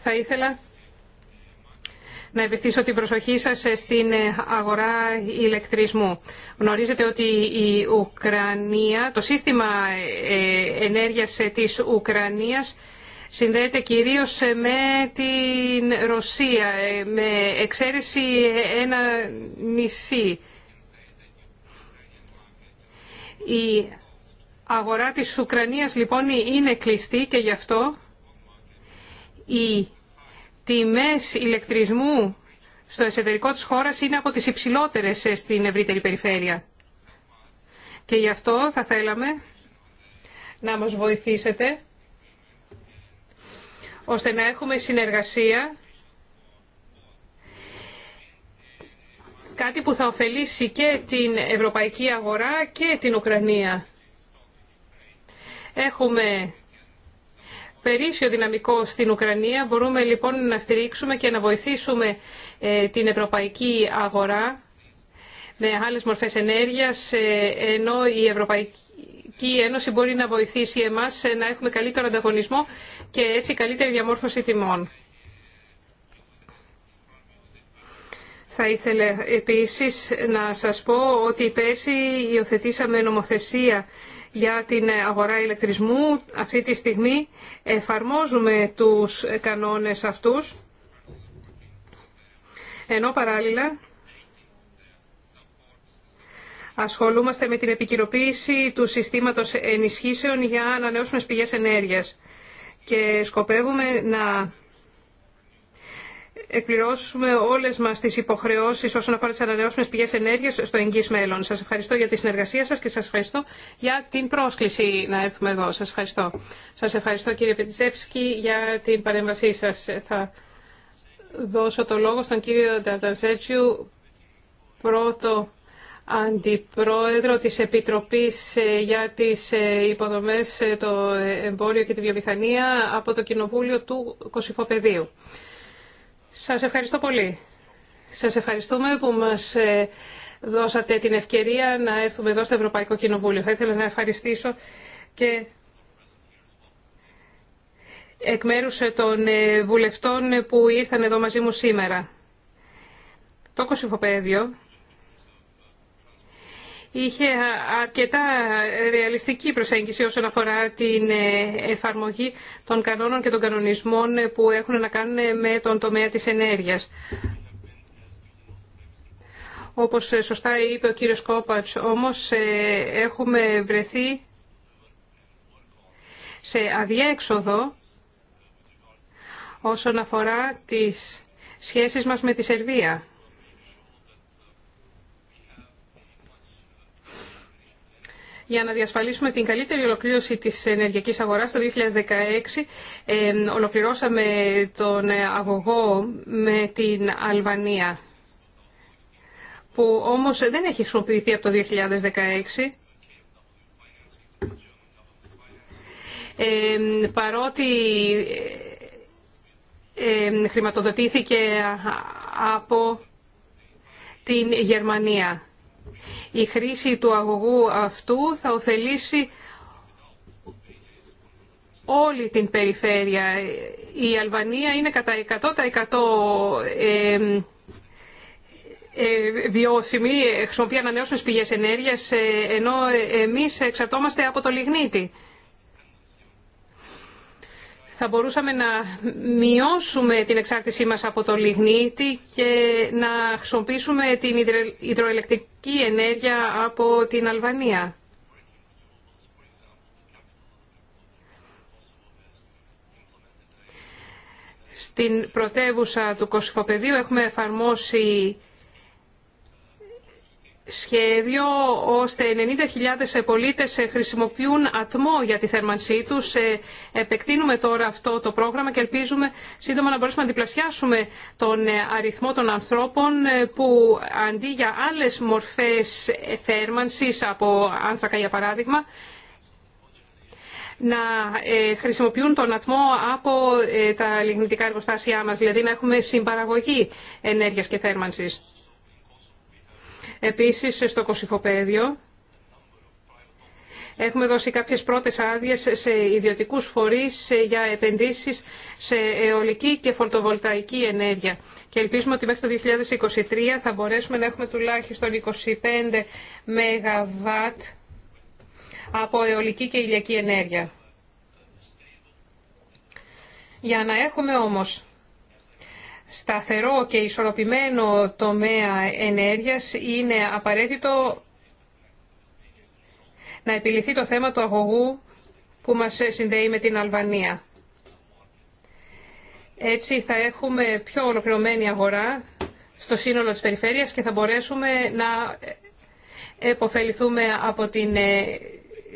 Θα ήθελα να επιστήσω την προσοχή σας στην αγορά ηλεκτρισμού. Γνωρίζετε ότι η Ουκρανία, το σύστημα ε, ενέργειας της Ουκρανίας συνδέεται κυρίως με την Ρωσία, ε, με εξαίρεση ένα νησί. Η αγορά της Ουκρανίας λοιπόν είναι κλειστή και γι' αυτό οι τιμές ηλεκτρισμού στο εσωτερικό της χώρας είναι από τις υψηλότερες στην ευρύτερη περιφέρεια. Και γι' αυτό θα θέλαμε να μας βοηθήσετε ώστε να έχουμε συνεργασία κάτι που θα ωφελήσει και την ευρωπαϊκή αγορά και την Ουκρανία. Έχουμε περίσσιο δυναμικό στην Ουκρανία. Μπορούμε λοιπόν να στηρίξουμε και να βοηθήσουμε ε, την ευρωπαϊκή αγορά με άλλες μορφές ενέργειας, ε, ενώ η Ευρωπαϊκή Ένωση μπορεί να βοηθήσει εμάς ε, να έχουμε καλύτερο ανταγωνισμό και έτσι καλύτερη διαμόρφωση τιμών. Θα ήθελα επίσης να σας πω ότι πέρσι υιοθετήσαμε νομοθεσία για την αγορά ηλεκτρισμού. Αυτή τη στιγμή εφαρμόζουμε τους κανόνες αυτούς, ενώ παράλληλα ασχολούμαστε με την επικυροποίηση του συστήματος ενισχύσεων για ανανεώσιμες πηγές ενέργειας και σκοπεύουμε να εκπληρώσουμε όλε μα τι υποχρεώσει όσον αφορά τι ανανεώσιμε πηγέ ενέργεια στο εγγύ μέλλον. Σα ευχαριστώ για τη συνεργασία σα και σα ευχαριστώ για την πρόσκληση να έρθουμε εδώ. Σα ευχαριστώ. Σα ευχαριστώ κύριε Πετζεύσκη για την παρέμβασή σα. Θα δώσω το λόγο στον κύριο Ντανταζέτσιου, πρώτο αντιπρόεδρο της Επιτροπής ε, για τις ε, υποδομές, ε, το εμπόριο και τη βιομηχανία από το Κοινοβούλιο του Κωσυφοπεδίου. Σας ευχαριστώ πολύ. Σας ευχαριστούμε που μας ε, δώσατε την ευκαιρία να έρθουμε εδώ στο Ευρωπαϊκό Κοινοβούλιο. Θα ήθελα να ευχαριστήσω και εκ μέρους ε, των ε, βουλευτών που ήρθαν εδώ μαζί μου σήμερα. Το κοσυφοπαίδιο είχε αρκετά ρεαλιστική προσέγγιση όσον αφορά την ε, εφαρμογή των κανόνων και των κανονισμών που έχουν να κάνουν με τον τομέα της ενέργειας. Όπως σωστά είπε ο κύριος Κόπατς, όμως ε, έχουμε βρεθεί σε αδιέξοδο όσον αφορά τις σχέσεις μας με τη Σερβία. για να διασφαλίσουμε την καλύτερη ολοκλήρωση της ενεργειακής αγοράς. Το 2016 ε, ολοκληρώσαμε τον αγωγό με την Αλβανία, που όμως δεν έχει χρησιμοποιηθεί από το 2016. Ε, παρότι ε, χρηματοδοτήθηκε από την Γερμανία. Η χρήση του αγωγού αυτού θα ωφελήσει όλη την περιφέρεια. Η Αλβανία είναι κατά 100% ε, βιώσιμη, χρησιμοποιεί ανανεώσιμες πηγές ενέργειας, ε, ενώ εμείς εξαρτώμαστε από το λιγνίτη θα μπορούσαμε να μειώσουμε την εξάρτησή μας από το Λιγνίτι και να χρησιμοποιήσουμε την υδροελεκτρική ενέργεια από την Αλβανία. Στην πρωτεύουσα του Κωσυφοπεδίου έχουμε εφαρμόσει σχέδιο ώστε 90.000 πολίτες χρησιμοποιούν ατμό για τη θέρμανσή τους. Ε, επεκτείνουμε τώρα αυτό το πρόγραμμα και ελπίζουμε σύντομα να μπορέσουμε να διπλασιάσουμε τον ε, αριθμό των ανθρώπων ε, που αντί για άλλες μορφές θέρμανσης από άνθρακα για παράδειγμα να χρησιμοποιούν τον ατμό από τα λιγνητικά εργοστάσια μας, δηλαδή να έχουμε συμπαραγωγή ενέργειας και θέρμανσης. Επίσης, στο Κωσυφοπαίδιο έχουμε δώσει κάποιες πρώτες άδειες σε ιδιωτικούς φορείς για επενδύσεις σε αιωλική και φωτοβολταϊκή ενέργεια. Και ελπίζουμε ότι μέχρι το 2023 θα μπορέσουμε να έχουμε τουλάχιστον 25 ΜΒ από αιωλική και ηλιακή ενέργεια. Για να έχουμε όμως σταθερό και ισορροπημένο τομέα ενέργειας είναι απαραίτητο να επιληθεί το θέμα του αγωγού που μας συνδέει με την Αλβανία. Έτσι θα έχουμε πιο ολοκληρωμένη αγορά στο σύνολο της περιφέρειας και θα μπορέσουμε να επωφεληθούμε από την ε,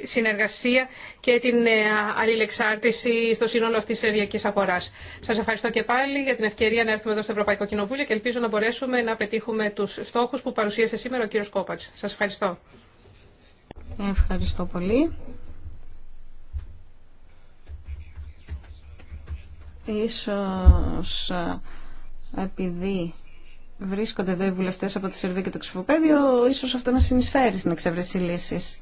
συνεργασία και την ε, αλληλεξάρτηση στο σύνολο αυτής της ενεργειακής αγοράς. Σας ευχαριστώ και πάλι για την ευκαιρία να έρθουμε εδώ στο Ευρωπαϊκό Κοινοβούλιο και ελπίζω να μπορέσουμε να πετύχουμε τους στόχους που παρουσίασε σήμερα ο κύριος Κόπατς. Σας ευχαριστώ. Ευχαριστώ πολύ. Ίσως ε, επειδή βρίσκονται εδώ οι βουλευτές από τη Σερβία και το Ξυφοπαίδιο, ίσως αυτό να συνεισφέρει στην εξεύρεση λύσης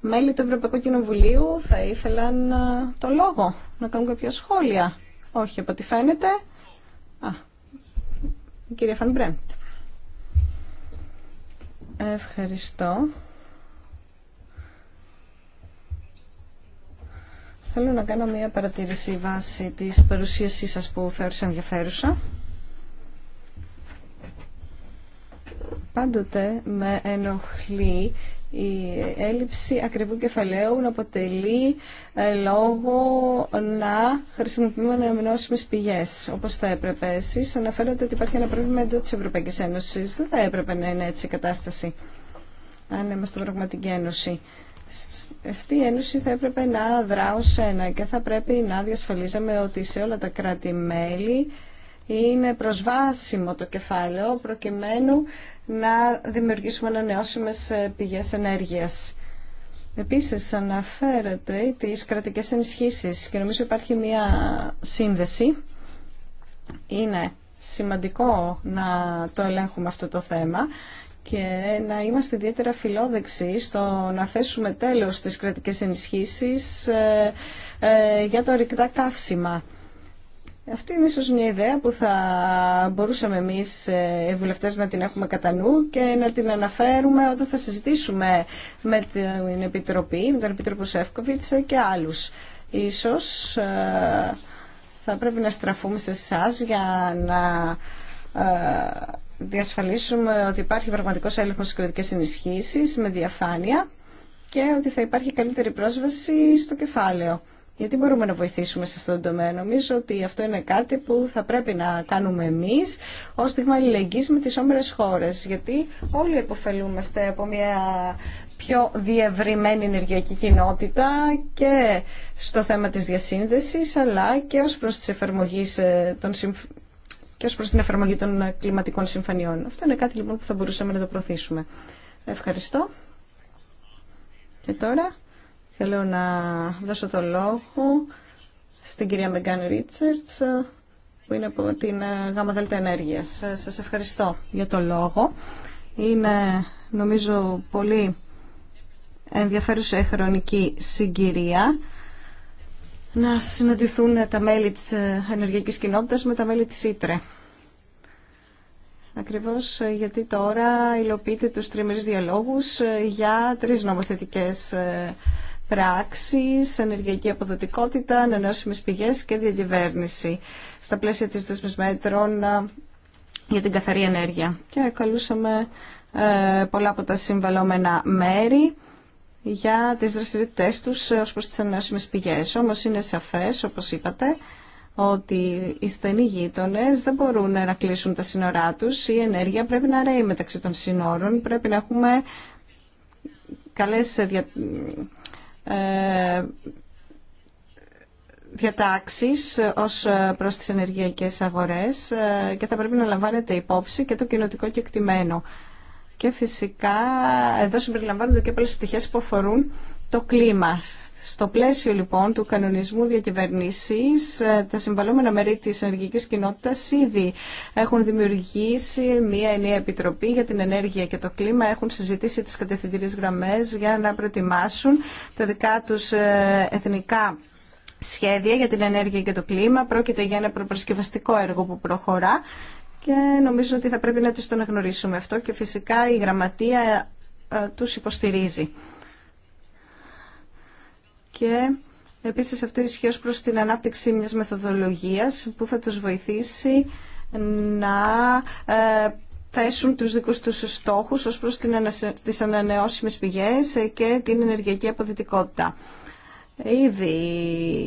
μέλη του Ευρωπαϊκού Κοινοβουλίου θα ήθελαν το λόγο, να κάνουν κάποια σχόλια. Όχι, από ό,τι φαίνεται. Α, η κυρία Φανμπρέμπτ. Ευχαριστώ. Θέλω να κάνω μια παρατήρηση βάσει της παρουσίασής σας που θεώρησα ενδιαφέρουσα. Πάντοτε με ενοχλεί η έλλειψη ακριβού κεφαλαίου να αποτελεί ε, λόγο να χρησιμοποιούμε αναμεινώσιμε πηγέ όπω θα έπρεπε. Εσεί αναφέρατε ότι υπάρχει ένα πρόβλημα εντό τη Ευρωπαϊκή Ένωση. Δεν θα έπρεπε να είναι έτσι η κατάσταση, αν είμαστε πραγματική ένωση. Αυτή η ένωση θα έπρεπε να δρά ένα και θα πρέπει να διασφαλίζαμε ότι σε όλα τα κράτη-μέλη είναι προσβάσιμο το κεφάλαιο προκειμένου να δημιουργήσουμε ανανεώσιμες ε, πηγές ενέργειας. Επίσης αναφέρεται τις κρατικές ενισχύσεις και νομίζω υπάρχει μία σύνδεση. Είναι σημαντικό να το ελέγχουμε αυτό το θέμα και να είμαστε ιδιαίτερα φιλόδεξοι στο να θέσουμε τέλος στις κρατικές ενισχύσεις ε, ε, για το ρηκτά καύσιμα. Αυτή είναι ίσως μια ιδέα που θα μπορούσαμε εμείς ε, οι βουλευτές να την έχουμε κατά νου και να την αναφέρουμε όταν θα συζητήσουμε με την Επιτροπή, με τον Επίτροπο Σεύκοβιτς και άλλους. Ίσως ε, θα πρέπει να στραφούμε σε εσά για να ε, διασφαλίσουμε ότι υπάρχει πραγματικός έλεγχος στις κρατικές ενισχύσεις με διαφάνεια και ότι θα υπάρχει καλύτερη πρόσβαση στο κεφάλαιο. Γιατί μπορούμε να βοηθήσουμε σε αυτό το τομέα. Νομίζω ότι αυτό είναι κάτι που θα πρέπει να κάνουμε εμεί ω στιγμή αλληλεγγύη με τι όμερε χώρε. Γιατί όλοι υποφελούμαστε από μια πιο διευρυμένη ενεργειακή κοινότητα και στο θέμα της διασύνδεσης αλλά και ως προς, ε, και ως προς την εφαρμογή των κλιματικών συμφωνιών. Αυτό είναι κάτι λοιπόν που θα μπορούσαμε να το προωθήσουμε. Ευχαριστώ. Και τώρα Θέλω να δώσω το λόγο στην κυρία Μεγκάν Ρίτσερτς, που είναι από την ΓΑΜΑ ΔΕΛΤΑ Σας ευχαριστώ για το λόγο. Είναι, νομίζω, πολύ ενδιαφέρουσα χρονική συγκυρία να συναντηθούν τα μέλη της ενεργειακής κοινότητας με τα μέλη της Ήτρε. Ακριβώς γιατί τώρα υλοποιείται τους τριμερείς διαλόγους για τρεις νομοθετικές πράξεις, ενεργειακή αποδοτικότητα, ανανεώσιμες πηγές και διακυβέρνηση στα πλαίσια της δεσμής μέτρων ε, για την καθαρή ενέργεια. Και καλούσαμε ε, πολλά από τα συμβαλόμενα μέρη για τις δραστηριότητές τους ε, ως προς τις ανανεώσιμες πηγές. Όμως είναι σαφές, όπως είπατε, ότι οι στενοί γείτονε δεν μπορούν να κλείσουν τα σύνορά τους. Η ενέργεια πρέπει να ρέει μεταξύ των σύνορων. Πρέπει να έχουμε καλές δια... Ε, διατάξεις ως ε, προς τις ενεργειακές αγορές ε, και θα πρέπει να λαμβάνεται υπόψη και το κοινοτικό κεκτημένο. Και φυσικά εδώ συμπεριλαμβάνονται και πολλές πτυχές που αφορούν το κλίμα. Στο πλαίσιο λοιπόν του κανονισμού διακυβερνήσεις, ε, τα συμβαλόμενα μέρη της ενεργικής κοινότητας ήδη έχουν δημιουργήσει μια ενιαία επιτροπή για την ενέργεια και το κλίμα, έχουν συζητήσει τις κατευθυντήριες γραμμές για να προετοιμάσουν τα δικά τους ε, εθνικά σχέδια για την ενέργεια και το κλίμα. Πρόκειται για ένα προπαρασκευαστικό έργο που προχωρά και νομίζω ότι θα πρέπει να τους τον αναγνωρίσουμε αυτό και φυσικά η γραμματεία ε, τους υποστηρίζει και επίσης αυτή ισχύει ως προς την ανάπτυξη μιας μεθοδολογίας που θα τους βοηθήσει να ε, θέσουν τους δικούς τους στόχους ως προς τις ανανεώσιμες πηγές ε, και την ενεργειακή αποδυτικότητα. Ήδη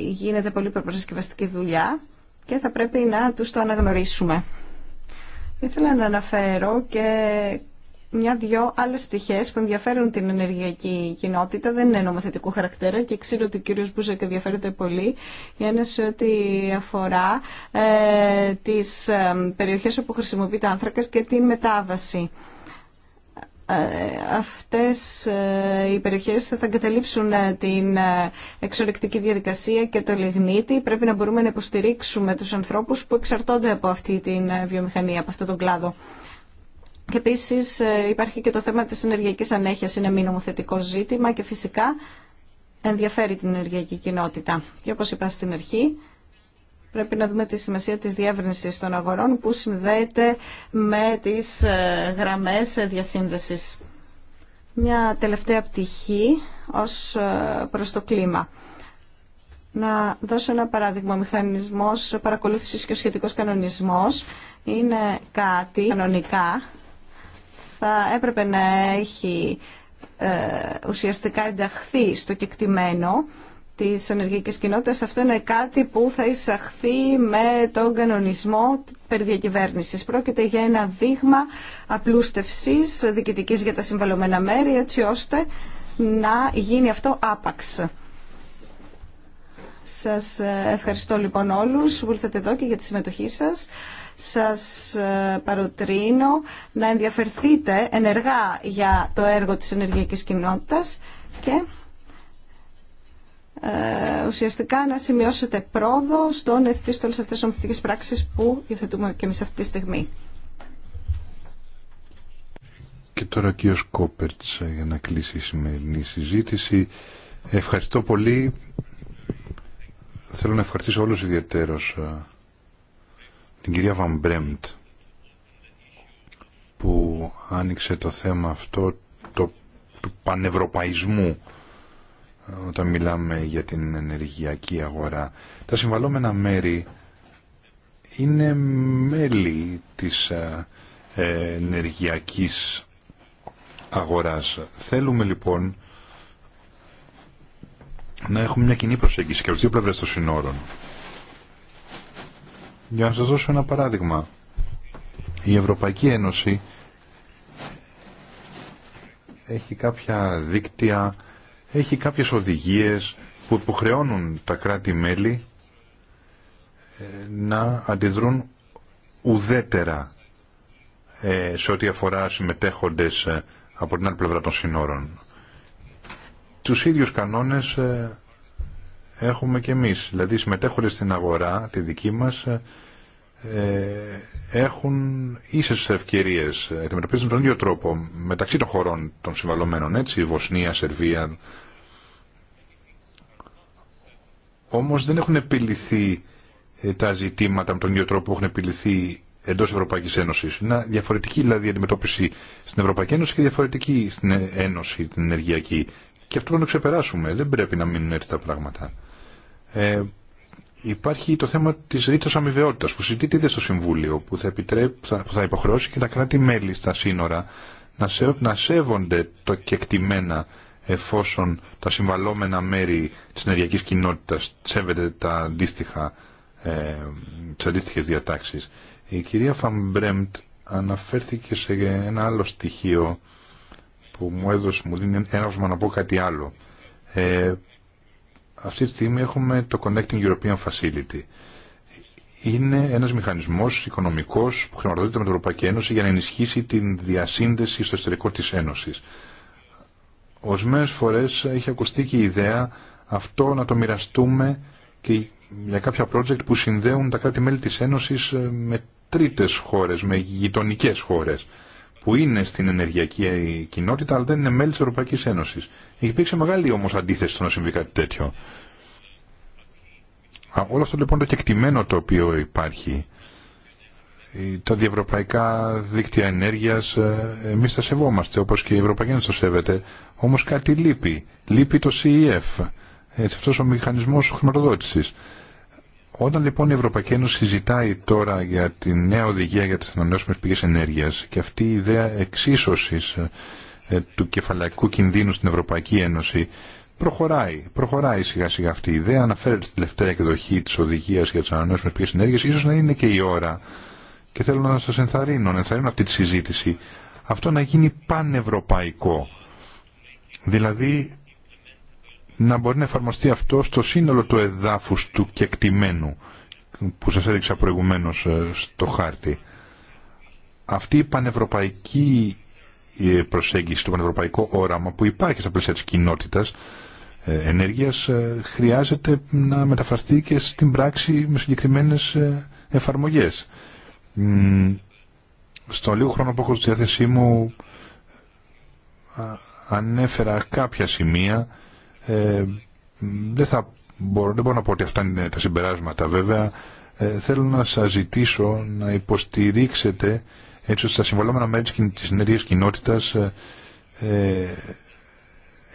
γίνεται πολύ προπαρασκευαστική δουλειά και θα πρέπει να τους το αναγνωρίσουμε. Ήθελα να αναφέρω και μια-δυο άλλε πτυχέ που ενδιαφέρουν την ενεργειακή κοινότητα. Δεν είναι νομοθετικού χαρακτήρα και ξέρω ότι ο κύριο Μπούζεκ ενδιαφέρεται πολύ. Η ένα σε ό,τι αφορά ε, τι ε, περιοχέ όπου χρησιμοποιείται άνθρακα και την μετάβαση. Ε, αυτές ε, οι περιοχές θα εγκαταλείψουν την εξορρεκτική διαδικασία και το λιγνίτι. Πρέπει να μπορούμε να υποστηρίξουμε τους ανθρώπους που εξαρτώνται από αυτή την βιομηχανία, από αυτόν τον κλάδο. Και επίση ε, υπάρχει και το θέμα τη ενεργειακή ανέχεια, είναι μη νομοθετικό ζήτημα και φυσικά ενδιαφέρει την ενεργειακή κοινότητα. Και όπω είπα στην αρχή, πρέπει να δούμε τη σημασία της διεύρυνσης των αγορών που συνδέεται με τις ε, γραμμές διασύνδεσης. Μια τελευταία πτυχή ως ε, προς το κλίμα. Να δώσω ένα παράδειγμα. Ο μηχανισμός παρακολούθησης και ο σχετικός κανονισμός είναι κάτι κανονικά θα έπρεπε να έχει ε, ουσιαστικά ενταχθεί στο κεκτημένο της ενεργειακής κοινότητας. Αυτό είναι κάτι που θα εισαχθεί με τον κανονισμό περί διακυβέρνησης. Πρόκειται για ένα δείγμα απλούστευσης διοικητικής για τα συμβαλωμένα μέρη, έτσι ώστε να γίνει αυτό άπαξ. Σας ευχαριστώ λοιπόν όλους που ήρθατε εδώ και για τη συμμετοχή σας. Σας ε, παροτρύνω να ενδιαφερθείτε ενεργά για το έργο της ενεργειακής κοινότητας και ε, ουσιαστικά να σημειώσετε πρόοδο στον εθνικό εθιστεί όλες αυτές τις που υιοθετούμε και εμείς αυτή τη στιγμή. Και τώρα ο κύριος Κόπερτς ε, για να κλείσει η σημερινή συζήτηση. Ευχαριστώ πολύ. Θέλω να ευχαριστήσω όλους ιδιαίτερος την κυρία Βανμπρέμπτ που άνοιξε το θέμα αυτό του πανευρωπαϊσμού ε, όταν μιλάμε για την ενεργειακή αγορά. Τα συμβαλόμενα μέρη είναι μέλη της ε, ε ενεργειακής αγοράς. Θέλουμε λοιπόν να έχουμε μια κοινή προσέγγιση και από δύο πλευρές των συνόρων. Για να σας δώσω ένα παράδειγμα. Η Ευρωπαϊκή Ένωση έχει κάποια δίκτυα, έχει κάποιες οδηγίες που υποχρεώνουν τα κράτη-μέλη ε, να αντιδρούν ουδέτερα ε, σε ό,τι αφορά συμμετέχοντες ε, από την άλλη πλευρά των συνόρων. Τους ίδιους κανόνες έχουμε και εμείς. Δηλαδή οι συμμετέχοντες στην αγορά, τη δική μας, ε, έχουν ίσες ευκαιρίες, αντιμετωπίζουν τον ίδιο τρόπο μεταξύ των χωρών των συμβαλωμένων, έτσι, Βοσνία, Σερβία. Όμως δεν έχουν επιληθεί ε, τα ζητήματα με τον ίδιο τρόπο που έχουν επιληθεί εντός Ευρωπαϊκής Ένωσης. Είναι διαφορετική δηλαδή αντιμετώπιση στην Ευρωπαϊκή Ένωση και διαφορετική στην Ένωση την ενεργειακή. Και αυτό πρέπει να το ξεπεράσουμε. Δεν πρέπει να μείνουν έτσι τα πράγματα. Ε, υπάρχει το θέμα της ρήτρα αμοιβαιότητα που συζητείται στο Συμβούλιο που θα, θα, υποχρεώσει και τα κράτη-μέλη στα σύνορα να, σε, να σέβονται το κεκτημένα εφόσον τα συμβαλόμενα μέρη της ενεργειακή κοινότητας σέβεται τα αντίστοιχα, ε, τις διατάξεις. Η κυρία Φαμπρέμπτ αναφέρθηκε σε ένα άλλο στοιχείο που μου έδωσε, μου δίνει ένα να πω κάτι άλλο. Ε, αυτή τη στιγμή έχουμε το Connecting European Facility. Είναι ένας μηχανισμός οικονομικός που χρηματοδοτείται με την Ευρωπαϊκή Ένωση για να ενισχύσει την διασύνδεση στο εσωτερικό της Ένωσης. Ορισμένε φορές έχει ακουστεί και η ιδέα αυτό να το μοιραστούμε και για κάποια project που συνδέουν τα κράτη-μέλη της Ένωσης ε, με τρίτες χώρες, με γειτονικέ χώρες που είναι στην ενεργειακή κοινότητα αλλά δεν είναι μέλη της Ευρωπαϊκής Ένωσης. Υπήρξε μεγάλη όμω αντίθεση στο να συμβεί κάτι τέτοιο. Όλο αυτό λοιπόν το κεκτημένο το οποίο υπάρχει, τα διευρωπαϊκά δίκτυα ενέργειας, ε, Εμεί τα σεβόμαστε όπως και η Ευρωπαϊκή Ένωση το σέβεται, όμως κάτι λείπει. Λείπει το CEF, Αυτό ο μηχανισμό χρηματοδότηση. Όταν λοιπόν η Ευρωπαϊκή Ένωση συζητάει τώρα για τη νέα οδηγία για τις ανανεώσιμες πηγές ενέργειας και αυτή η ιδέα εξίσωσης ε, ε, του κεφαλαϊκού κινδύνου στην Ευρωπαϊκή Ένωση προχωράει, προχωράει σιγά σιγά αυτή η ιδέα, αναφέρεται στην τελευταία εκδοχή της οδηγίας για τις ανανεώσιμες πηγές ενέργειας, ίσως να είναι και η ώρα και θέλω να σας ενθαρρύνω, να ενθαρρύνω αυτή τη συζήτηση, αυτό να γίνει πανευρωπαϊκό. Δηλαδή να μπορεί να εφαρμοστεί αυτό στο σύνολο του εδάφους του κεκτημένου που σας έδειξα προηγουμένως ε, στο χάρτη. Αυτή η πανευρωπαϊκή ε, προσέγγιση, το πανευρωπαϊκό όραμα που υπάρχει στα πλαίσια της κοινότητας ε, ενέργειας χρειάζεται να μεταφραστεί και στην πράξη με συγκεκριμένες εφαρμογές. Στον λίγο χρόνο που έχω στη διάθεσή μου ανέφερα κάποια σημεία ε, δεν, μπορώ, να πω ότι αυτά είναι τα συμπεράσματα βέβαια. Ε, θέλω να σας ζητήσω να υποστηρίξετε έτσι ώστε τα συμβολόμενα μέρη της ενεργείας κοινότητας ε, ε,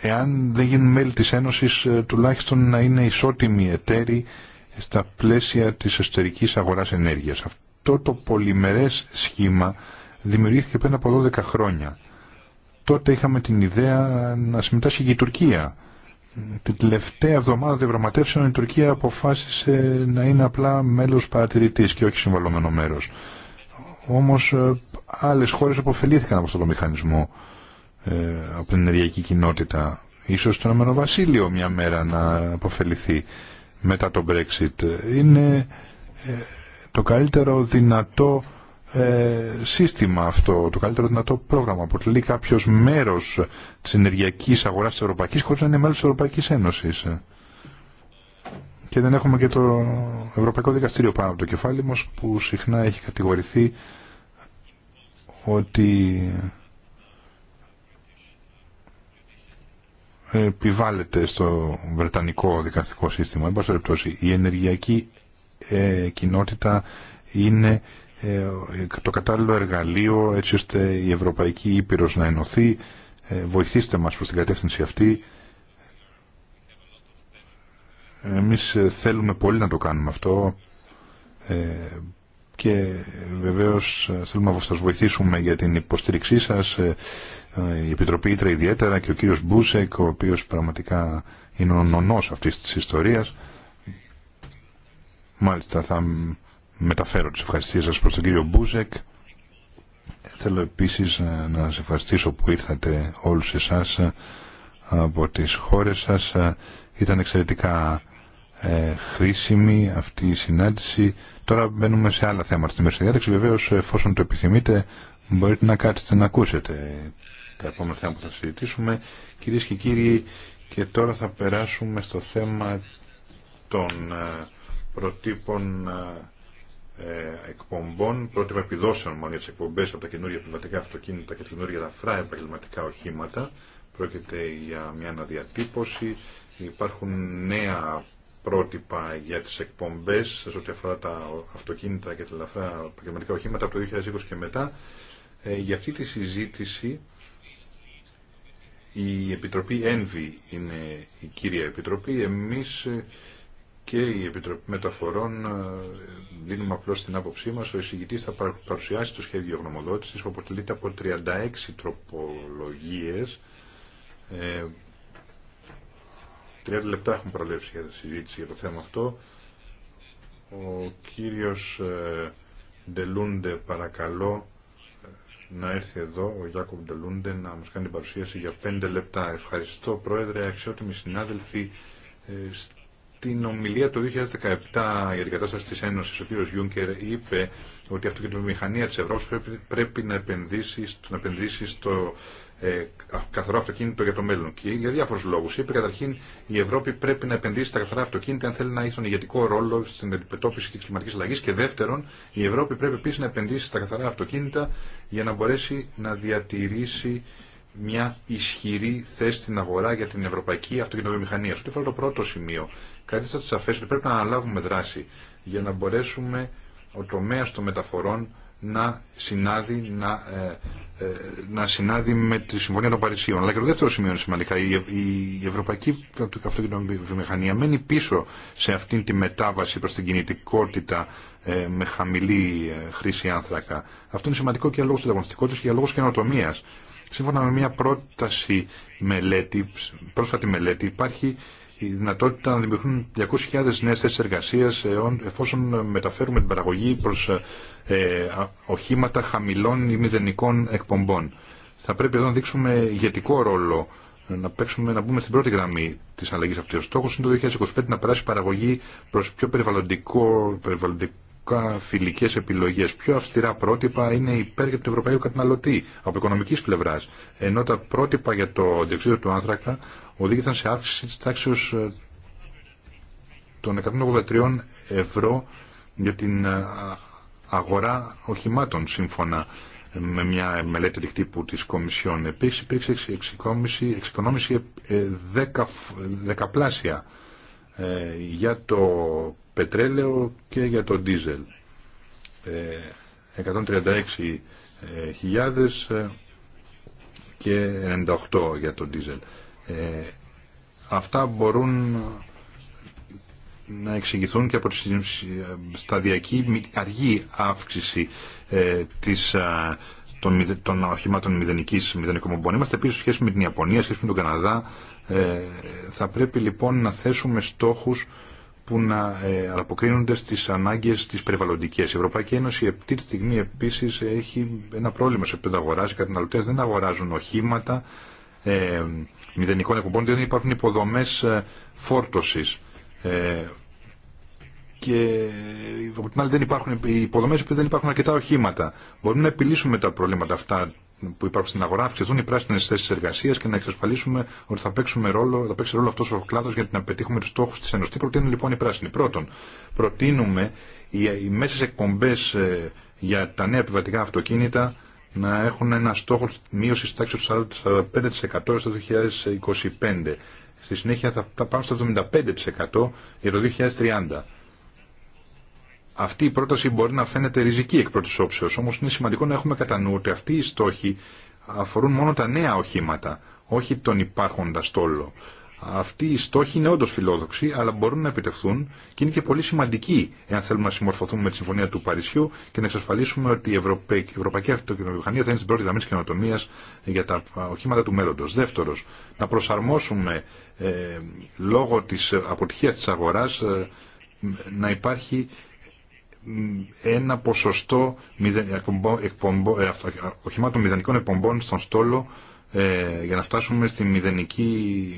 εάν δεν γίνουν μέλη της Ένωσης τουλάχιστον να είναι ισότιμοι εταίροι στα πλαίσια της εσωτερική αγοράς ενέργειας. Αυτό το πολυμερές σχήμα δημιουργήθηκε πριν από 12 χρόνια. Τότε είχαμε την ιδέα να συμμετάσχει και η Τουρκία την τελευταία εβδομάδα των διαπραγματεύσεων η Τουρκία αποφάσισε να είναι απλά μέλος παρατηρητής και όχι συμβαλωμένο μέρος. Όμως ε, άλλες χώρες αποφελήθηκαν από αυτό το μηχανισμό ε, από την ενεργειακή κοινότητα. Ίσως το Ηνωμένο Βασίλειο μια μέρα να αποφεληθεί μετά το Brexit. Είναι ε, το καλύτερο δυνατό ε, σύστημα αυτό, το καλύτερο δυνατό πρόγραμμα. Αποτελεί κάποιο μέρο τη ενεργειακή αγορά τη Ευρωπαϊκή χωρί να είναι μέλο τη Ευρωπαϊκή Ένωση. Και δεν έχουμε και το Ευρωπαϊκό Δικαστήριο πάνω από το κεφάλι μα που συχνά έχει κατηγορηθεί ότι επιβάλλεται στο Βρετανικό δικαστικό σύστημα. Εν πάση η ενεργειακή ε, κοινότητα είναι ε, το κατάλληλο εργαλείο έτσι ώστε η Ευρωπαϊκή Ήπειρος να ενωθεί. Ε, βοηθήστε μας προς την κατεύθυνση αυτή. Εμείς ε, θέλουμε πολύ να το κάνουμε αυτό και βεβαίως θέλουμε να σας βοηθήσουμε για την υποστήριξή σας η Επιτροπή Ήτρα ιδιαίτερα και ο κύριος Μπούσεκ ο οποίος πραγματικά είναι ο νονός αυτής της ιστορίας μάλιστα θα μεταφέρω τις ευχαριστίες σας προς τον κύριο Μπούζεκ. Θέλω επίσης ε, να σας ευχαριστήσω που ήρθατε όλους εσάς ε, από τις χώρες σας. Ε, ήταν εξαιρετικά ε, χρήσιμη αυτή η συνάντηση. Τώρα μπαίνουμε σε άλλα θέματα στη μέση διάταξη. Βεβαίως, εφόσον το επιθυμείτε, μπορείτε να κάτσετε να ακούσετε τα επόμενα θέματα που θα συζητήσουμε. Κυρίες και κύριοι, και τώρα θα περάσουμε στο θέμα των προτύπων ε, εκπομπών, πρότυπα επιδόσεων μόνο για τι εκπομπέ από τα καινούργια πνευματικά αυτοκίνητα και τα καινούργια ελαφρά επαγγελματικά οχήματα. Πρόκειται για μια αναδιατύπωση. Υπάρχουν νέα πρότυπα για τις εκπομπές σε ό,τι αφορά τα αυτοκίνητα και τα ελαφρά επαγγελματικά οχήματα από το 2020 και μετά. Ε, για αυτή τη συζήτηση η Επιτροπή ΕΝΒΗ είναι η κύρια Επιτροπή. Εμείς ε, και η Επιτροπή Μεταφορών ε, δίνουμε απλώ την άποψή μα. Ο εισηγητή θα παρουσιάσει το σχέδιο γνωμοδότηση που αποτελείται από 36 τροπολογίε. 30 λεπτά έχουμε προλέψει για τη συζήτηση για το θέμα αυτό. Ο κύριο ε, Ντελούντε παρακαλώ ε, να έρθει εδώ, ο Γιάκοπ Ντελούντε, να μας κάνει την παρουσίαση για 5 λεπτά. Ευχαριστώ Πρόεδρε, αξιότιμοι συνάδελφοι. Την ομιλία του 2017 για την κατάσταση της Ένωσης, ο κ. Γιούνκερ είπε ότι η αυτοκινητομηχανία της Ευρώπης πρέπει, πρέπει να, επενδύσει, να επενδύσει στο ε, καθαρό αυτοκίνητο για το μέλλον. Και για διάφορους λόγους. Είπε καταρχήν η Ευρώπη πρέπει να επενδύσει στα καθαρά αυτοκίνητα αν θέλει να έχει τον ηγετικό ρόλο στην αντιμετώπιση της κλιματικής αλλαγής. Και δεύτερον, η Ευρώπη πρέπει επίσης να επενδύσει στα καθαρά αυτοκίνητα για να μπορέσει να διατηρήσει μια ισχυρή θέση στην αγορά για την ευρωπαϊκή αυτοκινητοβιομηχανία. Αυτό το πρώτο σημείο, Κάτι σα του ότι πρέπει να αναλάβουμε δράση για να μπορέσουμε ο τομέα των μεταφορών να συνάδει, να, ε, ε, να συνάδει με τη Συμφωνία των Παρισίων. Αλλά και το δεύτερο σημείο είναι σημαντικά. Η, η, η Ευρωπαϊκή Αυτοκινητοβιομηχανία μένει πίσω σε αυτή τη μετάβαση προ την κινητικότητα ε, με χαμηλή ε, χρήση άνθρακα. Αυτό είναι σημαντικό και λόγω της ανταγωνιστικότητα και για λόγους καινοτομία. Σύμφωνα με μια πρόταση μελέτη, πρόσφατη μελέτη, υπάρχει η δυνατότητα να δημιουργούν 200.000 νέες θέσεις εργασίας εφόσον μεταφέρουμε την παραγωγή προς ε, οχήματα χαμηλών ή μηδενικών εκπομπών. Θα πρέπει εδώ να δείξουμε ηγετικό ρόλο, να, παίξουμε, να μπούμε στην πρώτη γραμμή της αλλαγής αυτής. Ο στόχος είναι το 2025 να περάσει παραγωγή προς πιο περιβαλλοντικό, περιβαλλοντικό Φιλικέ επιλογέ. πιο αυστηρά πρότυπα είναι υπέρ για τον Ευρωπαϊκό καταναλωτή από οικονομική πλευρά, ενώ τα πρότυπα για το διοξείδιο του άνθρακα οδήγησαν σε αύξηση τη τάξη ε, των 183 ευρώ για την ε, αγορά οχημάτων σύμφωνα ε, με μια μελέτη δικτύπου της Κομισιόν. Επίσης υπήρξε εξοικονόμηση, 10 δεκα, δεκαπλάσια για το πετρέλαιο και για το ντίζελ. 136.000 και 98 για το ντίζελ. Ε, αυτά μπορούν να εξηγηθούν και από τη σταδιακή αργή αύξηση ε, της, α, των, των οχημάτων μηδενικής μηδενικομπομπών. Είμαστε επίσης σχέση με την Ιαπωνία, σχέση με τον Καναδά. Ε, θα πρέπει λοιπόν να θέσουμε στόχους που να ε, αποκρίνονται στις ανάγκες τις περιβαλλοντικές. Η Ευρωπαϊκή Ένωση αυτή τη στιγμή επίσης έχει ένα πρόβλημα σε επίπεδο αγοράς. Οι καταναλωτές δεν αγοράζουν οχήματα ε, μηδενικών εκπομπών, δεν υπάρχουν υποδομές ε, φόρτωσης. Ε, και από την άλλη δεν υπάρχουν υποδομές επειδή δεν υπάρχουν αρκετά οχήματα. Μπορούμε να επιλύσουμε τα προβλήματα αυτά που υπάρχουν στην αγορά, αυξηθούν οι πράσινε θέσει εργασία και να εξασφαλίσουμε ότι θα, ρόλο, θα παίξει ρόλο αυτό ο κλάδο για να πετύχουμε του στόχου τη Ένωση. Τι προτείνουν λοιπόν οι πράσινοι. Πρώτον, προτείνουμε οι, οι μέσε εκπομπέ ε, για τα νέα επιβατικά αυτοκίνητα να έχουν ένα στόχο μείωση τάξη του 45% στο 2025. Στη συνέχεια θα πάμε στο 75% για το 2030. Αυτή η πρόταση μπορεί να φαίνεται ριζική εκ πρώτη όψεω όμω είναι σημαντικό να έχουμε κατά νου ότι αυτοί οι στόχοι αφορούν μόνο τα νέα οχήματα, όχι τον υπάρχοντα στόλο. Αυτοί οι στόχοι είναι όντω φιλόδοξοι, αλλά μπορούν να επιτευχθούν και είναι και πολύ σημαντικοί εάν θέλουμε να συμμορφωθούμε με τη Συμφωνία του Παρισιού και να εξασφαλίσουμε ότι η Ευρωπαϊκή, η Ευρωπαϊκή θα είναι στην πρώτη γραμμή τη καινοτομία για τα οχήματα του μέλλοντο. Δεύτερο, να προσαρμόσουμε ε, λόγω τη αποτυχία τη αγορά ε, να υπάρχει ένα ποσοστό ε, οχημάτων μηδενικών εκπομπών στον στόλο ε, για να φτάσουμε στη μηδενική,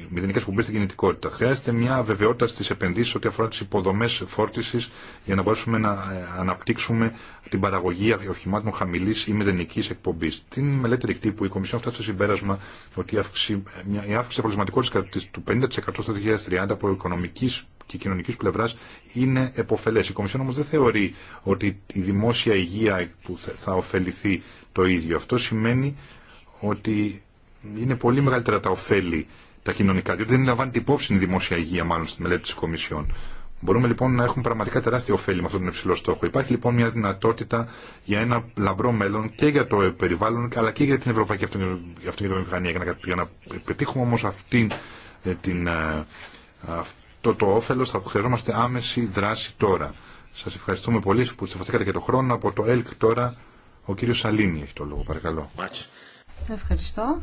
μηδενικές εκπομπές στην κινητικότητα. Χρειάζεται μια βεβαιότητα στις επενδύσεις ό,τι αφορά τις υποδομές φόρτισης για να μπορέσουμε να ε, αναπτύξουμε την παραγωγή οχημάτων χαμηλής ή μηδενικής εκπομπής. Την μελέτη ρηκτή που η Κομισιόν φτάσει στο συμπέρασμα ότι η αύξηση, η αύξηση του 50% στο 2030 από οικονομικής και κοινωνική πλευρά είναι επωφελές. Η Κομισιόν όμω δεν θεωρεί ότι η δημόσια υγεία που θα ωφεληθεί το ίδιο. Αυτό σημαίνει ότι είναι πολύ μεγαλύτερα τα ωφέλη τα κοινωνικά, διότι δεν λαμβάνει την υπόψη η δημόσια υγεία μάλλον στη μελέτη τη Κομισιόν. Μπορούμε λοιπόν να έχουμε πραγματικά τεράστια ωφέλη με αυτόν τον υψηλό στόχο. Υπάρχει λοιπόν μια δυνατότητα για ένα λαμπρό μέλλον και για το περιβάλλον αλλά και για την ευρωπαϊκή Αυτοκινητοβιομηχανία. Για να, πετύχουμε όμω αυτή ε, την, ε, το, το όφελος θα χρειαζόμαστε άμεση δράση τώρα. Σας ευχαριστούμε πολύ που σεβαστήκατε και το χρόνο. Από το ΕΛΚ τώρα ο κύριος Σαλίνη έχει το λόγο. Παρακαλώ. Ευχαριστώ.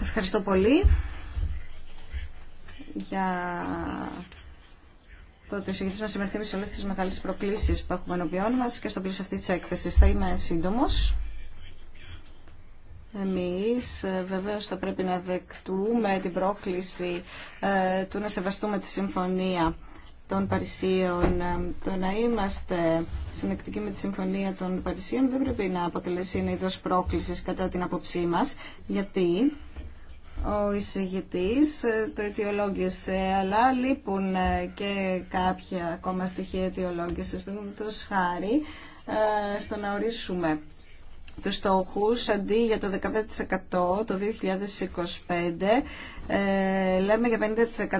Ευχαριστώ πολύ για το ότι ο συγκεκριτή μα σε όλε τι μεγάλε προκλήσει που έχουμε ενωπιών μα και στο πλαίσιο αυτή τη έκθεση. Θα είμαι σύντομο. Εμείς ε, βεβαίως θα πρέπει να δεκτούμε την πρόκληση ε, του να σεβαστούμε τη συμφωνία των Παρισίων. Ε, το να είμαστε συνεκτικοί με τη Συμφωνία των Παρισίων δεν πρέπει να αποτελέσει ένα είδος πρόκλησης κατά την απόψή μας, γιατί ο εισηγητής το αιτιολόγησε, αλλά λείπουν και κάποια ακόμα στοιχεία αιτιολόγησης, τόσο χάρη, στο να ορίσουμε του στόχου αντί για το 15% το 2025 ε, λέμε για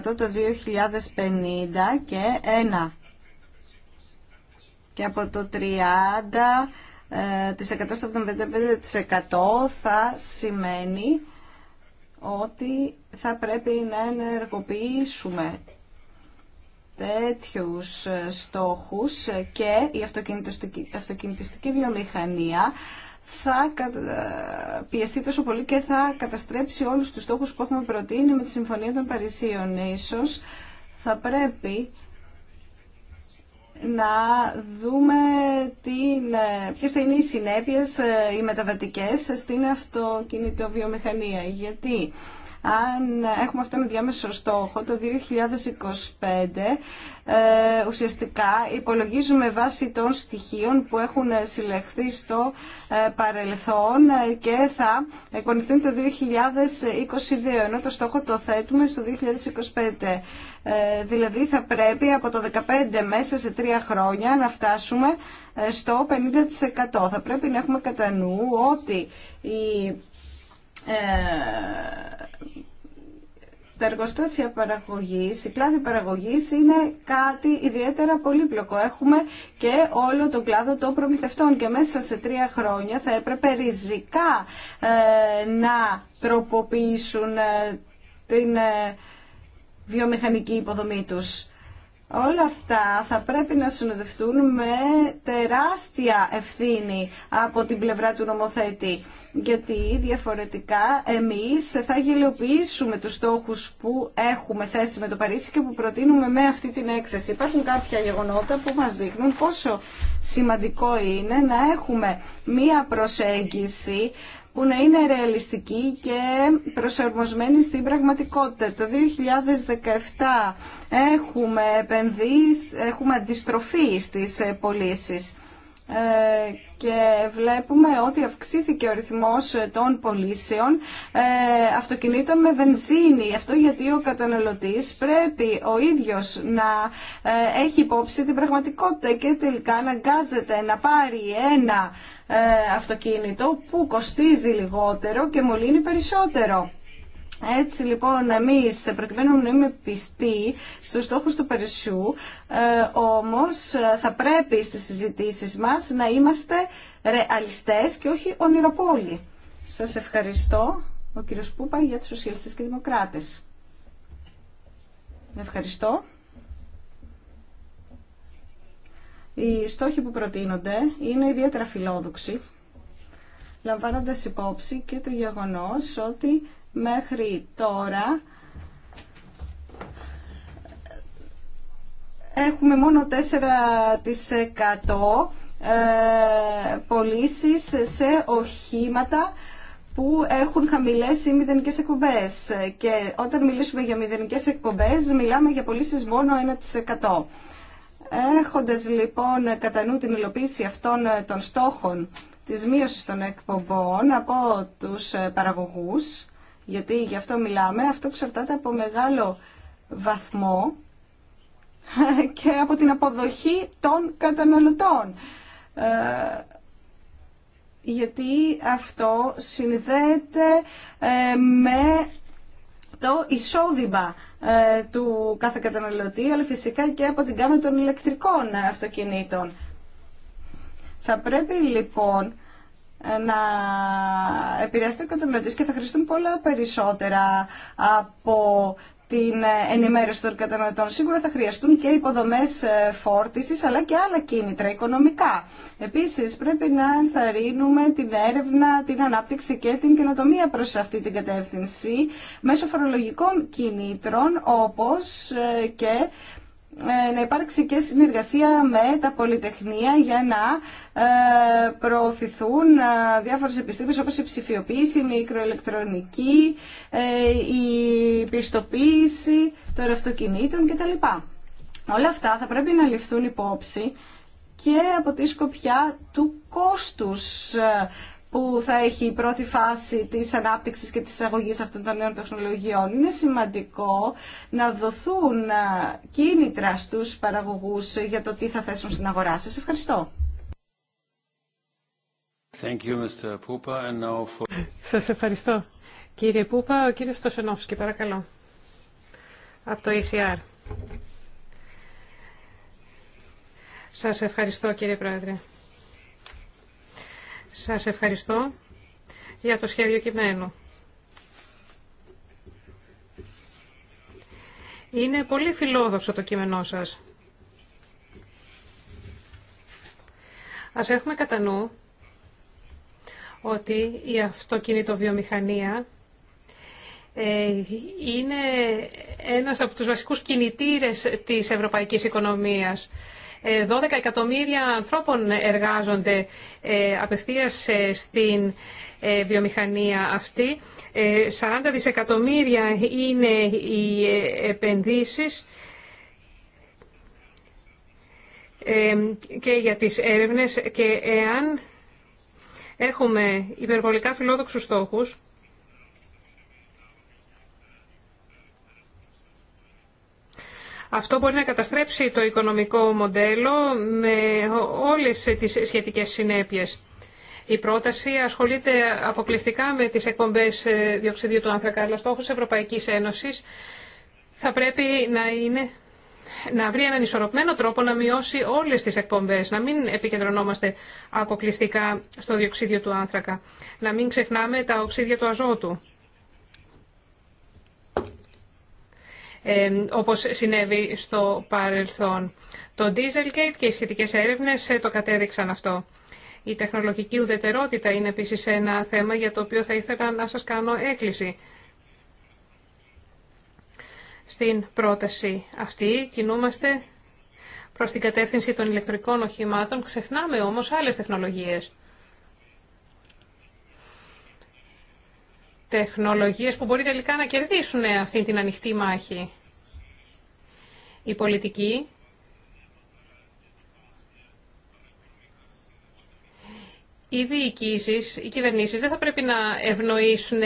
50% το 2050 και 1 και από το 30% ε, στο 75% θα σημαίνει ότι θα πρέπει να ενεργοποιήσουμε τέτοιους στόχους και η αυτοκινητιστική βιομηχανία θα πιεστεί τόσο πολύ και θα καταστρέψει όλους τους στόχους που έχουμε προτείνει με τη Συμφωνία των Παρισίων. Ίσως θα πρέπει να δούμε την, ποιες θα είναι οι συνέπειες, ε, οι μεταβατικές στην αυτοκινητοβιομηχανία. Γιατί αν έχουμε αυτόν τον διάμεσο στόχο το 2025, ε, ουσιαστικά υπολογίζουμε βάσει των στοιχείων που έχουν συλλεχθεί στο ε, παρελθόν ε, και θα εκπονηθούν το 2022, ενώ το στόχο το θέτουμε στο 2025. δηλαδή θα πρέπει από το 2015 μέσα σε τρία χρόνια να φτάσουμε στο 50%. Θα πρέπει να έχουμε κατά νου ότι η ε, τα εργοστάσια παραγωγής, η κλάδη παραγωγής είναι κάτι ιδιαίτερα πολύπλοκο. Έχουμε και όλο τον κλάδο των προμηθευτών και μέσα σε τρία χρόνια θα έπρεπε ριζικά ε, να τροποποιήσουν ε, την βιομηχανική υποδομή τους. Όλα αυτά θα πρέπει να συνοδευτούν με τεράστια ευθύνη από την πλευρά του νομοθέτη, γιατί διαφορετικά εμείς θα γελιοποιήσουμε τους στόχους που έχουμε θέσει με το Παρίσι και που προτείνουμε με αυτή την έκθεση. Υπάρχουν κάποια γεγονότα που μας δείχνουν πόσο σημαντικό είναι να έχουμε μία προσέγγιση που να είναι ρεαλιστική και προσαρμοσμένη στην πραγματικότητα. Το 2017 έχουμε επενδύσει, έχουμε αντιστροφή στις πωλήσει. Ε, και βλέπουμε ότι αυξήθηκε ο ρυθμός των πωλήσεων ε, αυτοκινήτων με βενζίνη. Αυτό γιατί ο καταναλωτής πρέπει ο ίδιος να ε, έχει υπόψη την πραγματικότητα και τελικά αναγκάζεται να πάρει ένα αυτοκίνητο που κοστίζει λιγότερο και μολύνει περισσότερο. Έτσι λοιπόν εμείς προκειμένου να είμαι πιστοί στους στόχους του Περισσιού, ε, όμως ε, θα πρέπει στις συζητήσεις μας να είμαστε ρεαλιστές και όχι ονειροπόλοι. Σας ευχαριστώ ο κύριος Πούπα για τους Σοσιαλιστές και Δημοκράτες. Ευχαριστώ. Οι στόχοι που προτείνονται είναι ιδιαίτερα φιλόδοξοι, λαμβάνοντας υπόψη και το γεγονός ότι Μέχρι τώρα έχουμε μόνο 4% ε, πωλήσει σε οχήματα που έχουν χαμηλέ ή μηδενικέ εκπομπέ. Και όταν μιλήσουμε για μηδενικέ εκπομπέ, μιλάμε για πωλήσει μόνο 1%. Έχοντας λοιπόν κατά νου την υλοποίηση αυτών των στόχων της μείωσης των εκπομπών από τους παραγωγούς, γιατί γι' αυτό μιλάμε, αυτό εξαρτάται από μεγάλο βαθμό και από την αποδοχή των καταναλωτών. Ε, γιατί αυτό συνδέεται ε, με το εισόδημα ε, του κάθε καταναλωτή, αλλά φυσικά και από την κάμερα των ηλεκτρικών αυτοκινήτων. Θα πρέπει λοιπόν να επηρεαστεί ο κατανοητής και θα χρειαστούν πολλά περισσότερα από την ενημέρωση των κατανοητών. Σίγουρα θα χρειαστούν και υποδομές ε, φόρτισης αλλά και άλλα κίνητρα οικονομικά. Επίσης πρέπει να ενθαρρύνουμε την έρευνα, την ανάπτυξη και την καινοτομία προς αυτή την κατεύθυνση μέσω φορολογικών κινήτρων όπως ε, και ε, να υπάρξει και συνεργασία με τα πολυτεχνία για να ε, προωθηθούν ε, διάφορες επιστήμες όπως η ψηφιοποίηση, η μικροελεκτρονική, η πιστοποίηση των αυτοκινήτων κτλ. Όλα αυτά θα πρέπει να ληφθούν υπόψη και από τη σκοπιά του κόστους που θα έχει η πρώτη φάση της ανάπτυξης και της αγωγής αυτών των νέων τεχνολογιών. Είναι σημαντικό να δοθούν κίνητρα στους παραγωγούς για το τι θα θέσουν στην αγορά. Σας ευχαριστώ. Thank Σας ευχαριστώ. Κύριε Πούπα, ο κύριο Στοσενόφσκι, παρακαλώ. Από το ECR. Σας ευχαριστώ, κύριε Πρόεδρε. Σας ευχαριστώ για το σχέδιο κειμένου. Είναι πολύ φιλόδοξο το κείμενό σας. Ας έχουμε κατά νου ότι η αυτοκινητοβιομηχανία ε, είναι ένας από τους βασικούς κινητήρες της ευρωπαϊκής οικονομίας. 12 εκατομμύρια ανθρώπων εργάζονται ε, απευθείας ε, στην ε, βιομηχανία αυτή. 40 δισεκατομμύρια είναι οι επενδύσεις και για τις έρευνες και εάν έχουμε υπερβολικά φιλόδοξους στόχους Αυτό μπορεί να καταστρέψει το οικονομικό μοντέλο με όλες τις σχετικές συνέπειες. Η πρόταση ασχολείται αποκλειστικά με τις εκπομπές ε, διοξιδίου του άνθρακα, αλλά στόχος Ευρωπαϊκής Ένωσης θα πρέπει να είναι να βρει έναν ισορροπημένο τρόπο να μειώσει όλες τις εκπομπές, να μην επικεντρωνόμαστε αποκλειστικά στο διοξίδιο του άνθρακα, να μην ξεχνάμε τα οξύδια του αζότου. όπως συνέβη στο παρελθόν. Το Dieselgate και οι σχετικές έρευνες ε, το κατέδειξαν αυτό. Η τεχνολογική ουδετερότητα είναι επίσης ένα θέμα για το οποίο θα ήθελα να σας κάνω έκκληση. Στην πρόταση αυτή κινούμαστε προς την κατεύθυνση των ηλεκτρικών οχημάτων, ξεχνάμε όμως άλλες τεχνολογίες. τεχνολογίες που μπορεί τελικά να κερδίσουν αυτή την ανοιχτή μάχη. Η πολιτική οι διοικήσει, οι κυβερνήσεις δεν θα πρέπει να ευνοήσουν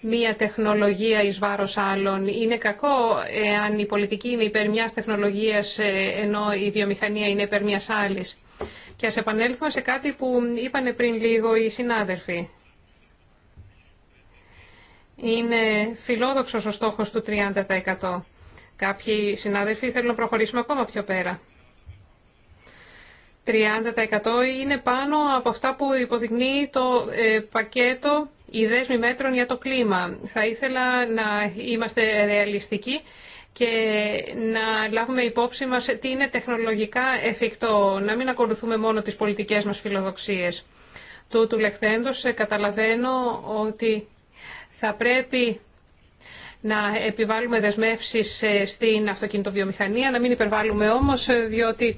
μία τεχνολογία εις βάρος άλλων. Είναι κακό ε, αν η πολιτική είναι υπέρ μιας τεχνολογίας ε, ενώ η βιομηχανία είναι υπέρ μιας άλλης. Και ας επανέλθουμε σε κάτι που είπανε πριν λίγο οι συνάδελφοι. Είναι φιλόδοξος ο στόχος του 30%. Κάποιοι συνάδελφοι θέλουν να προχωρήσουμε ακόμα πιο πέρα. 30% είναι πάνω από αυτά που υποδεικνύει το ε, πακέτο η δέσμη μέτρων για το κλίμα. Θα ήθελα να είμαστε ρεαλιστικοί και να λάβουμε υπόψη μας τι είναι τεχνολογικά εφικτό, να μην ακολουθούμε μόνο τις πολιτικές μας φιλοδοξίες. Του του λεχθέντος ε, καταλαβαίνω ότι θα πρέπει να επιβάλλουμε δεσμεύσεις ε, στην αυτοκινητοβιομηχανία, να μην υπερβάλλουμε όμως, ε, διότι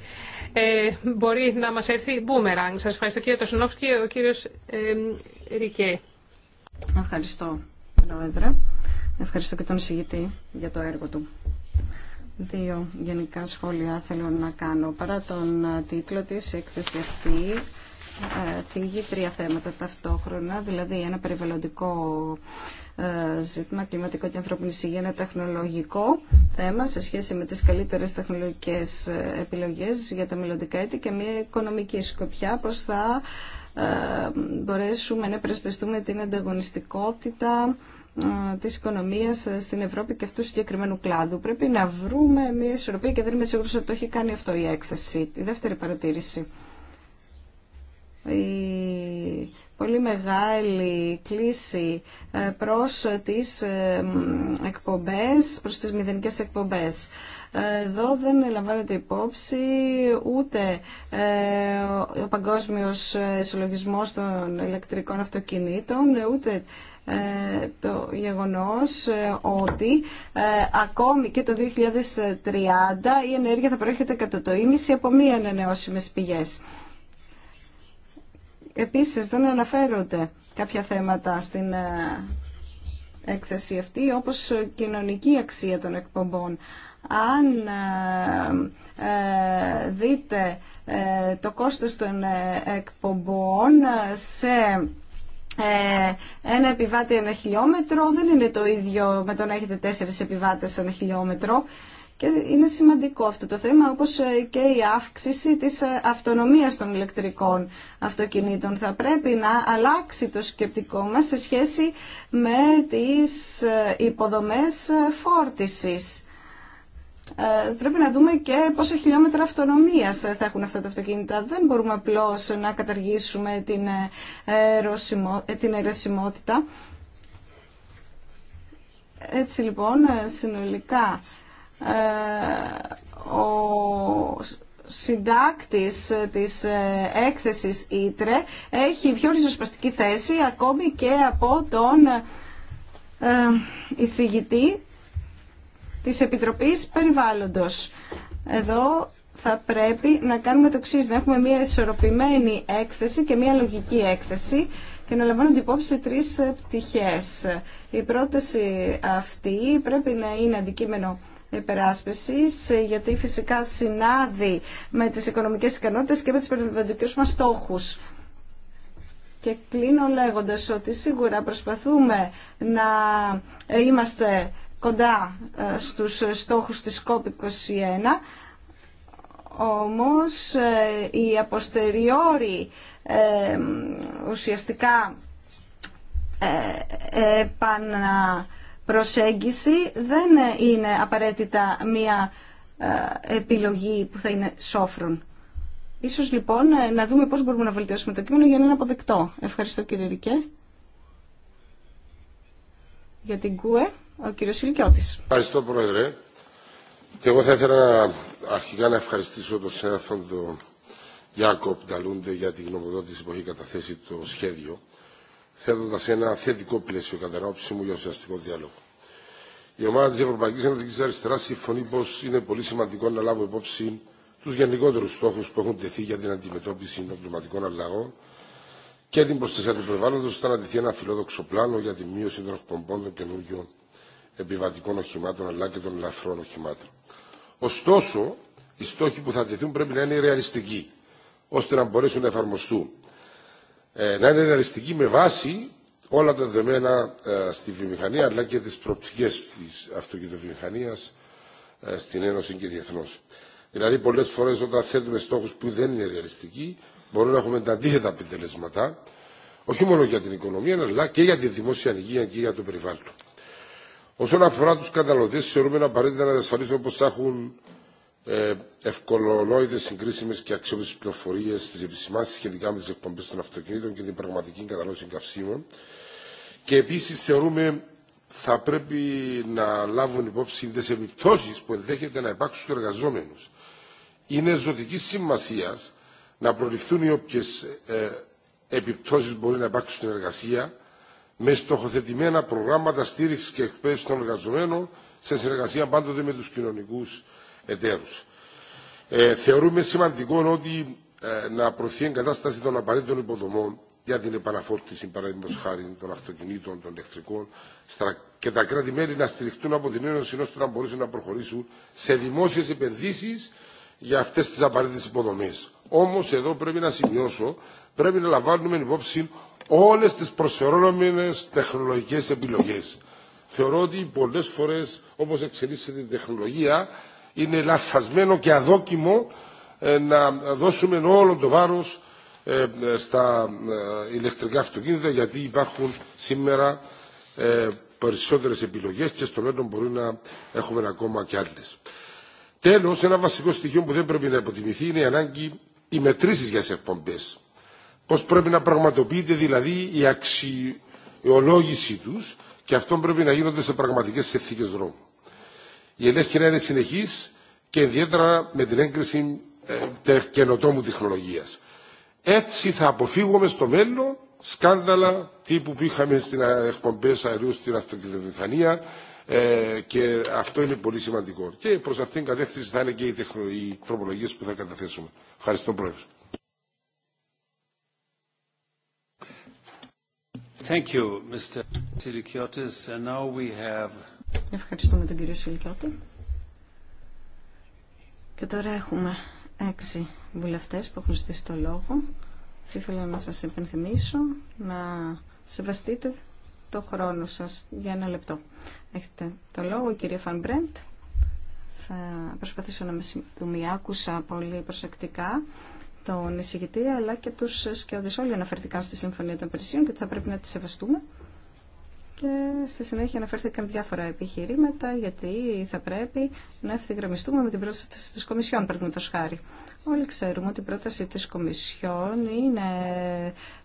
ε, μπορεί να μας έρθει μπούμεραγκ. Σας ευχαριστώ κύριε και ο κύριος ε, Ρικέ. Ευχαριστώ, Πρόεδρε. Ευχαριστώ και τον συγητή για το έργο του. Δύο γενικά σχόλια θέλω να κάνω. Παρά τον τίτλο της έκθεση αυτή, θίγει τρία θέματα ταυτόχρονα, δηλαδή ένα περιβαλλοντικό ε, ζήτημα, κλιματικό και ανθρώπινη υγεία, ένα τεχνολογικό θέμα σε σχέση με τις καλύτερες τεχνολογικές ε, επιλογές για τα μελλοντικά έτη και μια οικονομική σκοπιά, πώς θα ε, μπορέσουμε να υπερασπιστούμε την ανταγωνιστικότητα της οικονομίας στην Ευρώπη και αυτού του συγκεκριμένου κλάδου. Πρέπει να βρούμε μια ισορροπία και δεν είμαι σίγουρος ότι το έχει κάνει αυτό η έκθεση. Η δεύτερη παρατήρηση η πολύ μεγάλη κλίση ε, προς τις ε, εκπομπές, προς τις μηδενικές εκπομπές. Ε, εδώ δεν λαμβάνεται υπόψη ούτε ο παγκόσμιος συλλογισμός των ηλεκτρικών αυτοκινήτων, ούτε το γεγονός ότι ακόμη και το 2030 η ενέργεια θα προέρχεται κατά το ίμιση από μία ανανεώσιμες πηγές. Επίσης δεν αναφέρονται κάποια θέματα στην ε, έκθεση αυτή, όπως κοινωνική αξία των εκπομπών. Αν ε, ε, δείτε το κόστος των εκπομπών σε ένα επιβάτη ένα χιλιόμετρο, δεν είναι το ίδιο με το να έχετε τέσσερις επιβάτες ένα χιλιόμετρο. Και είναι σημαντικό αυτό το θέμα, όπως ε, και η αύξηση της ε, αυτονομίας των ηλεκτρικών αυτοκινήτων. Θα πρέπει να αλλάξει το σκεπτικό μας σε σχέση με τις ε, υποδομές φόρτισης. Πρέπει να δούμε και πόσα χιλιόμετρα αυτονομίας θα έχουν αυτά τα αυτοκίνητα. Δεν μπορούμε απλώς να καταργήσουμε την αιρεσιμότητα. Έτσι λοιπόν, συνολικά ε, ο συντάκτης της ε, έκθεσης Ήτρε έχει πιο ριζοσπαστική θέση ακόμη και από τον ε, εισηγητή της Επιτροπής Περιβάλλοντος. Εδώ θα πρέπει να κάνουμε το εξή, να έχουμε μια ισορροπημένη έκθεση και μια λογική έκθεση και να λαμβάνονται υπόψη τρεις πτυχές. Η πρόταση αυτή πρέπει να είναι αντικείμενο υπεράσπισης, γιατί φυσικά συνάδει με τις οικονομικές ικανότητες και με τις περιβαλλοντικές μας στόχους. Και κλείνω λέγοντας ότι σίγουρα προσπαθούμε να είμαστε κοντά ε, στους στόχους της COP21, όμως ε, η αποστεριόρη ε, ουσιαστικά επανα προσέγγιση δεν είναι απαραίτητα μία ε, επιλογή που θα είναι σόφρον. Ίσως λοιπόν ε, να δούμε πώς μπορούμε να βελτιώσουμε το κείμενο για να είναι αποδεκτό. Ευχαριστώ κύριε Ρικέ. Για την ΚΟΕ, ο κύριος Ηλικιώτης. Ευχαριστώ πρόεδρε. Και εγώ θα ήθελα αρχικά να ευχαριστήσω τον συνάδελφο τον Γιάκοπ Νταλούντε για την γνωμοδότηση που έχει καταθέσει το σχέδιο θέτοντα ένα θετικό πλαίσιο κατά άποψή μου για ουσιαστικό διάλογο. Η ομάδα τη Ευρωπαϊκή Ενωτική Αριστερά συμφωνεί πω είναι πολύ σημαντικό να λάβουμε υπόψη του γενικότερου στόχου που έχουν τεθεί για την αντιμετώπιση των κλιματικών αλλαγών και την προστασία του περιβάλλοντο, ώστε να τεθεί ένα φιλόδοξο πλάνο για τη μείωση των εκπομπών των καινούριων επιβατικών οχημάτων αλλά και των ελαφρών οχημάτων. Ωστόσο, οι στόχοι που θα τεθούν πρέπει να είναι ρεαλιστικοί, ώστε να μπορέσουν να εφαρμοστούν. Ε, να είναι ρεαλιστική με βάση όλα τα δεδομένα ε, στη βιομηχανία αλλά και τις προοπτικές της αυτοκινητοβιομηχανίας ε, στην Ένωση και διεθνώς. Δηλαδή πολλές φορές όταν θέτουμε στόχους που δεν είναι ρεαλιστικοί μπορούμε να έχουμε τα αντίθετα αποτελέσματα όχι μόνο για την οικονομία αλλά και για τη δημόσια υγεία και για το περιβάλλον. Όσον αφορά του καταναλωτέ, θεωρούμε απαραίτητα να διασφαλίσουμε πω θα έχουν ε, ευκολολόγητε συγκρίσιμε και αξιόπιστε πληροφορίε στι επισημάνσει σχετικά με τι εκπομπέ των αυτοκινήτων και την πραγματική κατανάλωση καυσίμων. Και επίση θεωρούμε θα πρέπει να λάβουν υπόψη τι επιπτώσει που ενδέχεται να υπάρξουν στου εργαζόμενου. Είναι ζωτική σημασία να προληφθούν οι όποιε επιπτώσει μπορεί να υπάρξουν στην εργασία με στοχοθετημένα προγράμματα στήριξη και εκπαίδευση των εργαζομένων σε συνεργασία πάντοτε με του κοινωνικού εταίρους. Ε, θεωρούμε σημαντικό ότι ε, να προωθεί η εγκατάσταση των απαραίτητων υποδομών για την επαναφόρτιση, παραδείγματο χάρη των αυτοκινήτων, των ηλεκτρικών, και τα κράτη-μέλη να στηριχτούν από την Ένωση ώστε να μπορέσουν να προχωρήσουν σε δημόσιε επενδύσει για αυτέ τι απαραίτητε υποδομέ. Όμω εδώ πρέπει να σημειώσω, πρέπει να λαμβάνουμε υπόψη όλε τι προσφερόμενε τεχνολογικέ επιλογέ. Θεωρώ ότι πολλέ φορέ, όπω εξελίσσεται η τεχνολογία, είναι λαθασμένο και αδόκιμο ε, να δώσουμε όλο το βάρος ε, στα ε, ηλεκτρικά αυτοκίνητα γιατί υπάρχουν σήμερα περισσότερες επιλογές και στο μέλλον μπορεί να έχουμε ακόμα και άλλες. Τέλος, ένα βασικό στοιχείο που δεν πρέπει να υποτιμηθεί είναι η ανάγκη οι μετρήσει για τις εκπομπές. Πώς πρέπει να πραγματοποιείται δηλαδή η αξιολόγησή τους και αυτό πρέπει να γίνονται σε πραγματικές συνθήκες δρόμου. Η ελέγχη να είναι συνεχής και ιδιαίτερα με την έγκριση ε, καινοτόμου τεχνολογίας. Έτσι θα αποφύγουμε στο μέλλον σκάνδαλα τύπου που είχαμε στην ε, εκπομπέ αερίου στην αυτοκινητοβιομηχανία ε, και αυτό είναι πολύ σημαντικό. Και προ αυτήν την κατεύθυνση θα είναι και οι, τεχνο, που θα καταθέσουμε. Ευχαριστώ, Πρόεδρε. Thank you, Mr. And now we have... Ευχαριστούμε τον κύριο Σιλικιώτη. Και τώρα έχουμε έξι βουλευτές που έχουν ζητήσει το λόγο. Θα ήθελα να σας υπενθυμίσω να σεβαστείτε το χρόνο σας για ένα λεπτό. Έχετε το λόγο, κύριε Φανμπρέντ. Θα προσπαθήσω να με συντομία. Άκουσα πολύ προσεκτικά τον εισηγητή, αλλά και τους σκιώδες όλοι αναφερθήκαν στη Συμφωνία των Περισσίων και ότι θα πρέπει να τη σεβαστούμε και στη συνέχεια αναφέρθηκαν διάφορα επιχειρήματα γιατί θα πρέπει να ευθυγραμμιστούμε με την πρόταση της Κομισιόν, το χάρη. Όλοι ξέρουμε ότι η πρόταση της Κομισιόν είναι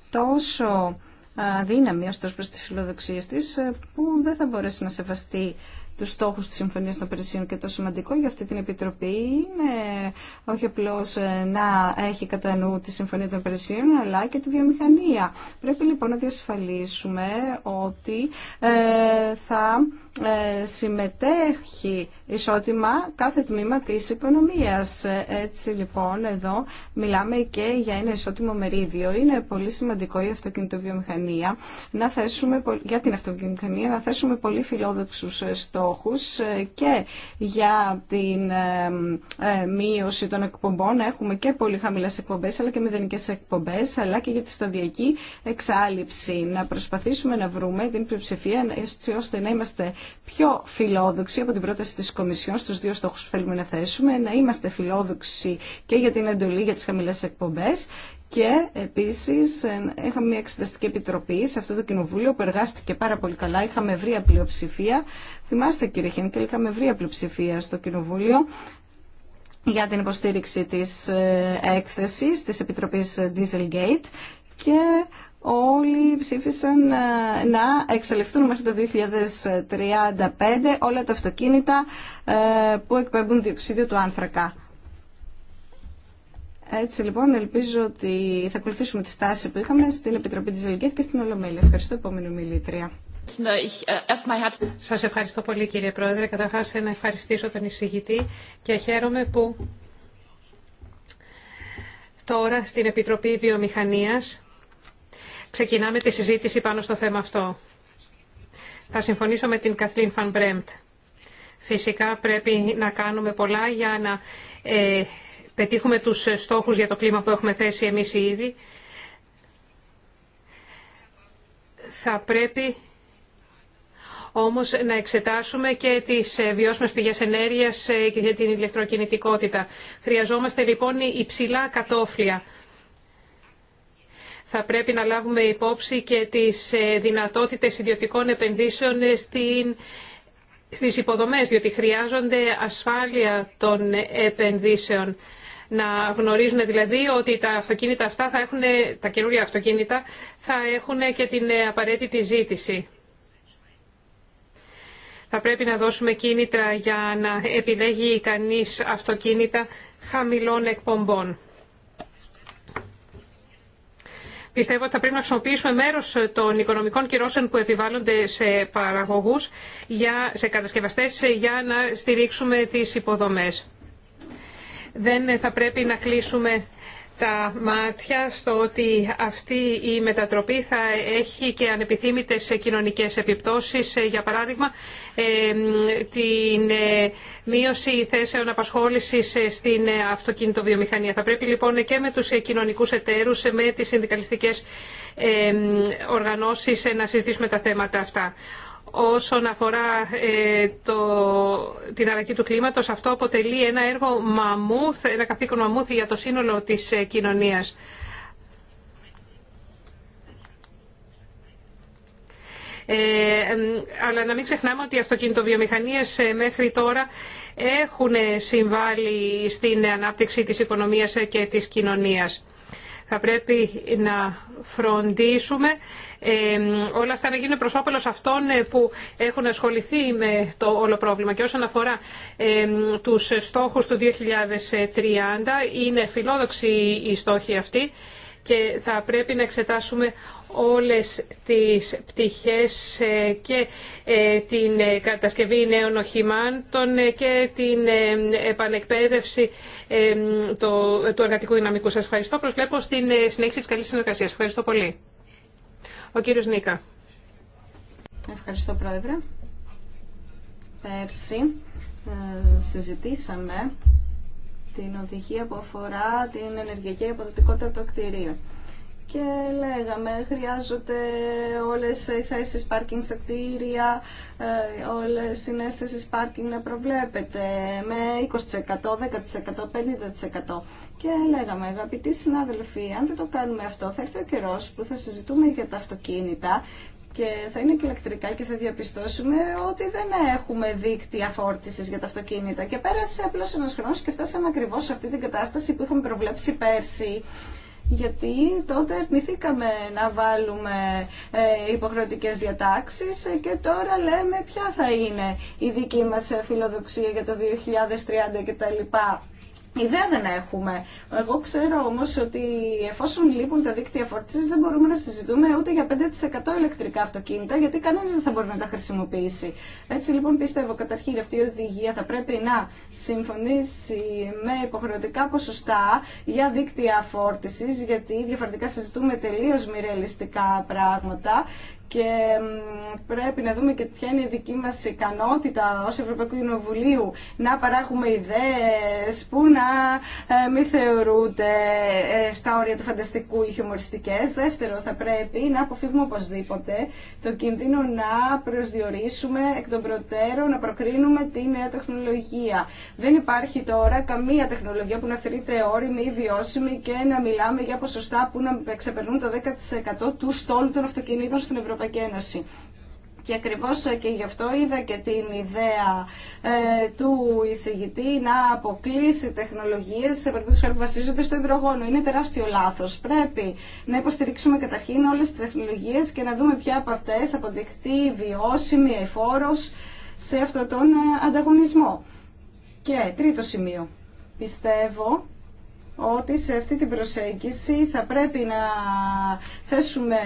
τόσο αδύναμη ω προς τι φιλοδοξίες της που δεν θα μπορέσει να σεβαστεί του στόχου τη Συμφωνία των Περισσίων και το σημαντικό για αυτή την Επιτροπή είναι όχι απλώ ε, να έχει κατά νου τη Συμφωνία των Περισσίων αλλά και τη βιομηχανία. Πρέπει λοιπόν να διασφαλίσουμε ότι ε, θα ε, συμμετέχει ισότιμα κάθε τμήμα της οικονομίας. Έτσι λοιπόν εδώ μιλάμε και για ένα ισότιμο μερίδιο. Είναι πολύ σημαντικό η αυτοκινητοβιομηχανία να θέσουμε, για την αυτοκινητοβιομηχανία να θέσουμε πολύ φιλόδοξους στόχους και για την ε, ε, μείωση των εκπομπών έχουμε και πολύ χαμηλές εκπομπές αλλά και μηδενικές εκπομπές αλλά και για τη σταδιακή εξάλληψη. Να προσπαθήσουμε να βρούμε την πλειοψηφία έτσι ώστε να είμαστε πιο φιλόδοξη από την πρόταση της Κομισιόν στους δύο στόχους που θέλουμε να θέσουμε, να είμαστε φιλόδοξοι και για την εντολή για τις χαμηλές εκπομπές και επίση ε, είχαμε μια εξεταστική επιτροπή σε αυτό το κοινοβούλιο που εργάστηκε πάρα πολύ καλά. Είχαμε ευρία πλειοψηφία. Θυμάστε κύριε Χένκελ, είχαμε ευρία πλειοψηφία στο κοινοβούλιο για την υποστήριξη της ε, έκθεσης της Επιτροπής Dieselgate και όλοι ψήφισαν ε, να εξαλειφθούν μέχρι το 2035 όλα τα αυτοκίνητα ε, που εκπέμπουν διοξίδιο του άνθρακα. Έτσι λοιπόν ελπίζω ότι θα ακολουθήσουμε τη στάση που είχαμε στην Επιτροπή της Ελληνικής και στην Ολομέλη. Ευχαριστώ επόμενη μιλήτρια. Σας ευχαριστώ πολύ κύριε Πρόεδρε. Καταρχάς να ευχαριστήσω τον εισηγητή και χαίρομαι που τώρα στην Επιτροπή Βιομηχανίας ξεκινάμε τη συζήτηση πάνω στο θέμα αυτό. Θα συμφωνήσω με την Καθλίν Φαν Μπρέμπτ. Φυσικά πρέπει να κάνουμε πολλά για να ε, πετύχουμε τους στόχους για το κλίμα που έχουμε θέσει εμείς ήδη. Θα πρέπει όμως να εξετάσουμε και τις ε, βιώσιμες πηγές ενέργειας ε, και την ηλεκτροκινητικότητα. Χρειαζόμαστε λοιπόν υψηλά κατόφλια θα πρέπει να λάβουμε υπόψη και τις ε, δυνατότητες ιδιωτικών επενδύσεων στην, στις υποδομές, διότι χρειάζονται ασφάλεια των επενδύσεων. Να γνωρίζουν δηλαδή ότι τα αυτοκίνητα αυτά θα έχουν, τα καινούργια αυτοκίνητα θα έχουν και την ε, απαραίτητη ζήτηση. Θα πρέπει να δώσουμε κίνητρα για να επιλέγει κανείς αυτοκίνητα χαμηλών εκπομπών. Πιστεύω ότι θα πρέπει να χρησιμοποιήσουμε μέρος των οικονομικών κυρώσεων που επιβάλλονται σε παραγωγούς, για, σε κατασκευαστές, για να στηρίξουμε τις υποδομές. Δεν θα πρέπει να κλείσουμε τα μάτια στο ότι αυτή η μετατροπή θα έχει και ανεπιθύμητες κοινωνικές επιπτώσεις, ε, για παράδειγμα ε, την ε, μείωση θέσεων απασχόλησης στην αυτοκινητοβιομηχανία. Θα πρέπει λοιπόν και με τους κοινωνικούς εταίρους, με τις συνδικαλιστικές οργανώσεις να συζητήσουμε τα θέματα αυτά όσον αφορά ε, το, την αλλαγή του κλίματος. Αυτό αποτελεί ένα έργο μαμούθ, ένα καθήκον μαμούθ για το σύνολο της ε, κοινωνίας. Ε, αλλά να μην ξεχνάμε ότι οι αυτοκινητοβιομηχανίες μέχρι τώρα έχουν συμβάλει στην ανάπτυξη της οικονομίας και της κοινωνίας. Θα πρέπει να φροντίσουμε ε, όλα αυτά να γίνουν προ αυτών ε, που έχουν ασχοληθεί με το όλο πρόβλημα. Και όσον αφορά ε, τους στόχους του 2030, είναι φιλόδοξοι οι στόχοι αυτοί και θα πρέπει να εξετάσουμε όλες τις πτυχές ε, και ε, την ε, κατασκευή νέων οχημάτων και την επανεκπαίδευση του εργατικού δυναμικού. Σας ευχαριστώ. Προσβλέπω στην συνέχιση της καλής συνεργασίας. Ευχαριστώ πολύ. Ο κύριος Νίκα. Ευχαριστώ, Πρόεδρε. Πέρσι συζητήσαμε την οδηγία που αφορά την ενεργειακή αποδοτικότητα των κτηρίων. Και λέγαμε, χρειάζονται όλες οι θέσεις πάρκινγκ στα κτίρια, ε, όλες οι συνέστησεις θέσεις πάρκινγκ να προβλέπεται με 20%, 10%, 50%. Και λέγαμε, αγαπητοί συνάδελφοι, αν δεν το κάνουμε αυτό, θα έρθει ο καιρός που θα συζητούμε για τα αυτοκίνητα και θα είναι και ηλεκτρικά και θα διαπιστώσουμε ότι δεν έχουμε δίκτυα φόρτισης για τα αυτοκίνητα. Και πέρασε απλώ ένα χρόνο και φτάσαμε ακριβώ σε αυτή την κατάσταση που είχαμε προβλέψει πέρσι. Γιατί τότε αρνηθήκαμε να βάλουμε ε, υποχρεωτικές διατάξεις και τώρα λέμε ποια θα είναι η δική μας φιλοδοξία για το 2030 κτλ. Ιδέα δεν έχουμε. Εγώ ξέρω όμω ότι εφόσον λείπουν τα δίκτυα φορτίση δεν μπορούμε να συζητούμε ούτε για 5% ηλεκτρικά αυτοκίνητα γιατί κανένα δεν θα μπορεί να τα χρησιμοποιήσει. Έτσι λοιπόν πιστεύω καταρχήν αυτή η οδηγία θα πρέπει να συμφωνήσει με υποχρεωτικά ποσοστά για δίκτυα φόρτιση γιατί διαφορετικά συζητούμε τελείω μη ρεαλιστικά πράγματα και πρέπει να δούμε και ποια είναι η δική μας ικανότητα ως Ευρωπαϊκού Κοινοβουλίου να παράγουμε ιδέες που να ε, μην θεωρούνται ε, στα όρια του φανταστικού ή χιουμοριστικές. Δεύτερο, θα πρέπει να αποφύγουμε οπωσδήποτε το κίνδυνο να προσδιορίσουμε εκ των προτέρων, να προκρίνουμε τη νέα τεχνολογία. Δεν υπάρχει τώρα καμία τεχνολογία που να θεωρείται όριμη ή βιώσιμη και να μιλάμε για ποσοστά που να ξεπερνούν το 10% του στόλου των αυτοκινήτων στην Ευρωπαϊκή και ακριβώς και γι' αυτό είδα και την ιδέα ε, του εισηγητή να αποκλείσει τεχνολογίες σε περίπτωση που βασίζονται στο υδρογόνο. Είναι τεράστιο λάθος. Πρέπει να υποστηρίξουμε καταρχήν όλες τις τεχνολογίες και να δούμε ποια από αυτές αποδειχτεί βιώσιμη, εφόρος σε αυτόν τον ε, ανταγωνισμό. Και τρίτο σημείο. Πιστεύω ότι σε αυτή την προσέγγιση θα πρέπει να θέσουμε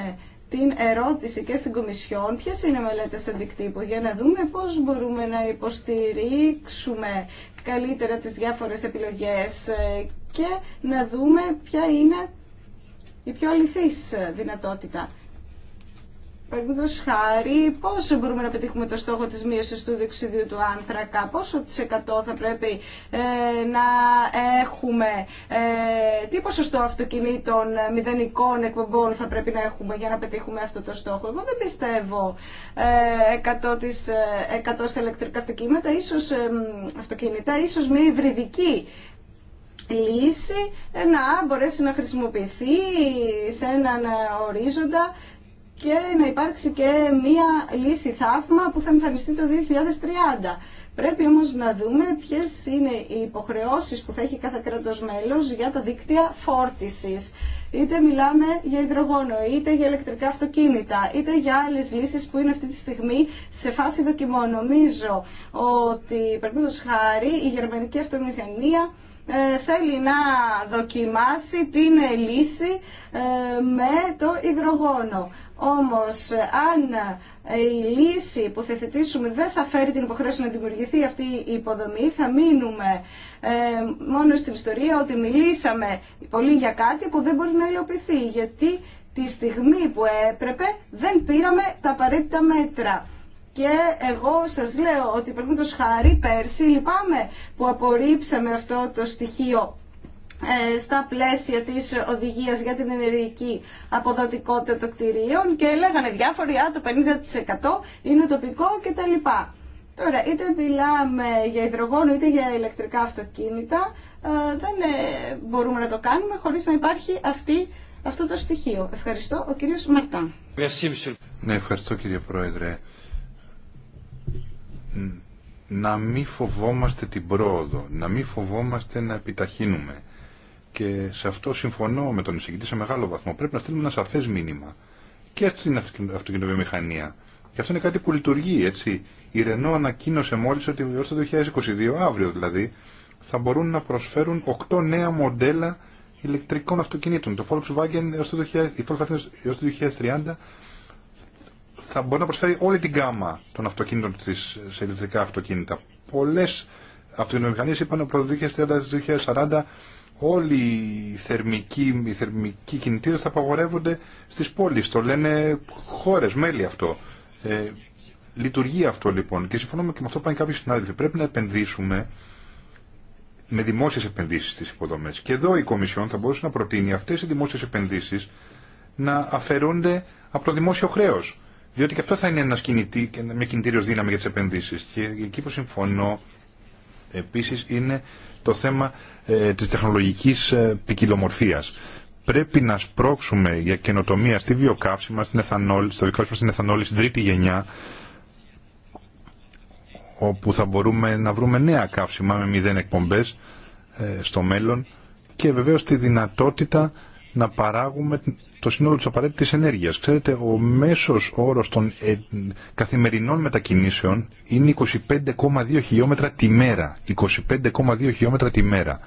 την ερώτηση και στην Κομισιόν ποιε είναι οι μελέτες αντικτύπου για να δούμε πώς μπορούμε να υποστηρίξουμε καλύτερα τις διάφορες επιλογές ε, και να δούμε ποια είναι η πιο αληθής δυνατότητα. Παραδείγματο χάρη, πόσο μπορούμε να πετύχουμε το στόχο τη μείωση του διοξιδίου του άνθρακα, πόσο τη εκατό θα πρέπει ε, να έχουμε, ε, τι ποσοστό αυτοκινήτων ε, μηδενικών εκπομπών θα πρέπει να έχουμε για να πετύχουμε αυτό το στόχο. Εγώ δεν πιστεύω ε, 100, 100 στα ηλεκτρικά αυτοκίνητα, ίσω ε, αυτοκίνητα, ίσω μια υβριδική λύση να μπορέσει να χρησιμοποιηθεί σε έναν ορίζοντα και να υπάρξει και μία λύση θαύμα που θα εμφανιστεί το 2030. Πρέπει όμως να δούμε ποιες είναι οι υποχρεώσεις που θα έχει κάθε κράτος μέλος για τα δίκτυα φόρτισης. Είτε μιλάμε για υδρογόνο, είτε για ηλεκτρικά αυτοκίνητα, είτε για άλλες λύσεις που είναι αυτή τη στιγμή σε φάση δοκιμών. Νομίζω ότι, παραδείγματος χάρη, η γερμανική αυτομηχανία ε, θέλει να δοκιμάσει την λύση ε, με το υδρογόνο. Όμως αν η λύση που θα θετήσουμε δεν θα φέρει την υποχρέωση να δημιουργηθεί αυτή η υποδομή, θα μείνουμε ε, μόνο στην ιστορία ότι μιλήσαμε πολύ για κάτι που δεν μπορεί να υλοποιηθεί, γιατί τη στιγμή που έπρεπε δεν πήραμε τα απαραίτητα μέτρα. Και εγώ σα λέω ότι πρέπει το χάρη πέρσι, λυπάμαι που απορρίψαμε αυτό το στοιχείο ε, στα πλαίσια της οδηγίας για την ενεργειακή αποδοτικότητα των κτηρίων και λέγανε διάφοροι, α, το 50% είναι τοπικό κτλ. Τώρα, είτε μιλάμε για υδρογόνο είτε για ηλεκτρικά αυτοκίνητα, ε, δεν ε, μπορούμε να το κάνουμε χωρίς να υπάρχει αυτή, αυτό το στοιχείο. Ευχαριστώ, ο κύριος Μαρτάν. Ναι, ευχαριστώ κύριε Πρόεδρε να μην φοβόμαστε την πρόοδο, να μην φοβόμαστε να επιταχύνουμε. Και σε αυτό συμφωνώ με τον εισηγητή σε μεγάλο βαθμό. Πρέπει να στείλουμε ένα σαφέ μήνυμα και στην αυτοκινητοβιομηχανία. Και αυτό είναι κάτι που λειτουργεί, έτσι. Η Ρενό ανακοίνωσε μόλι ότι έω το 2022, αύριο δηλαδή, θα μπορούν να προσφέρουν 8 νέα μοντέλα ηλεκτρικών αυτοκινήτων. Το Volkswagen έω το 2030 θα μπορεί να προσφέρει όλη την γκάμα των αυτοκίνητων της, σε ηλεκτρικά αυτοκίνητα. Πολλές αυτοκινητομηχανίε είπαν ότι από το 2030-2040 όλοι οι θερμικοί, οι θερμικοί κινητήρες θα απαγορεύονται στις πόλεις. Το λένε χώρες, μέλη αυτό. Ε, λειτουργεί αυτό λοιπόν. Και συμφωνώ και με αυτό που πάνε κάποιοι συνάδελφοι. Πρέπει να επενδύσουμε με δημόσιε επενδύσει στις υποδομέ. Και εδώ η Κομισιόν θα μπορούσε να προτείνει αυτέ οι δημόσιε επενδύσει να αφαιρούνται από το δημόσιο χρέο. Διότι και αυτό θα είναι ένα κινητή, μια κινητήριο δύναμη για τις επενδύσεις. Και εκεί που συμφωνώ επίσης είναι το θέμα ε, της τεχνολογικής ε, ποικιλομορφία. Πρέπει να σπρώξουμε για καινοτομία στη βιοκαύσιμα, στην εθανόλη, στο μα στην εθανόλη, στην τρίτη γενιά, όπου θα μπορούμε να βρούμε νέα καύσιμα με μηδέν εκπομπές ε, στο μέλλον και βεβαίω τη δυνατότητα να παράγουμε το σύνολο της απαραίτητης ενέργειας. Ξέρετε, ο μέσος όρος των ε, καθημερινών μετακινήσεων είναι 25,2 χιλιόμετρα τη μέρα. 25,2 χιλιόμετρα τη μέρα.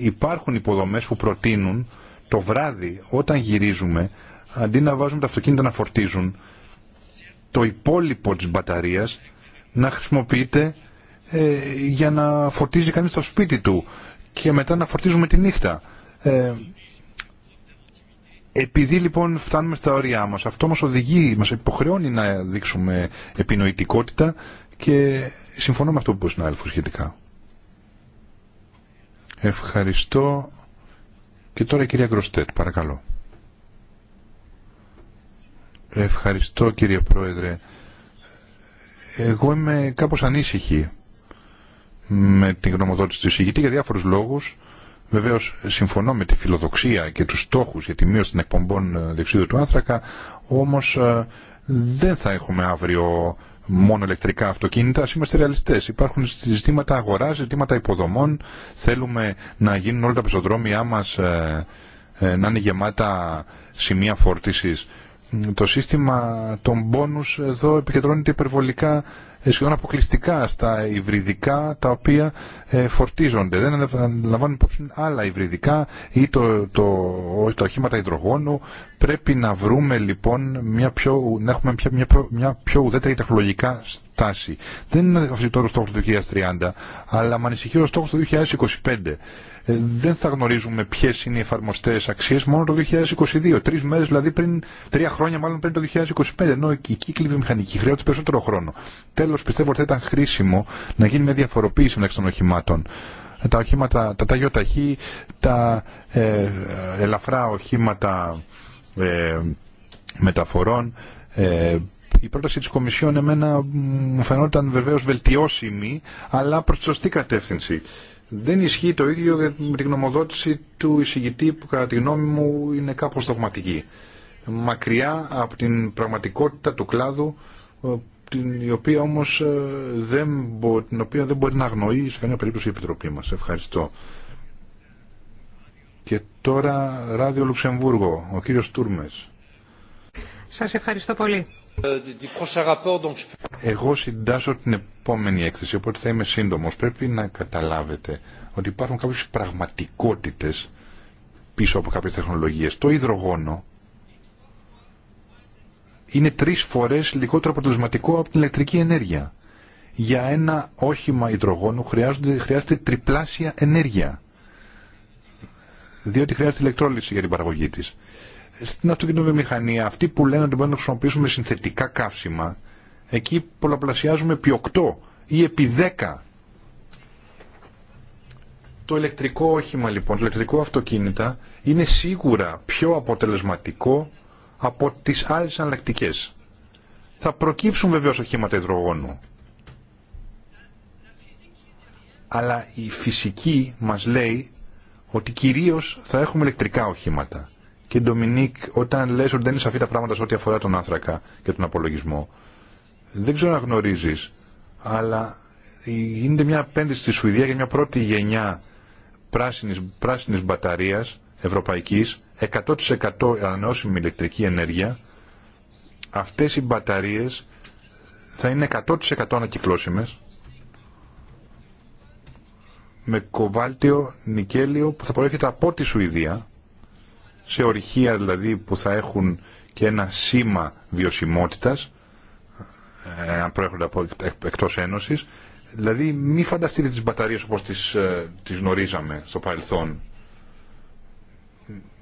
Υπάρχουν υποδομές που προτείνουν το βράδυ όταν γυρίζουμε, αντί να βάζουμε τα αυτοκίνητα να φορτίζουν, το υπόλοιπο της μπαταρίας να χρησιμοποιείται ε, για να φορτίζει κανείς το σπίτι του και μετά να φορτίζουμε τη νύχτα. Ε, επειδή λοιπόν φτάνουμε στα ωριά μας, αυτό μας οδηγεί, μας υποχρεώνει να δείξουμε επινοητικότητα και συμφωνώ με αυτό που είπε ο σχετικά. Ευχαριστώ. Και τώρα η κυρία Γκροστέτ, παρακαλώ. Ευχαριστώ κύριε Πρόεδρε. Εγώ είμαι κάπως ανήσυχη με την γνωμοδότηση του εισηγητή για διάφορους λόγους. Βεβαίως συμφωνώ με τη φιλοδοξία και τους στόχους για τη μείωση των εκπομπών ε, διευσίδου του άνθρακα, όμως ε, δεν θα έχουμε αύριο μόνο ηλεκτρικά αυτοκίνητα, ας είμαστε ρεαλιστές. Υπάρχουν ζητήματα αγοράς, ζητήματα υποδομών, θέλουμε να γίνουν όλα τα πεζοδρόμια μας ε, να είναι γεμάτα σημεία φόρτισης. Το σύστημα των πόνους εδώ επικεντρώνεται υπερβολικά σχεδόν αποκλειστικά στα υβριδικά τα οποία ε, φορτίζονται. Δεν λαμβάνουν υπόψη άλλα υβριδικά ή το, το, τα οχήματα υδρογόνου. Πρέπει να βρούμε λοιπόν μια πιο, να έχουμε μια, μια, μια πιο ουδέτερη τεχνολογικά στάση. Δεν είναι αυτό τώρα στόχο του 2030, αλλά με ανησυχεί ο στόχο του 2025. Ε, δεν θα γνωρίζουμε ποιε είναι οι εφαρμοστέ αξίε μόνο το 2022. Τρει μέρε δηλαδή πριν, τρία χρόνια μάλλον πριν το 2025. Ενώ η κύκλη βιομηχανική χρειάζεται περισσότερο χρόνο. Τέλο, πιστεύω ότι θα ήταν χρήσιμο να γίνει μια διαφοροποίηση μεταξύ των οχημάτων. Τα οχήματα, τα ταγιοταχή, τα ε, ελαφρά οχήματα ε, μεταφορών. η πρόταση της Κομισιόν εμένα μου φαινόταν βεβαίως βελτιώσιμη, αλλά προς τη σωστή κατεύθυνση. Δεν ισχύει το ίδιο με την γνωμοδότηση του εισηγητή που κατά τη γνώμη μου είναι κάπως δογματική. Μακριά από την πραγματικότητα του κλάδου ε, την οποία όμως ε, δεν μπο, την οποία δεν μπορεί να αγνοεί σε καμία περίπτωση η Επιτροπή μας. Ευχαριστώ. Και τώρα Ράδιο Λουξεμβούργο, ο κύριος Τούρμες. Σας ευχαριστώ πολύ. Εγώ συντάσσω την επόμενη έκθεση, οπότε θα είμαι σύντομος. Πρέπει να καταλάβετε ότι υπάρχουν κάποιες πραγματικότητες πίσω από κάποιες τεχνολογίες. Το υδρογόνο είναι τρεις φορές λιγότερο αποτελεσματικό από την ηλεκτρική ενέργεια. Για ένα όχημα υδρογόνου χρειάζεται, τριπλάσια ενέργεια. Διότι χρειάζεται ηλεκτρόληση για την παραγωγή της στην αυτοκινητοβιομηχανία, αυτοί που λένε ότι μπορούμε να χρησιμοποιήσουμε συνθετικά καύσιμα, εκεί πολλαπλασιάζουμε επί 8 ή επί 10. Το ηλεκτρικό όχημα λοιπόν, το ηλεκτρικό αυτοκίνητα είναι σίγουρα πιο αποτελεσματικό από τις άλλες αναλλακτικέ. Θα προκύψουν βεβαίως οχήματα υδρογόνου. Αλλά η φυσική μας λέει ότι κυρίως θα έχουμε ηλεκτρικά οχήματα. Και Ντομινίκ, όταν λες ότι δεν είναι σαφή τα πράγματα σε ό,τι αφορά τον άνθρακα και τον απολογισμό, δεν ξέρω να γνωρίζει, αλλά γίνεται μια απέντηση στη Σουηδία για μια πρώτη γενιά πράσινης, πράσινης μπαταρίας ευρωπαϊκής, 100% ανανεώσιμη ηλεκτρική ενέργεια. Αυτές οι μπαταρίες θα είναι 100% ανακυκλώσιμες με κοβάλτιο, νικέλιο που θα προέρχεται από τη Σουηδία σε ορυχεία δηλαδή που θα έχουν και ένα σήμα βιωσιμότητας ε, αν προέρχονται από εκτός ένωσης δηλαδή μη φανταστείτε τις μπαταρίες όπως τις, ε, τις γνωρίζαμε στο παρελθόν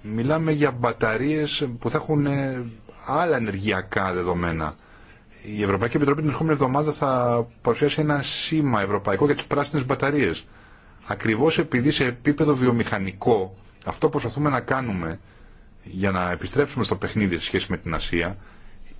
μιλάμε για μπαταρίες που θα έχουν ε, άλλα ενεργειακά δεδομένα η Ευρωπαϊκή Επιτροπή την ερχόμενη εβδομάδα θα παρουσιάσει ένα σήμα ευρωπαϊκό για τις πράσινες μπαταρίες ακριβώς επειδή σε επίπεδο βιομηχανικό αυτό που προσπαθούμε να κάνουμε για να επιστρέψουμε στο παιχνίδι σε σχέση με την Ασία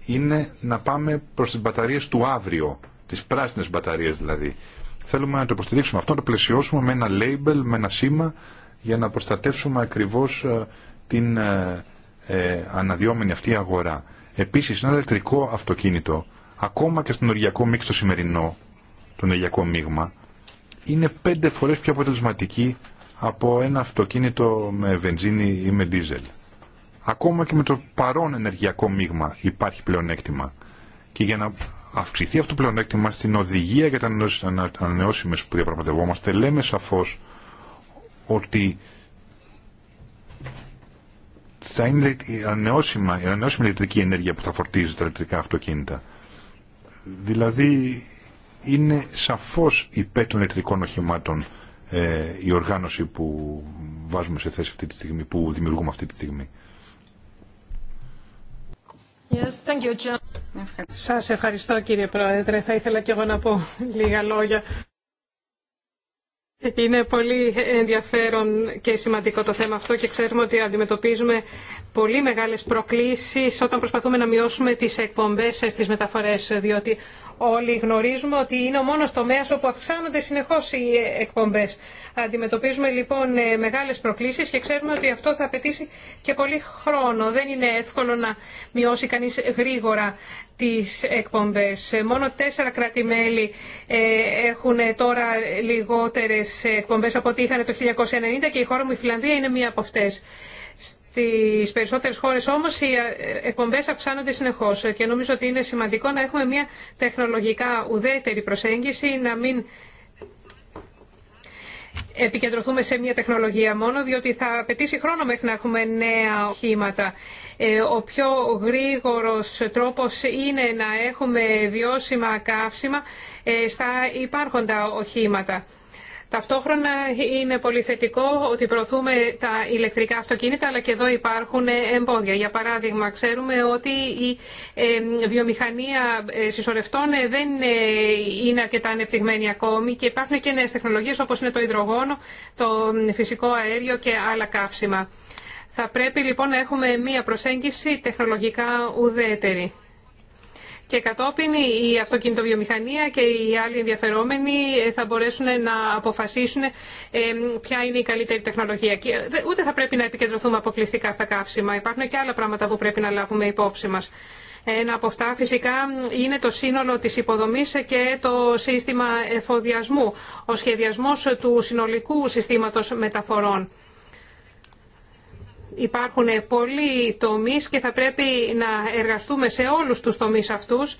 είναι να πάμε προς τις μπαταρίες του αύριο, τις πράσινες μπαταρίες δηλαδή. Θέλουμε να το υποστηρίξουμε αυτό, να το πλαισιώσουμε με ένα label, με ένα σήμα για να προστατεύσουμε ακριβώς ε, την ε, ε, αναδιόμενη αυτή αγορά. Επίσης ένα ηλεκτρικό αυτοκίνητο, ακόμα και στον οργιακό μίξ σημερινό, τον ενεργειακό μείγμα, είναι πέντε φορές πιο αποτελεσματική από ένα αυτοκίνητο με βενζίνη ή με δίζελ. Ακόμα και με το παρόν ενεργειακό μείγμα υπάρχει πλεονέκτημα. Και για να αυξηθεί αυτό το πλεονέκτημα στην οδηγία για τα ανανεώσιμες που διαπραγματευόμαστε λέμε σαφώς ότι θα είναι η ανανεώσιμα, η ανανεώσιμη ηλεκτρική ενέργεια που θα φορτίζει τα ηλεκτρικά αυτοκίνητα. Δηλαδή είναι σαφώς υπέρ των ηλεκτρικών οχημάτων ε, η οργάνωση που βάζουμε σε θέση αυτή τη στιγμή, που δημιουργούμε αυτή τη στιγμή. Yes, Σας ευχαριστώ κύριε Πρόεδρε. Θα ήθελα και εγώ να πω λίγα λόγια. Είναι πολύ ενδιαφέρον και σημαντικό το θέμα αυτό και ξέρουμε ότι αντιμετωπίζουμε πολύ μεγάλες προκλήσεις όταν προσπαθούμε να μειώσουμε τις εκπομπές στις μεταφορές, διότι όλοι γνωρίζουμε ότι είναι ο μόνος τομέας όπου αυξάνονται συνεχώς οι εκπομπές. Αντιμετωπίζουμε λοιπόν ε, μεγάλες προκλήσεις και ξέρουμε ότι αυτό θα απαιτήσει και πολύ χρόνο. Δεν είναι εύκολο να μειώσει κανείς γρήγορα τις εκπομπές. Ε, μόνο τέσσερα κράτη-μέλη ε, έχουν τώρα λιγότερες εκπομπές από ό,τι είχαν το 1990 και η χώρα μου η Φιλανδία είναι μία από αυτές. Στις περισσότερες χώρες όμως οι ε, εκπομπές αυξάνονται συνεχώς και νομίζω ότι είναι σημαντικό να έχουμε μια τεχνολογικά ουδέτερη προσέγγιση, να μην επικεντρωθούμε σε μια τεχνολογία μόνο, διότι θα απαιτήσει χρόνο μέχρι να έχουμε νέα οχήματα. Ε, ο πιο γρήγορος τρόπος είναι να έχουμε βιώσιμα καύσιμα ε, στα υπάρχοντα οχήματα. Ταυτόχρονα είναι πολύ θετικό ότι προωθούμε τα ηλεκτρικά αυτοκίνητα, αλλά και εδώ υπάρχουν εμπόδια. Για παράδειγμα, ξέρουμε ότι η βιομηχανία ε, συσσωρευτών ε, δεν ε, είναι αρκετά ανεπτυγμένη ακόμη και υπάρχουν και νέες τεχνολογίες όπως είναι το υδρογόνο, το φυσικό αέριο και άλλα καύσιμα. Θα πρέπει λοιπόν να έχουμε μία προσέγγιση τεχνολογικά ουδέτερη και κατόπιν η αυτοκινητοβιομηχανία και οι άλλοι ενδιαφερόμενοι ε, θα μπορέσουν να αποφασίσουν ε, ποια είναι η καλύτερη τεχνολογία. Ε, ούτε θα πρέπει να επικεντρωθούμε αποκλειστικά στα καύσιμα. Υπάρχουν και άλλα πράγματα που πρέπει να λάβουμε υπόψη μας. Ένα από αυτά φυσικά είναι το σύνολο της υποδομής και το σύστημα εφοδιασμού, ο σχεδιασμός του συνολικού συστήματος μεταφορών υπάρχουν πολλοί τομείς και θα πρέπει να εργαστούμε σε όλους τους τομείς αυτούς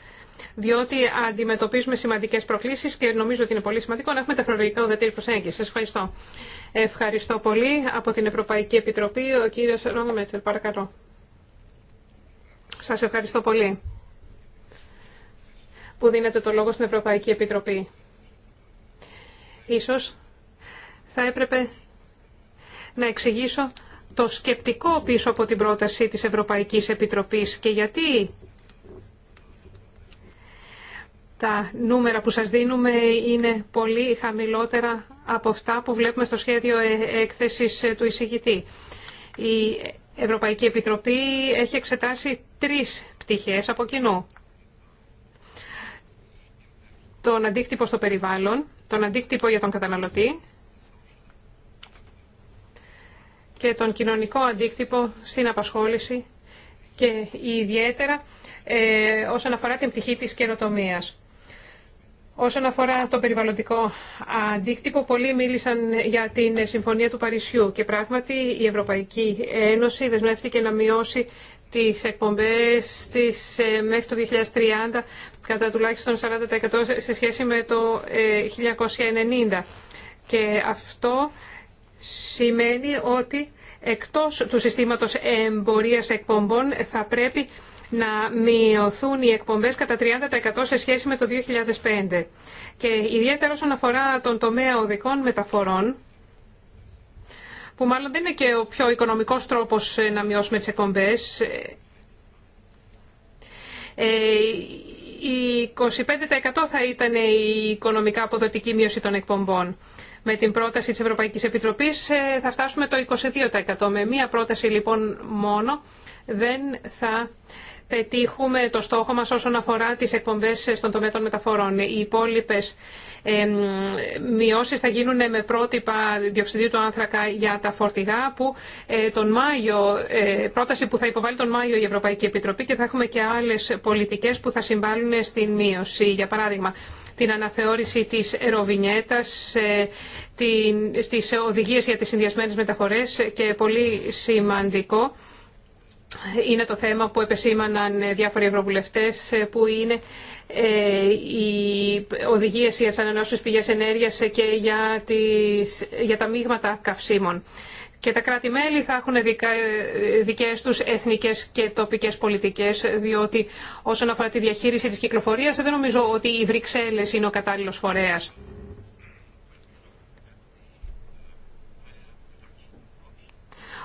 διότι αντιμετωπίζουμε σημαντικές προκλήσεις και νομίζω ότι είναι πολύ σημαντικό να έχουμε τεχνολογικά οδετήρη προσέγγιση. Σας ευχαριστώ. Ευχαριστώ πολύ. Από την Ευρωπαϊκή Επιτροπή, ο κύριος Ρόνο Μέτσελ, παρακαλώ. Σας ευχαριστώ πολύ που δίνετε το λόγο στην Ευρωπαϊκή Επιτροπή. Ίσως θα έπρεπε να εξηγήσω το σκεπτικό πίσω από την πρόταση της Ευρωπαϊκής Επιτροπής και γιατί τα νούμερα που σας δίνουμε είναι πολύ χαμηλότερα από αυτά που βλέπουμε στο σχέδιο ε, έκθεσης ε, του εισηγητή. Η Ευρωπαϊκή Επιτροπή έχει εξετάσει τρεις πτυχές από κοινού. Τον αντίκτυπο στο περιβάλλον, τον αντίκτυπο για τον καταναλωτή και τον κοινωνικό αντίκτυπο στην απασχόληση και ιδιαίτερα ε, όσον αφορά την πτυχή της καινοτομία. Όσον αφορά το περιβαλλοντικό αντίκτυπο, πολλοί μίλησαν για την Συμφωνία του Παρισιού και πράγματι η Ευρωπαϊκή Ένωση δεσμεύτηκε να μειώσει τις εκπομπές της ε, μέχρι το 2030 κατά τουλάχιστον 40% σε σχέση με το 1990. Ε, και αυτό σημαίνει ότι εκτός του συστήματος εμπορίας εκπομπών θα πρέπει να μειωθούν οι εκπομπές κατά 30% σε σχέση με το 2005. Και ιδιαίτερα όσον αφορά τον τομέα οδικών μεταφορών, που μάλλον δεν είναι και ο πιο οικονομικός τρόπος ε, να μειώσουμε τις εκπομπές, ε, ε, η 25% θα ήταν η οικονομικά αποδοτική μείωση των εκπομπών με την πρόταση της Ευρωπαϊκής Επιτροπής ε, θα φτάσουμε το 22%. Με μία πρόταση λοιπόν μόνο δεν θα πετύχουμε το στόχο μας όσον αφορά τις εκπομπές στον τομέα των μεταφορών. Οι υπόλοιπε μειώσεις θα γίνουν με πρότυπα διοξιδίου του άνθρακα για τα φορτηγά που ε, τον Μάιο, ε, πρόταση που θα υποβάλει τον Μάιο η Ευρωπαϊκή Επιτροπή και θα έχουμε και άλλες πολιτικές που θα συμβάλλουν στην μείωση. Για παράδειγμα, την αναθεώρηση της εροβινιέτας, ε, την, στις οδηγίες για τις συνδυασμένες μεταφορές και πολύ σημαντικό είναι το θέμα που επεσήμαναν διάφοροι ευρωβουλευτές ε, που είναι ε, οι οδηγίες για τις ανανεώσιμες πηγές ενέργειας και για, τις, για τα μείγματα καυσίμων και τα κράτη-μέλη θα έχουν δικές τους εθνικές και τοπικές πολιτικές, διότι όσον αφορά τη διαχείριση της κυκλοφορίας δεν νομίζω ότι οι Βρυξέλλες είναι ο κατάλληλος φορέας.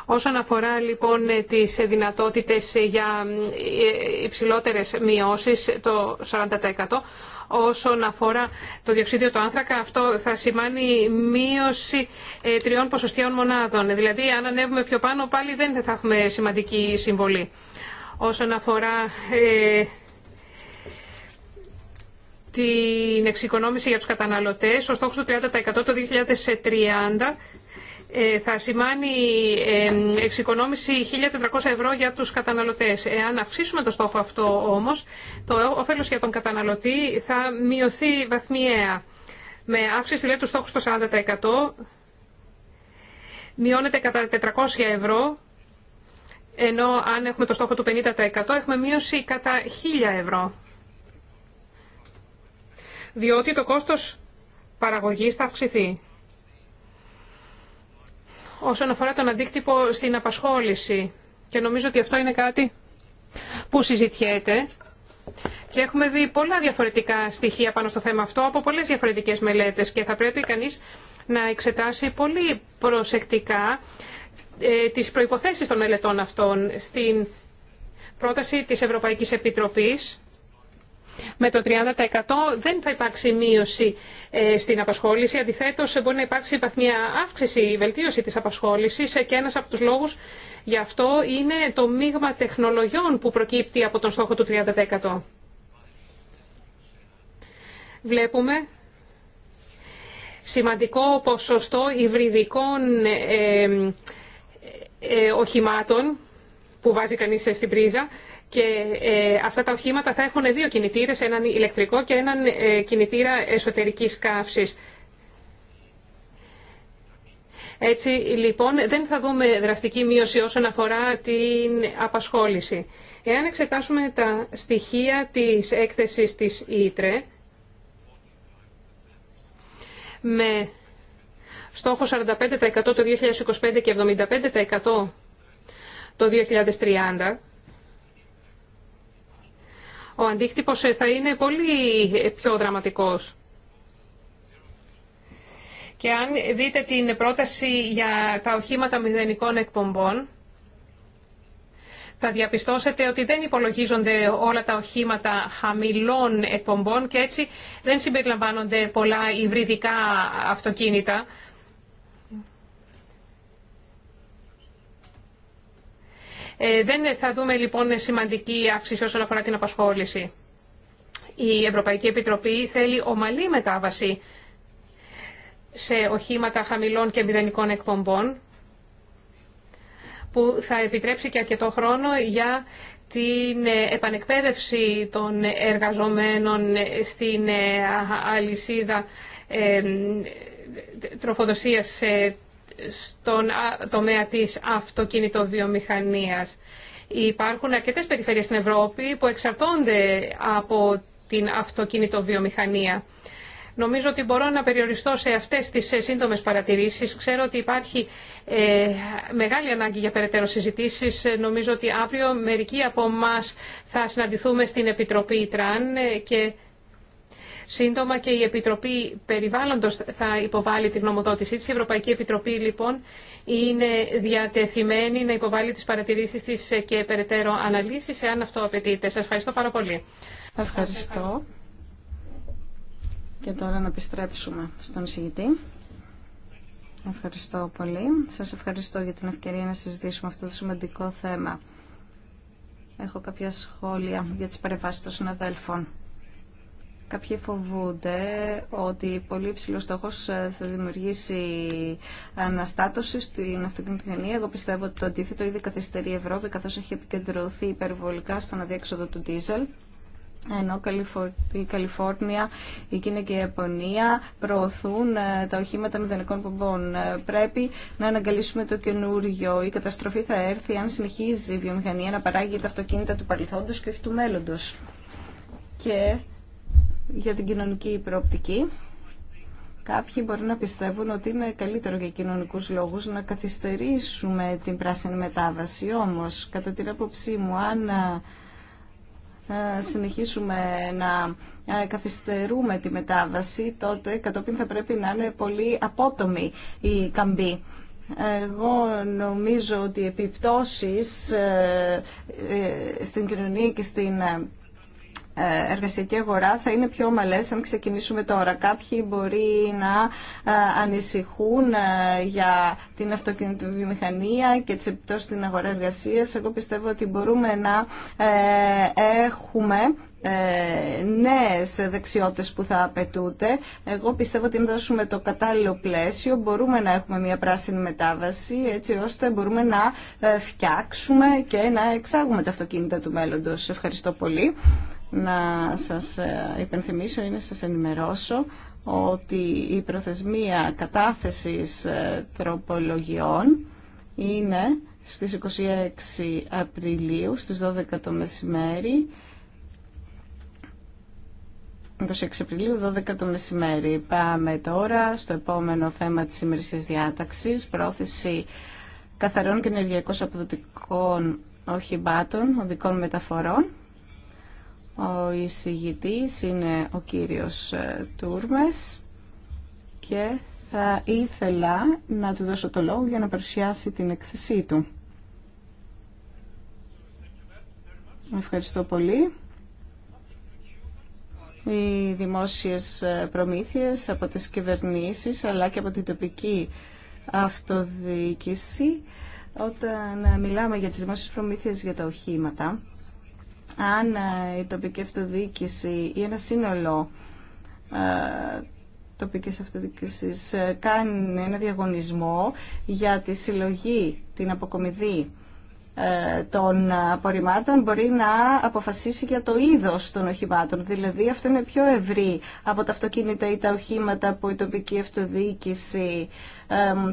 Όσον αφορά λοιπόν τις δυνατότητες για ε, υψηλότερες μειώσεις, το 40%, όσον αφορά το διοξίδιο του άνθρακα. Αυτό θα σημάνει μείωση ε, τριών ποσοστιαίων μονάδων. Δηλαδή, αν ανέβουμε πιο πάνω, πάλι δεν θα έχουμε σημαντική συμβολή. Όσον αφορά ε, την εξοικονόμηση για τους καταναλωτές, ο στόχος του 30% το 2030 ε, θα σημάνει ε, εξοικονόμηση 1.400 ευρώ για τους καταναλωτές. Εάν αυξήσουμε το στόχο αυτό όμως, το όφελος για τον καταναλωτή θα μειωθεί βαθμιαία. Με αύξηση λέει, του στόχου στο 40% μειώνεται κατά 400 ευρώ, ενώ αν έχουμε το στόχο του 50% έχουμε μείωση κατά 1.000 ευρώ. Διότι το κόστος παραγωγής θα αυξηθεί όσον αφορά τον αντίκτυπο στην απασχόληση. Και νομίζω ότι αυτό είναι κάτι που συζητιέται. Και έχουμε δει πολλά διαφορετικά στοιχεία πάνω στο θέμα αυτό από πολλές διαφορετικές μελέτες και θα πρέπει κανείς να εξετάσει πολύ προσεκτικά ε, τις προϋποθέσεις των μελετών αυτών στην πρόταση της Ευρωπαϊκής Επιτροπής με το 30% δεν θα υπάρξει μείωση ε, στην απασχόληση. Αντιθέτω, μπορεί να υπάρξει μια αύξηση, η βελτίωση της απασχόλησης και ένα από τους λόγους γι' αυτό είναι το μείγμα τεχνολογιών που προκύπτει από τον στόχο του 30%. Βλέπουμε σημαντικό ποσοστό υβριδικών ε, ε, οχημάτων που βάζει κανείς στην πρίζα και ε, αυτά τα οχήματα θα έχουν δύο κινητήρες, έναν ηλεκτρικό και έναν ε, κινητήρα εσωτερικής καύσης. Έτσι λοιπόν δεν θα δούμε δραστική μείωση όσον αφορά την απασχόληση. Εάν εξετάσουμε τα στοιχεία της έκθεσης της ΙΤΡΕ, με στόχο 45% το 2025 και 75% το 2030, ο αντίκτυπος ε, θα είναι πολύ ε, πιο δραματικός. Και αν δείτε την πρόταση για τα οχήματα μηδενικών εκπομπών, θα διαπιστώσετε ότι δεν υπολογίζονται όλα τα οχήματα χαμηλών εκπομπών και έτσι δεν συμπεριλαμβάνονται πολλά υβριδικά αυτοκίνητα Ε, δεν θα δούμε λοιπόν σημαντική αύξηση όσον αφορά την απασχόληση. Η Ευρωπαϊκή Επιτροπή θέλει ομαλή μετάβαση σε οχήματα χαμηλών και μηδενικών εκπομπών που θα επιτρέψει και αρκετό χρόνο για την επανεκπαίδευση των εργαζομένων στην ε, αλυσίδα ε, τροφοδοσίας στον τομέα της αυτοκινητοβιομηχανίας. Υπάρχουν αρκετές περιφέρειες στην Ευρώπη που εξαρτώνται από την αυτοκινητοβιομηχανία. Νομίζω ότι μπορώ να περιοριστώ σε αυτές τις ε, σύντομες παρατηρήσεις. Ξέρω ότι υπάρχει ε, μεγάλη ανάγκη για περαιτέρω συζητήσεις. Ε, νομίζω ότι αύριο μερικοί από εμά θα συναντηθούμε στην Επιτροπή Τραν και Σύντομα και η Επιτροπή Περιβάλλοντος θα υποβάλει την γνωμοδότησή της. Η Ευρωπαϊκή Επιτροπή λοιπόν είναι διατεθειμένη να υποβάλει τις παρατηρήσεις της και περαιτέρω αναλύσεις, εάν αυτό απαιτείται. Σας ευχαριστώ πάρα πολύ. Ευχαριστώ. Και τώρα να επιστρέψουμε στον συγητή. Ευχαριστώ πολύ. Σας ευχαριστώ για την ευκαιρία να συζητήσουμε αυτό το σημαντικό θέμα. Έχω κάποια σχόλια για τις παρεμβάσεις των συναδέλφων. Κάποιοι φοβούνται ότι πολύ υψηλό στόχο ε, θα δημιουργήσει αναστάτωση στην αυτοκινητοκαινία. Εγώ πιστεύω ότι το αντίθετο ήδη καθυστερεί η Ευρώπη καθώ έχει επικεντρωθεί υπερβολικά στον αδιέξοδο του δίζελ ενώ η Καλιφόρνια, η Κίνα και η Ιαπωνία προωθούν ε, τα οχήματα μηδενικών πομπών. Ε, πρέπει να αναγκαλίσουμε το καινούριο. Η καταστροφή θα έρθει αν συνεχίζει η βιομηχανία να παράγει τα αυτοκίνητα του παρελθόντος και όχι του μέλλοντος. Και για την κοινωνική προοπτική. Κάποιοι μπορεί να πιστεύουν ότι είναι καλύτερο για κοινωνικούς λόγους να καθυστερήσουμε την πράσινη μετάβαση. Όμως, κατά την άποψή μου, αν ε, συνεχίσουμε να ε, καθυστερούμε τη μετάβαση, τότε κατόπιν θα πρέπει να είναι πολύ απότομη η καμπή. Εγώ νομίζω ότι οι επιπτώσεις ε, στην κοινωνία και στην ε, εργασιακή αγορά θα είναι πιο ομαλές αν ξεκινήσουμε τώρα. Κάποιοι μπορεί να ε, ανησυχούν ε, για την αυτοκινητοβιομηχανία και τις επιπτώσεις στην αγορά εργασίας. Εγώ πιστεύω ότι μπορούμε να έχουμε ε, νέες δεξιότητες που θα απαιτούνται. Εγώ πιστεύω ότι αν δώσουμε το κατάλληλο πλαίσιο μπορούμε να έχουμε μια πράσινη μετάβαση έτσι ώστε μπορούμε να φτιάξουμε και να εξάγουμε τα αυτοκίνητα του μέλλοντος. Ευχαριστώ πολύ να σας ε, υπενθυμίσω ή να σας ενημερώσω ότι η προθεσμία κατάθεσης ε, τροπολογιών είναι στις 26 Απριλίου στις 12 το μεσημέρι 26 Απριλίου, 12 το μεσημέρι. Πάμε τώρα στο επόμενο θέμα της ημερησίας διάταξης, πρόθεση καθαρών και ενεργειακώς αποδοτικών οχημάτων, οδικών μεταφορών. Ο εισηγητής είναι ο κύριος ε, Τούρμες και θα ήθελα να του δώσω το λόγο για να παρουσιάσει την εκθεσή του. Ευχαριστώ πολύ. Οι δημόσιες ε, προμήθειες από τις κυβερνήσεις αλλά και από την τοπική αυτοδιοίκηση όταν μιλάμε για τις δημόσιες προμήθειες για τα οχήματα αν ε, η τοπική αυτοδιοίκηση ή ένα σύνολο ε, τοπικής αυτοδιοίκησης ε, κάνει ένα διαγωνισμό για τη συλλογή, την αποκομιδή των απορριμμάτων μπορεί να αποφασίσει για το είδος των οχημάτων. Δηλαδή αυτό είναι πιο ευρύ από τα αυτοκίνητα ή τα οχήματα που η τοπική αυτοδιοίκηση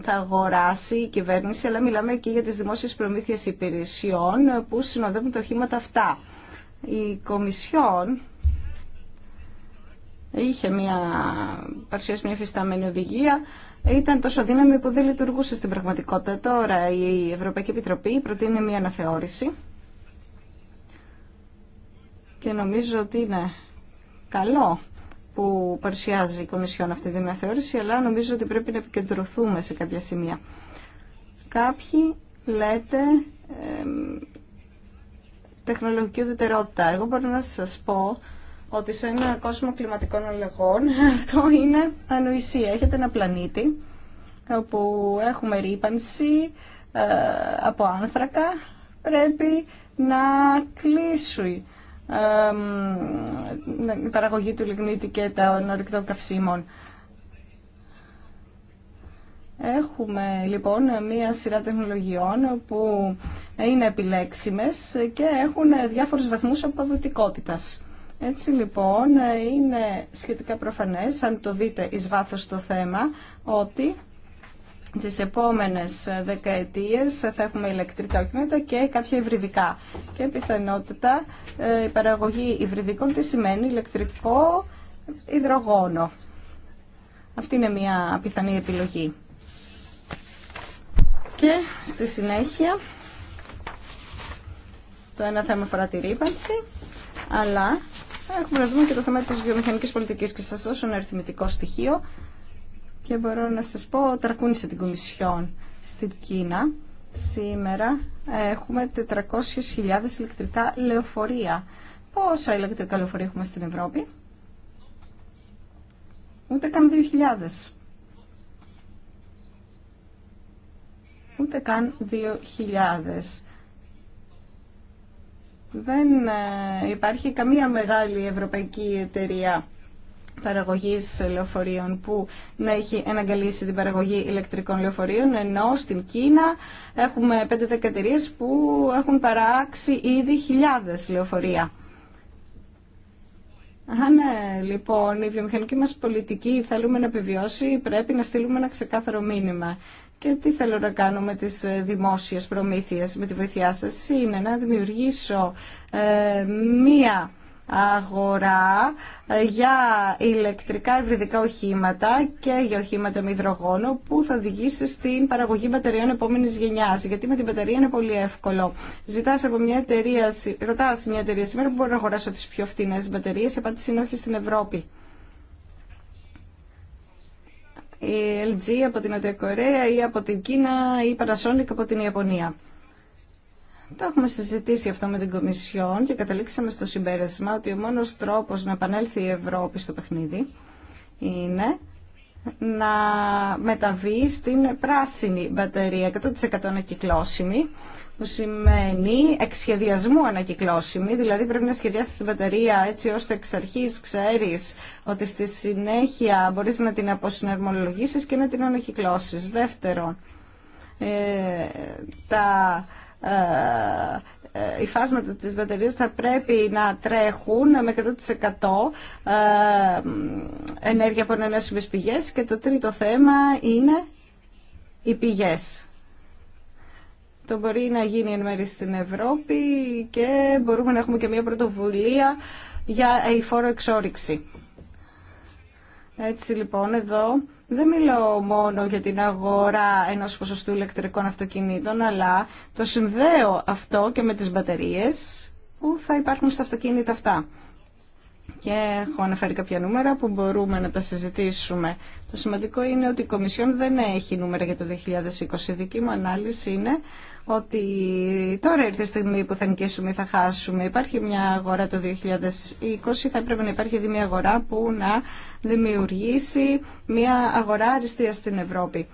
θα αγοράσει η κυβέρνηση, αλλά μιλάμε και για τις δημόσιες προμήθειες υπηρεσιών που συνοδεύουν τα οχήματα αυτά η Κομισιόν είχε μια παρουσίαση μια φυστάμενη οδηγία ήταν τόσο δύναμη που δεν λειτουργούσε στην πραγματικότητα. Τώρα η Ευρωπαϊκή Επιτροπή προτείνει μια αναθεώρηση και νομίζω ότι είναι καλό που παρουσιάζει η Κομισιόν αυτή την αναθεώρηση, αλλά νομίζω ότι πρέπει να επικεντρωθούμε σε κάποια σημεία. Κάποιοι λέτε τεχνολογική ουδετερότητα. Εγώ μπορώ να σας πω ότι σε ένα κόσμο κλιματικών αλλαγών αυτό είναι ανοησία. Έχετε ένα πλανήτη όπου έχουμε ρήπανση ε, από άνθρακα, πρέπει να κλείσουν ε, η παραγωγή του λιγνίτη και των ορυκτών καυσίμων. Έχουμε λοιπόν μία σειρά τεχνολογιών που είναι επιλέξιμες και έχουν διάφορους βαθμούς αποδοτικότητας. Έτσι λοιπόν είναι σχετικά προφανές, αν το δείτε εις βάθος το θέμα, ότι τις επόμενες δεκαετίες θα έχουμε ηλεκτρικά οχήματα και κάποια υβριδικά. Και πιθανότητα ε, η παραγωγή υβριδικών τι σημαίνει ηλεκτρικό υδρογόνο. Αυτή είναι μια πιθανή επιλογή. Και στη συνέχεια το ένα θέμα αφορά τη ρήπανση, αλλά έχουμε να δούμε και το θέμα της βιομηχανικής πολιτικής και σας δώσω ένα αριθμητικό στοιχείο και μπορώ να σας πω τρακούνισε την Κομισιόν στην Κίνα. Σήμερα έχουμε 400.000 ηλεκτρικά λεωφορεία. Πόσα ηλεκτρικά λεωφορεία έχουμε στην Ευρώπη? Ούτε καν 2.000. ούτε καν 2.000. Δεν ε, υπάρχει καμία μεγάλη ευρωπαϊκή εταιρεία παραγωγής λεωφορείων που να έχει εναγκαλίσει την παραγωγή ηλεκτρικών λεωφορείων ενώ στην Κίνα έχουμε 5-10 εταιρείε που έχουν παράξει ήδη χιλιάδες λεωφορεία ναι, λοιπόν η βιομηχανική μας πολιτική θέλουμε να επιβιώσει, πρέπει να στείλουμε ένα ξεκάθαρο μήνυμα. Και τι θέλω να κάνω με τις ε, δημόσιες προμήθειες, με τη βοήθειά σας, είναι να δημιουργήσω ε, μία αγορά για ηλεκτρικά υβριδικά οχήματα και για οχήματα με υδρογόνο που θα οδηγήσει στην παραγωγή μπαταριών επόμενης γενιάς. Γιατί με την μπαταρία είναι πολύ εύκολο. Ζητάς από μια εταιρεία, ρωτάς μια εταιρεία σήμερα που μπορώ να αγοράσω τις πιο φθηνές μπαταρίες, η απάντηση είναι όχι στην Ευρώπη. Η LG από την Νοτιοκορέα ή από την Κίνα ή η Panasonic από την Ιαπωνία. Το έχουμε συζητήσει αυτό με την Κομισιόν και καταλήξαμε στο συμπέρασμα ότι ο μόνος τρόπος να επανέλθει η Ευρώπη στο παιχνίδι είναι να μεταβεί στην πράσινη μπαταρία 100% ανακυκλώσιμη που σημαίνει εξσχεδιασμού ανακυκλώσιμη, δηλαδή πρέπει να σχεδιάσει την μπαταρία έτσι ώστε εξ αρχή ξέρει ότι στη συνέχεια μπορεί να την αποσυναρμολογήσει και να την ανακυκλώσει. Δεύτερον, ε, τα ε, ε, φάσματα της μπαταρίας θα πρέπει να τρέχουν με 100% ε, ενέργεια από ενενέσιμες πηγές και το τρίτο θέμα είναι οι πηγές. Το μπορεί να γίνει εν μέρει στην Ευρώπη και μπορούμε να έχουμε και μια πρωτοβουλία για φόρο εξόριξη. Έτσι λοιπόν εδώ δεν μιλώ μόνο για την αγορά ενός ποσοστού ηλεκτρικών αυτοκινήτων, αλλά το συνδέω αυτό και με τις μπαταρίες που θα υπάρχουν στα αυτοκίνητα αυτά. Και έχω αναφέρει κάποια νούμερα που μπορούμε να τα συζητήσουμε. Το σημαντικό είναι ότι η Κομισιόν δεν έχει νούμερα για το 2020. Η δική μου ανάλυση είναι ότι τώρα ήρθε η στιγμή που θα νικήσουμε ή θα χάσουμε. Υπάρχει μια αγορά το 2020, θα έπρεπε να υπάρχει μια αγορά που να δημιουργήσει μια αγορά αριστεία στην Ευρώπη.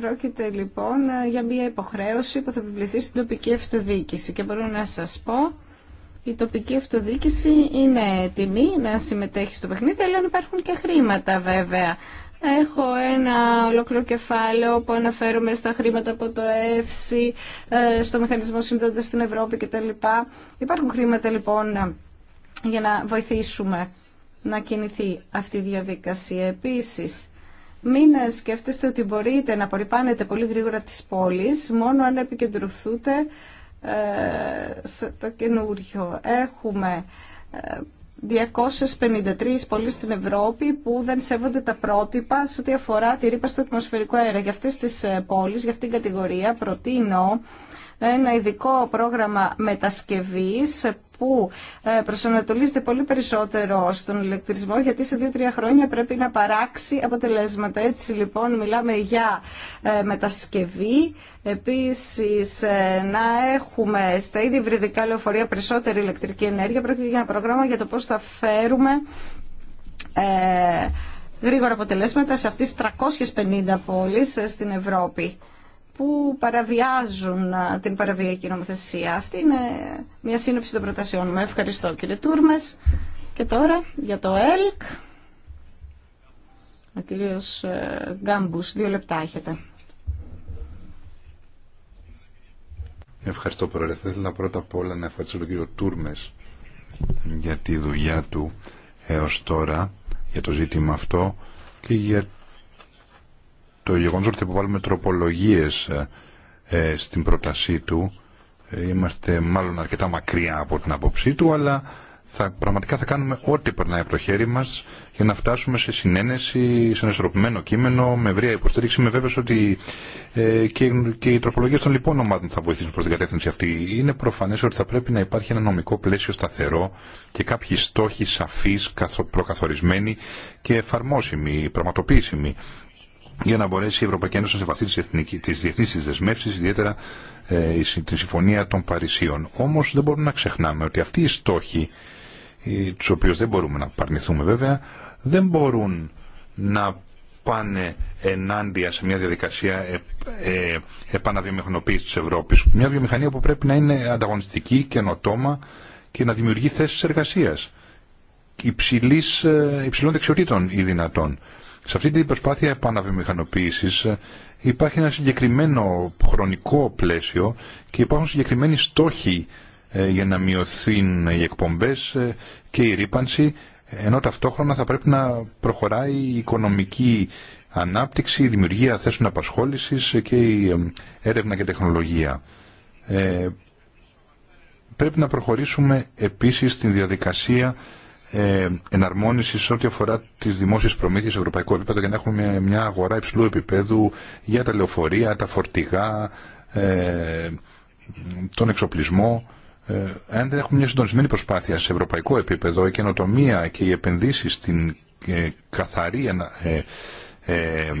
Πρόκειται λοιπόν για μια υποχρέωση που θα επιβληθεί στην τοπική αυτοδιοίκηση και μπορώ να σας πω η τοπική αυτοδιοίκηση είναι τιμή να συμμετέχει στο παιχνίδι, αλλά υπάρχουν και χρήματα βέβαια. Έχω ένα ολόκληρο κεφάλαιο που αναφέρομαι στα χρήματα από το ΕΦΣΥ, ε, στο Μηχανισμό Συνδέοντας στην Ευρώπη κτλ. Υπάρχουν χρήματα λοιπόν για να βοηθήσουμε να κινηθεί αυτή η διαδικασία. Επίσης, μην σκέφτεστε ότι μπορείτε να απορριπάνετε πολύ γρήγορα τις πόλεις, μόνο αν επικεντρωθούτε ε, σε το καινούριο. Έχουμε ε, 253 πόλεις στην Ευρώπη που δεν σέβονται τα πρότυπα σε ό,τι αφορά τη ρήπαση του ατμοσφαιρικού αέρα. Για αυτές τις ε, πόλεις, για αυτήν την κατηγορία προτείνω ένα ειδικό πρόγραμμα μετασκευής που ε, προσανατολίζεται πολύ περισσότερο στον ηλεκτρισμό γιατί σε δύο-τρία χρόνια πρέπει να παράξει αποτελέσματα. Έτσι λοιπόν μιλάμε για ε, μετασκευή, επίσης ε, να έχουμε στα ίδια υβριδικά λεωφορεία περισσότερη ηλεκτρική ενέργεια. Πρόκειται για ένα πρόγραμμα για το πώς θα φέρουμε γρήγορα αποτελέσματα σε αυτές 350 πόλεις στην Ευρώπη που παραβιάζουν την παραβιακή νομοθεσία. Αυτή είναι μια σύνοψη των προτασιών μου. Ευχαριστώ κύριε Τούρμες. Και τώρα για το ΕΛΚ. Ο κύριος ε, Γκάμπους, δύο λεπτά έχετε. Ευχαριστώ πρόεδρε. Θα ήθελα πρώτα απ' όλα να ευχαριστήσω τον κύριο Τούρμες για τη δουλειά του έως τώρα για το ζήτημα αυτό και για το γεγονός ότι θα τροπολογίες ε, ε, στην πρότασή του ε, είμαστε μάλλον αρκετά μακριά από την άποψή του αλλά θα, πραγματικά θα κάνουμε ό,τι περνάει από το χέρι μας για να φτάσουμε σε συνένεση, σε ένα ισορροπημένο κείμενο με ευρεία υποστήριξη. με βέβαια ότι ε, και, και οι τροπολογίες των λοιπόν ομάδων θα βοηθήσουν προς την κατεύθυνση αυτή. Είναι προφανές ότι θα πρέπει να υπάρχει ένα νομικό πλαίσιο σταθερό και κάποιοι στόχοι σαφείς, προκαθορισμένοι και εφαρμόσιμοι, πραγματοποιήσιμοι για να μπορέσει η Ευρωπαϊκή Ένωση να σεβαστεί τι διεθνεί τη δεσμεύσει, ιδιαίτερα ε, τη Συμφωνία των Παρισίων. Όμω δεν μπορούμε να ξεχνάμε ότι αυτοί οι στόχοι, του οποίου δεν μπορούμε να παρνηθούμε βέβαια, δεν μπορούν να πάνε ενάντια σε μια διαδικασία ε, ε, επαναβιομηχανοποίηση τη Ευρώπη. Μια βιομηχανία που πρέπει να είναι ανταγωνιστική, καινοτόμα και να δημιουργεί θέσει εργασία ε, υψηλών δεξιοτήτων ή δυνατών. Σε αυτή την προσπάθεια επαναβιομηχανοποίησης ε, υπάρχει ένα συγκεκριμένο χρονικό πλαίσιο και υπάρχουν συγκεκριμένοι στόχοι ε, για να μειωθεί οι εκπομπές ε, και η ρήπανση ενώ ταυτόχρονα θα πρέπει να προχωράει η οικονομική ανάπτυξη, η δημιουργία θέσεων απασχόλησης και η έρευνα και τεχνολογία. πρέπει να προχωρήσουμε επίσης στην διαδικασία ε, εναρμόνιση σε ό,τι αφορά τι δημόσιε προμήθειε σε ευρωπαϊκό επίπεδο για να έχουμε μια αγορά υψηλού επίπεδου για τα λεωφορεία, τα φορτηγά, ε, τον εξοπλισμό. Ε, αν δεν έχουμε μια συντονισμένη προσπάθεια σε ευρωπαϊκό επίπεδο, η καινοτομία και οι επενδύσει στην ε, καθαρή. Ε, ε,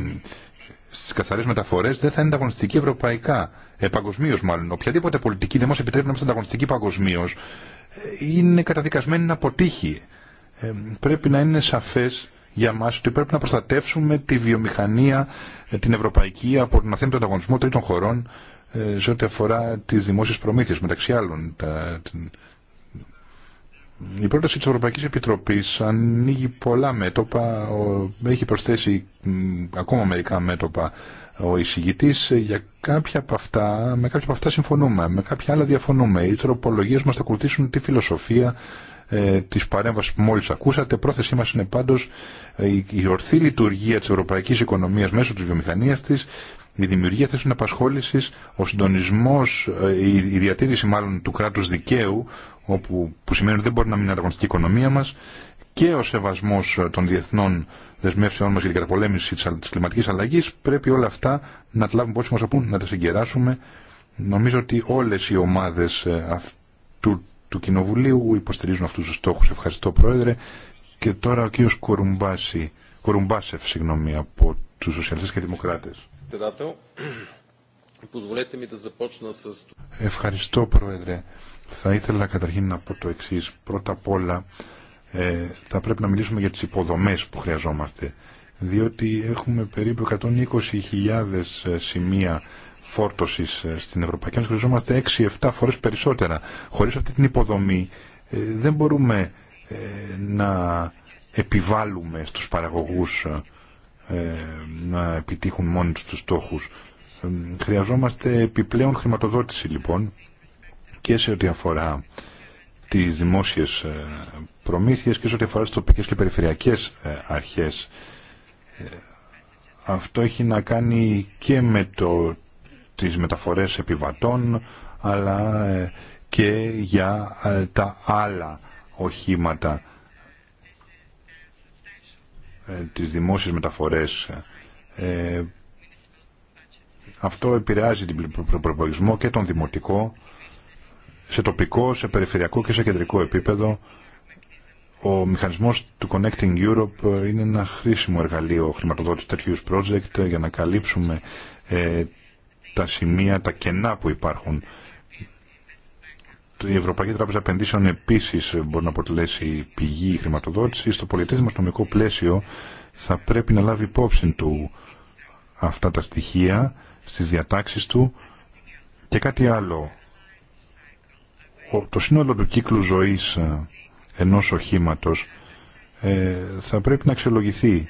στι καθαρέ μεταφορέ δεν θα είναι ανταγωνιστική ευρωπαϊκά. Ε, παγκοσμίω μάλλον. Οποιαδήποτε πολιτική δεν μα επιτρέπει να είμαστε ανταγωνιστικοί παγκοσμίω ε, είναι καταδικασμένη να αποτύχει. Ε, πρέπει να είναι σαφές για μας ότι πρέπει να προστατεύσουμε τη βιομηχανία, ε, την ευρωπαϊκή από τον αθέμητο ανταγωνισμό τρίτων χωρών ε, σε ό,τι αφορά τις δημόσιες προμήθειες μεταξύ άλλων. Η πρόταση της Ευρωπαϊκής Επιτροπής ανοίγει πολλά μέτωπα, έχει προσθέσει ακόμα μερικά μέτωπα ο εισηγητής για κάποια από αυτά, με κάποια από αυτά συμφωνούμε, με κάποια άλλα διαφωνούμε. Οι τροπολογίες μας θα ακολουθήσουν τη φιλοσοφία ε, της παρέμβασης που μόλις ακούσατε. Πρόθεσή μας είναι πάντως ε, η, η ορθή λειτουργία της ευρωπαϊκής οικονομίας μέσω της βιομηχανίας της, η δημιουργία θέσεων απασχόλησης, ο συντονισμός, ε, η, η διατήρηση μάλλον του κράτους δικαίου, όπου, που σημαίνει ότι δεν μπορεί να μην είναι ανταγωνιστική η οικονομία μας, και ο σεβασμός ε, των διεθνών δεσμεύσεων μας για την καταπολέμηση της κλιματικής αλλαγής, πρέπει όλα αυτά να τα λάβουμε πόσο μας να τα συγκεράσουμε. Νομίζω ότι όλες οι ομάδες αυτού του Κοινοβουλίου υποστηρίζουν αυτούς τους στόχους. Ευχαριστώ Πρόεδρε. Και τώρα ο κύριος Κορουμπάση, Κορουμπάσεφ συγγνώμη, από τους Σοσιαλιστές και Δημοκράτες. Ευχαριστώ Πρόεδρε. Θα ήθελα καταρχήν να πω το εξής. Πρώτα απ' όλα ε, θα πρέπει να μιλήσουμε για τις υποδομές που χρειαζόμαστε διότι έχουμε περίπου 120.000 ε, σημεία Φόρτωση ε, στην Ευρωπαϊκή Ένωση χρειαζόμαστε 6-7 φορές περισσότερα. Χωρίς αυτή την υποδομή ε, δεν μπορούμε ε, να επιβάλλουμε στους παραγωγούς να επιτύχουν μόνοι τους τους στόχους. Χρειαζόμαστε επιπλέον χρηματοδότηση λοιπόν και σε ό,τι αφορά τις δημόσιες προμήθειες και σε ό,τι αφορά τις τοπικές και περιφερειακές αρχές. Αυτό έχει να κάνει και με το τις μεταφορές επιβατών αλλά ε, και για ε, τα άλλα οχήματα ε, τις δημόσιες μεταφορές αυτό επηρεάζει τον προπολογισμό και τον δημοτικό σε τοπικό, σε περιφερειακό και σε κεντρικό επίπεδο ο μηχανισμός του Connecting Europe είναι ένα χρήσιμο εργαλείο χρηματοδότηση τέτοιου project για να καλύψουμε ε, τα σημεία, τα κενά που υπάρχουν. Η Ευρωπαϊκή Τράπεζα Επενδύσεων επίση μπορεί να αποτελέσει πηγή χρηματοδότηση. Στο πολιτισμό, μας νομικό πλαίσιο θα πρέπει να λάβει υπόψη του αυτά τα στοιχεία στις διατάξεις του και κάτι άλλο. Το σύνολο του κύκλου ζωής ε, ενός οχήματος ε, θα πρέπει να αξιολογηθεί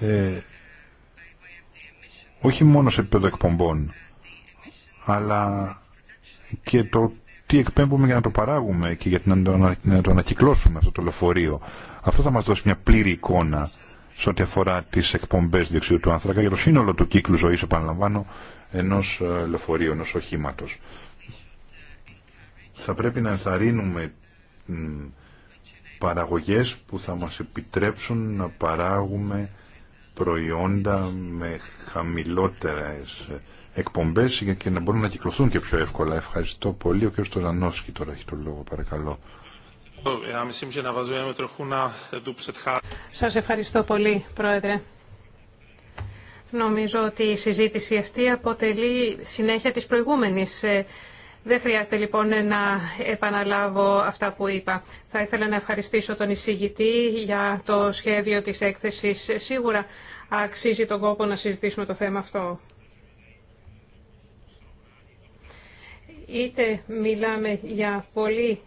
ε, όχι μόνο σε επίπεδο εκπομπών, αλλά και το τι εκπέμπουμε για να το παράγουμε και για να το ανακυκλώσουμε αυτό το λεωφορείο. Αυτό θα μας δώσει μια πλήρη εικόνα σε ό,τι αφορά τις εκπομπές διεξίου του άνθρακα για το σύνολο του κύκλου ζωής, επαναλαμβάνω, ενός ε, λεωφορείου, ενός οχήματος. Θα πρέπει να ενθαρρύνουμε παραγωγές που θα μας επιτρέψουν να παράγουμε προϊόντα με χαμηλότερες εκπομπές και να μπορούν να κυκλοθούν και πιο εύκολα. Ευχαριστώ πολύ. Ο κ. Στοζανόσκη τώρα έχει το λόγο, παρακαλώ. Σας ευχαριστώ πολύ, Πρόεδρε. Νομίζω ότι η συζήτηση αυτή αποτελεί συνέχεια της προηγούμενης ε, δεν χρειάζεται λοιπόν να επαναλάβω αυτά που είπα. Θα ήθελα να ευχαριστήσω τον εισηγητή για το σχέδιο της έκθεσης. Σίγουρα αξίζει τον κόπο να συζητήσουμε το θέμα αυτό. Είτε μιλάμε για πολύ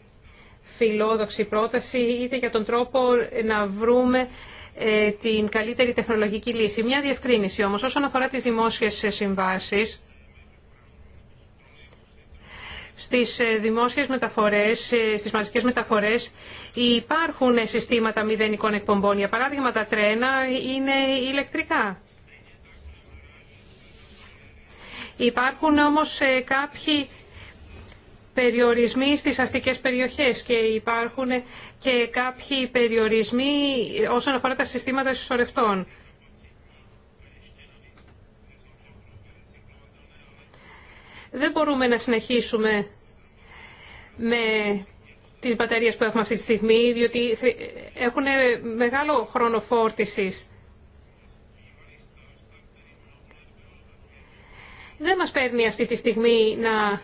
φιλόδοξη πρόταση, είτε για τον τρόπο να βρούμε ε, την καλύτερη τεχνολογική λύση. Μια διευκρίνηση όμως όσον αφορά τις δημόσιες συμβάσεις. Στις ε, δημόσιες μεταφορές, ε, στις μαζικές μεταφορές υπάρχουν ε, συστήματα μηδενικών εκπομπών. Για παράδειγμα τα τρένα είναι ηλεκτρικά. Υπάρχουν όμως κάποιοι περιορισμοί στις αστικές περιοχές και υπάρχουν και κάποιοι περιορισμοί όσον αφορά τα συστήματα συσσωρευτών. Δεν μπορούμε να συνεχίσουμε με τις μπαταρίες που έχουμε αυτή τη στιγμή, διότι έχουν μεγάλο χρόνο φόρτισης. Δεν μας παίρνει αυτή τη στιγμή να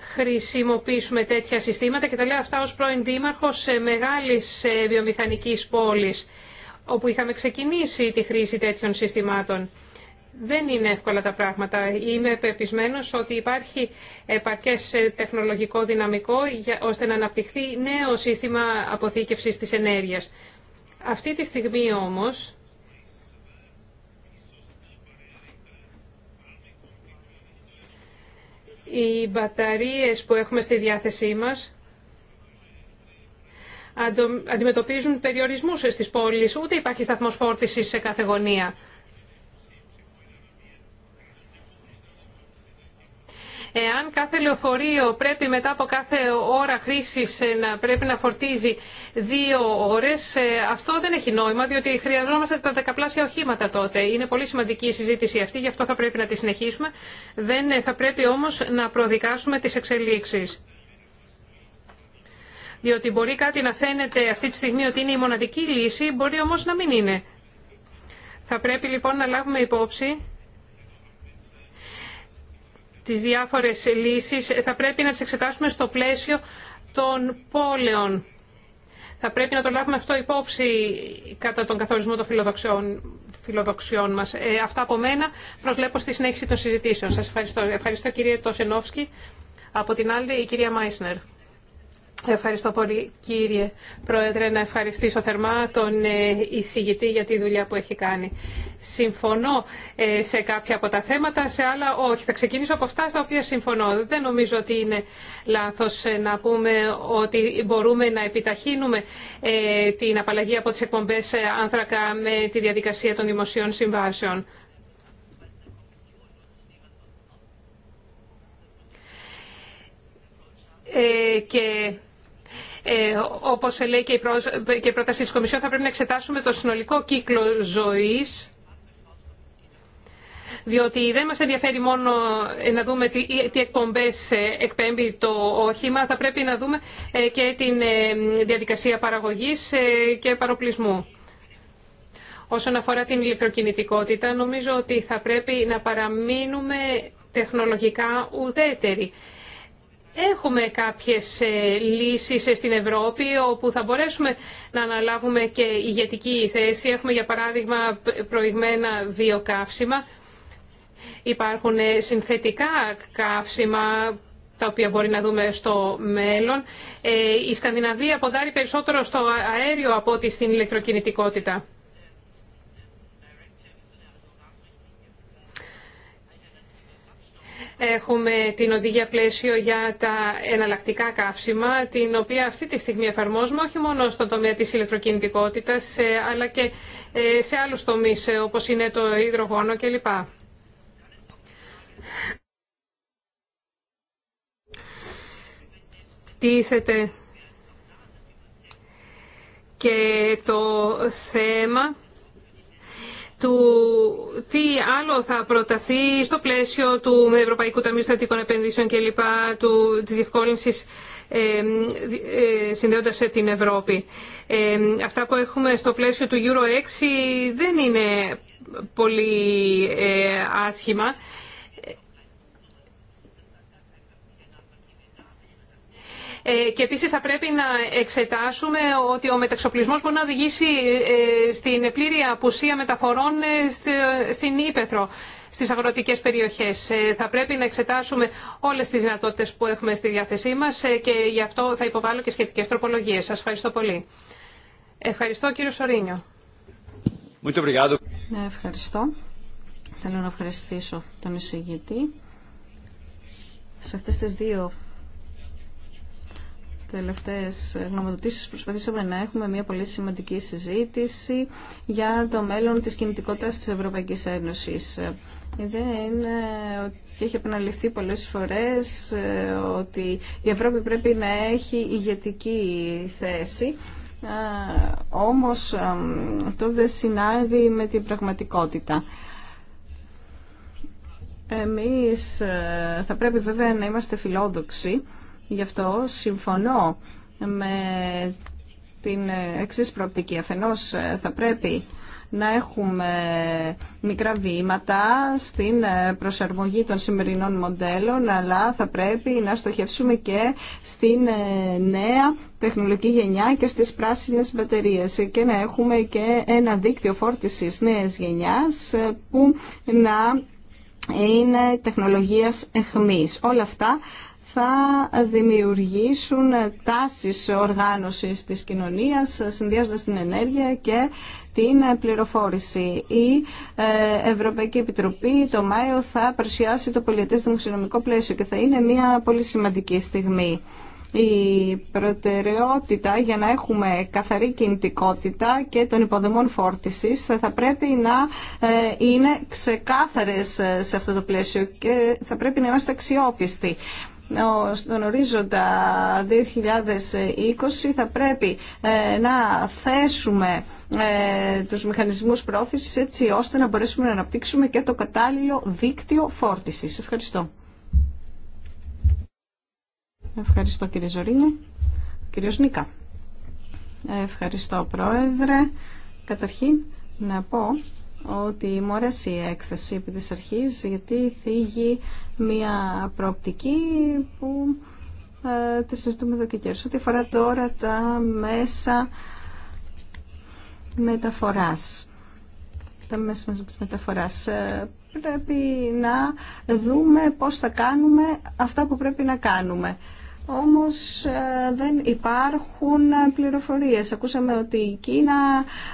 χρησιμοποιήσουμε τέτοια συστήματα και τα λέω αυτά ως πρώην δήμαρχος μεγάλης ε, βιομηχανικής πόλης όπου είχαμε ξεκινήσει τη χρήση τέτοιων συστημάτων. Δεν είναι εύκολα τα πράγματα. Είμαι πεπισμένο ότι υπάρχει επαρκέ τεχνολογικό δυναμικό για ώστε να αναπτυχθεί νέο σύστημα αποθήκευσης της ενέργειας. Αυτή τη στιγμή όμως οι μπαταρίες που έχουμε στη διάθεσή μας αντιμετωπίζουν περιορισμούς στις πόλεις, ούτε υπάρχει σταθμός φόρτισης σε κάθε γωνία. Εάν κάθε λεωφορείο πρέπει μετά από κάθε ώρα χρήση ε, να πρέπει να φορτίζει δύο ώρες, ε, αυτό δεν έχει νόημα, διότι χρειαζόμαστε τα δεκαπλάσια οχήματα τότε. Είναι πολύ σημαντική η συζήτηση αυτή, γι' αυτό θα πρέπει να τη συνεχίσουμε. Δεν ε, θα πρέπει όμως να προδικάσουμε τις εξελίξεις διότι μπορεί κάτι να φαίνεται αυτή τη στιγμή ότι είναι η μοναδική λύση, μπορεί όμως να μην είναι. Θα πρέπει λοιπόν να λάβουμε υπόψη τις διάφορες λύσεις ε, θα πρέπει να τις εξετάσουμε στο πλαίσιο των πόλεων. Θα πρέπει να το λάβουμε αυτό υπόψη κατά τον καθορισμό των φιλοδοξιών, φιλοδοξιών μας. Ε, αυτά από μένα προσβλέπω στη συνέχιση των συζητήσεων. Σας ευχαριστώ. Ευχαριστώ κύριε Τόσενόφσκι. Από την άλλη η κυρία Μάισνερ. Ευχαριστώ πολύ κύριε Πρόεδρε. Να ευχαριστήσω θερμά τον ε, εισηγητή για τη δουλειά που έχει κάνει. Συμφωνώ ε, σε κάποια από τα θέματα, σε άλλα όχι. Θα ξεκινήσω από αυτά στα οποία συμφωνώ. Δεν νομίζω ότι είναι λάθος ε, να πούμε ότι μπορούμε να επιταχύνουμε την απαλλαγή από τις εκπομπές άνθρακα με τη διαδικασία των δημοσίων συμβάσεων. και ε, όπως λέει και η πρόταση της Κομισιόν, θα πρέπει να εξετάσουμε το συνολικό κύκλο ζωής διότι δεν μας ενδιαφέρει μόνο ε, να δούμε τι, τι εκπομπές ε, εκπέμπει το όχημα, θα πρέπει να δούμε και την διαδικασία παραγωγής και παροπλισμού. Όσον αφορά την ηλεκτροκινητικότητα, νομίζω ότι θα πρέπει να παραμείνουμε τεχνολογικά ουδέτεροι. Έχουμε κάποιες ε, λύσεις ε, στην Ευρώπη όπου θα μπορέσουμε να αναλάβουμε και ηγετική θέση. Έχουμε για παράδειγμα προηγμένα βιοκαύσιμα. Υπάρχουν ε, συνθετικά καύσιμα τα οποία μπορεί να δούμε στο μέλλον. Η Σκανδιναβία ποντάρει περισσότερο στο αέριο από ό,τι στην ηλεκτροκινητικότητα. Έχουμε την οδηγία πλαίσιο για τα εναλλακτικά καύσιμα, την οποία αυτή τη στιγμή εφαρμόζουμε όχι μόνο στον τομέα της ηλεκτροκινητικότητας, ε, αλλά και ε, σε άλλους τομείς, ε, όπως είναι το υδρογόνο κλπ. Τίθεται και το θέμα του τι άλλο θα προταθεί στο πλαίσιο του Ευρωπαϊκού Ταμείου Στρατικών Επενδύσεων κλπ. της διευκόλυνσης ε, συνδέοντας σε την Ευρώπη. Αυτά που έχουμε στο πλαίσιο του Euro 6 δεν είναι πολύ ε, άσχημα. Ε, και επίση θα πρέπει να εξετάσουμε ότι ο μεταξοπλισμός μπορεί να οδηγήσει ε, στην πλήρη απουσία μεταφορών ε, στην Ήπεθρο, στις αγροτικές περιοχές. Θα πρέπει να εξετάσουμε όλες τις δυνατότητες που έχουμε στη διάθεσή μας και γι' αυτό θα υποβάλω και σχετικές τροπολογίες. Σας ευχαριστώ πολύ. Ευχαριστώ κύριο Σορίνιο. Ναι, ευχαριστώ. Θέλω να ευχαριστήσω τον εισηγητή. Σε αυτές τις δύο τελευταίες γνωμοδοτήσεις προσπαθήσαμε να έχουμε μια πολύ σημαντική συζήτηση για το μέλλον της κινητικότητας της Ευρωπαϊκής Ένωσης. Η ιδέα είναι ότι έχει επαναληφθεί πολλές φορές ε, ότι η Ευρώπη πρέπει να έχει ηγετική θέση ε, όμως ε, αυτό δεν συνάδει με την πραγματικότητα. Εμείς θα πρέπει βέβαια να είμαστε φιλόδοξοι Γι' αυτό συμφωνώ με την εξή προοπτική. Αφενός ε, θα πρέπει να έχουμε μικρά βήματα στην ε, προσαρμογή των σημερινών μοντέλων, αλλά θα πρέπει να στοχευσούμε και στην ε, νέα τεχνολογική γενιά και στις πράσινες μπατερίες και να έχουμε και ένα δίκτυο φόρτισης νέας γενιάς που να είναι τεχνολογίας εχμής. Όλα αυτά θα δημιουργήσουν τάσεις οργάνωσης της κοινωνίας συνδυάζοντας την ενέργεια και την πληροφόρηση. Η ε, Ευρωπαϊκή Επιτροπή το Μάιο θα παρουσιάσει το πολιτές δημοσιονομικό πλαίσιο και θα είναι μια πολύ σημαντική στιγμή. Η προτεραιότητα για να έχουμε καθαρή κινητικότητα και των υποδομών φόρτισης θα πρέπει να ε, είναι ξεκάθαρες σε αυτό το πλαίσιο και θα πρέπει να είμαστε αξιόπιστοι στον ορίζοντα 2020 θα πρέπει ε, να θέσουμε ε, τους μηχανισμούς πρόθεσης έτσι ώστε να μπορέσουμε να αναπτύξουμε και το κατάλληλο δίκτυο φόρτισης. Ευχαριστώ. Ευχαριστώ κύριε Ζωρίνη. Κύριος Νίκα. Ευχαριστώ πρόεδρε. Καταρχήν να πω ότι μου αρέσει η έκθεση επί της αρχής γιατί θίγει μια προοπτική που ε, τη συζητούμε εδώ και καιρός. Ό,τι αφορά τώρα τα μέσα μεταφοράς. Τα μέσα μεταφοράς ε, πρέπει να δούμε πώς θα κάνουμε αυτά που πρέπει να κάνουμε όμως ε, δεν υπάρχουν πληροφορίες. Ακούσαμε ότι η Κίνα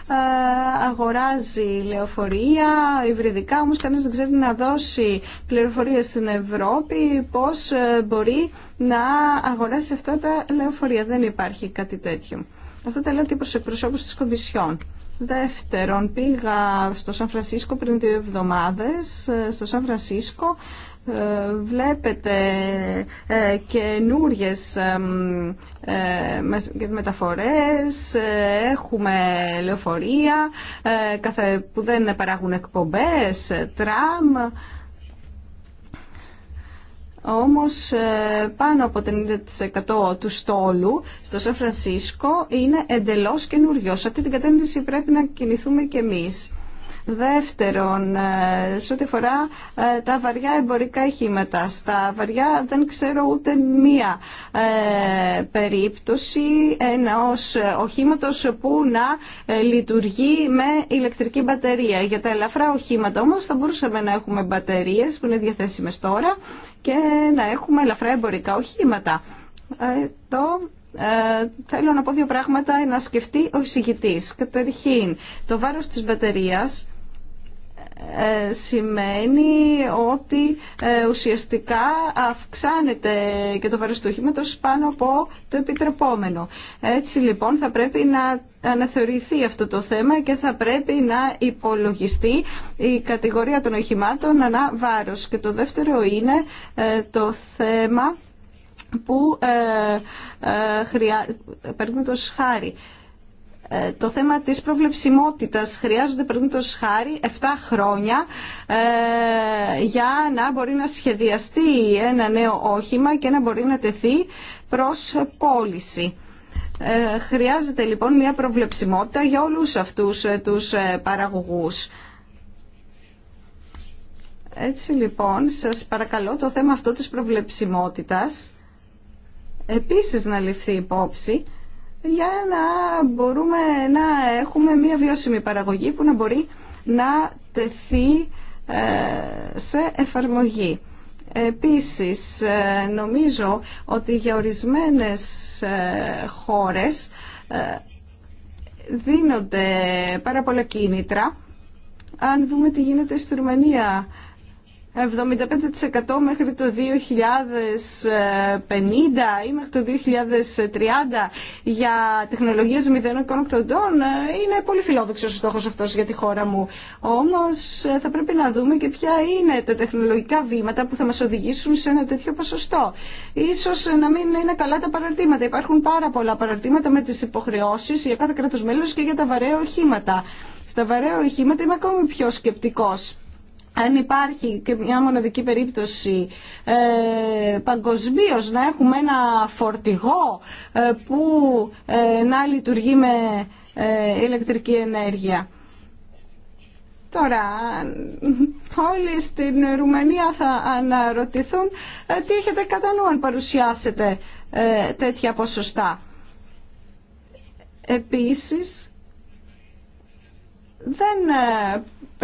ε, αγοράζει λεωφορεία υβριδικά, όμως κανείς δεν ξέρει να δώσει πληροφορίες στην Ευρώπη πώς ε, μπορεί να αγοράσει αυτά τα λεωφορεία. Δεν υπάρχει κάτι τέτοιο. Αυτά τα λέω και προς εκπροσώπους της Δεύτερον, πήγα στο Σαν Φρανσίσκο πριν δύο εβδομάδες, στο Σαν Φρανσίσκο ε, βλέπετε ε, καινούριε ε, μεταφορές, έχουμε λεωφορεία που δεν παράγουν εκπομπές, τραμ. Όμως πάνω από 90 του στόλου στο Σαν Φρανσίσκο είναι εντελώς καινούριο. Σε αυτή την κατεύθυνση πρέπει να κινηθούμε κι εμείς. Δεύτερον, ε, σε ό,τι φορά ε, τα βαριά εμπορικά οχήματα, στα βαριά δεν ξέρω ούτε μία ε, περίπτωση ενός οχήματος που να ε, λειτουργεί με ηλεκτρική μπαταρία. Για τα ελαφρά οχήματα όμως θα μπορούσαμε να έχουμε μπαταρίες που είναι διαθέσιμες τώρα και να έχουμε ελαφρά εμπορικά οχήματα. Ε, το θέλω να πω δύο πράγματα να σκεφτεί ο εισηγητής. Καταρχήν, το βάρος της μπαταρίας ε, σημαίνει ότι ε, ουσιαστικά αυξάνεται και το βάρος του οχήματος πάνω από το επιτρεπόμενο. Έτσι λοιπόν θα πρέπει να αναθεωρηθεί αυτό το θέμα και θα πρέπει να υπολογιστεί η κατηγορία των οχημάτων ανά βάρος. Και το δεύτερο είναι ε, το θέμα που ε, ε, το χάρη ε, το θέμα της προβλεψιμότητας χρειάζονται πριν το σχάρι 7 χρόνια ε, για να μπορεί να σχεδιαστεί ένα νέο όχημα και να μπορεί να τεθεί προς πώληση. Ε, χρειάζεται λοιπόν μια προβλεψιμότητα για όλους αυτούς ε, τους παραγωγούς. Έτσι λοιπόν, σας παρακαλώ το θέμα αυτό της προβλεψιμότητας επίσης να ληφθεί υπόψη για να μπορούμε να έχουμε μια βιώσιμη παραγωγή που να μπορεί να τεθεί ε, σε εφαρμογή. Επίσης, ε, νομίζω ότι για ορισμένες ε, χώρες δίνονται πάρα πολλά κίνητρα. Αν δούμε τι γίνεται στη Ρουμανία, 75% μέχρι το 2050 ή μέχρι το 2030 για τεχνολογίες μηδενών εκτών είναι πολύ φιλόδοξος ο στόχος αυτός για τη χώρα μου. Όμως ε, θα πρέπει να δούμε και ποια είναι τα τεχνολογικά βήματα που θα μας οδηγήσουν σε ένα τέτοιο ποσοστό. Ίσως ε, να μην είναι καλά τα παραρτήματα. Υπάρχουν πάρα πολλά παραρτήματα με τις υποχρεώσεις για κάθε κράτος μέλος και για τα βαρέα οχήματα. Στα βαρέα οχήματα είμαι ακόμη πιο σκεπτικός αν υπάρχει και μια μοναδική περίπτωση ε, παγκοσμίω να έχουμε ένα φορτηγό ε, που ε, να λειτουργεί με ε, ηλεκτρική ενέργεια. Τώρα, όλοι στην Ρουμανία θα αναρωτηθούν τι έχετε κατά νου αν παρουσιάσετε τέτοια ποσοστά. Επίσης, δεν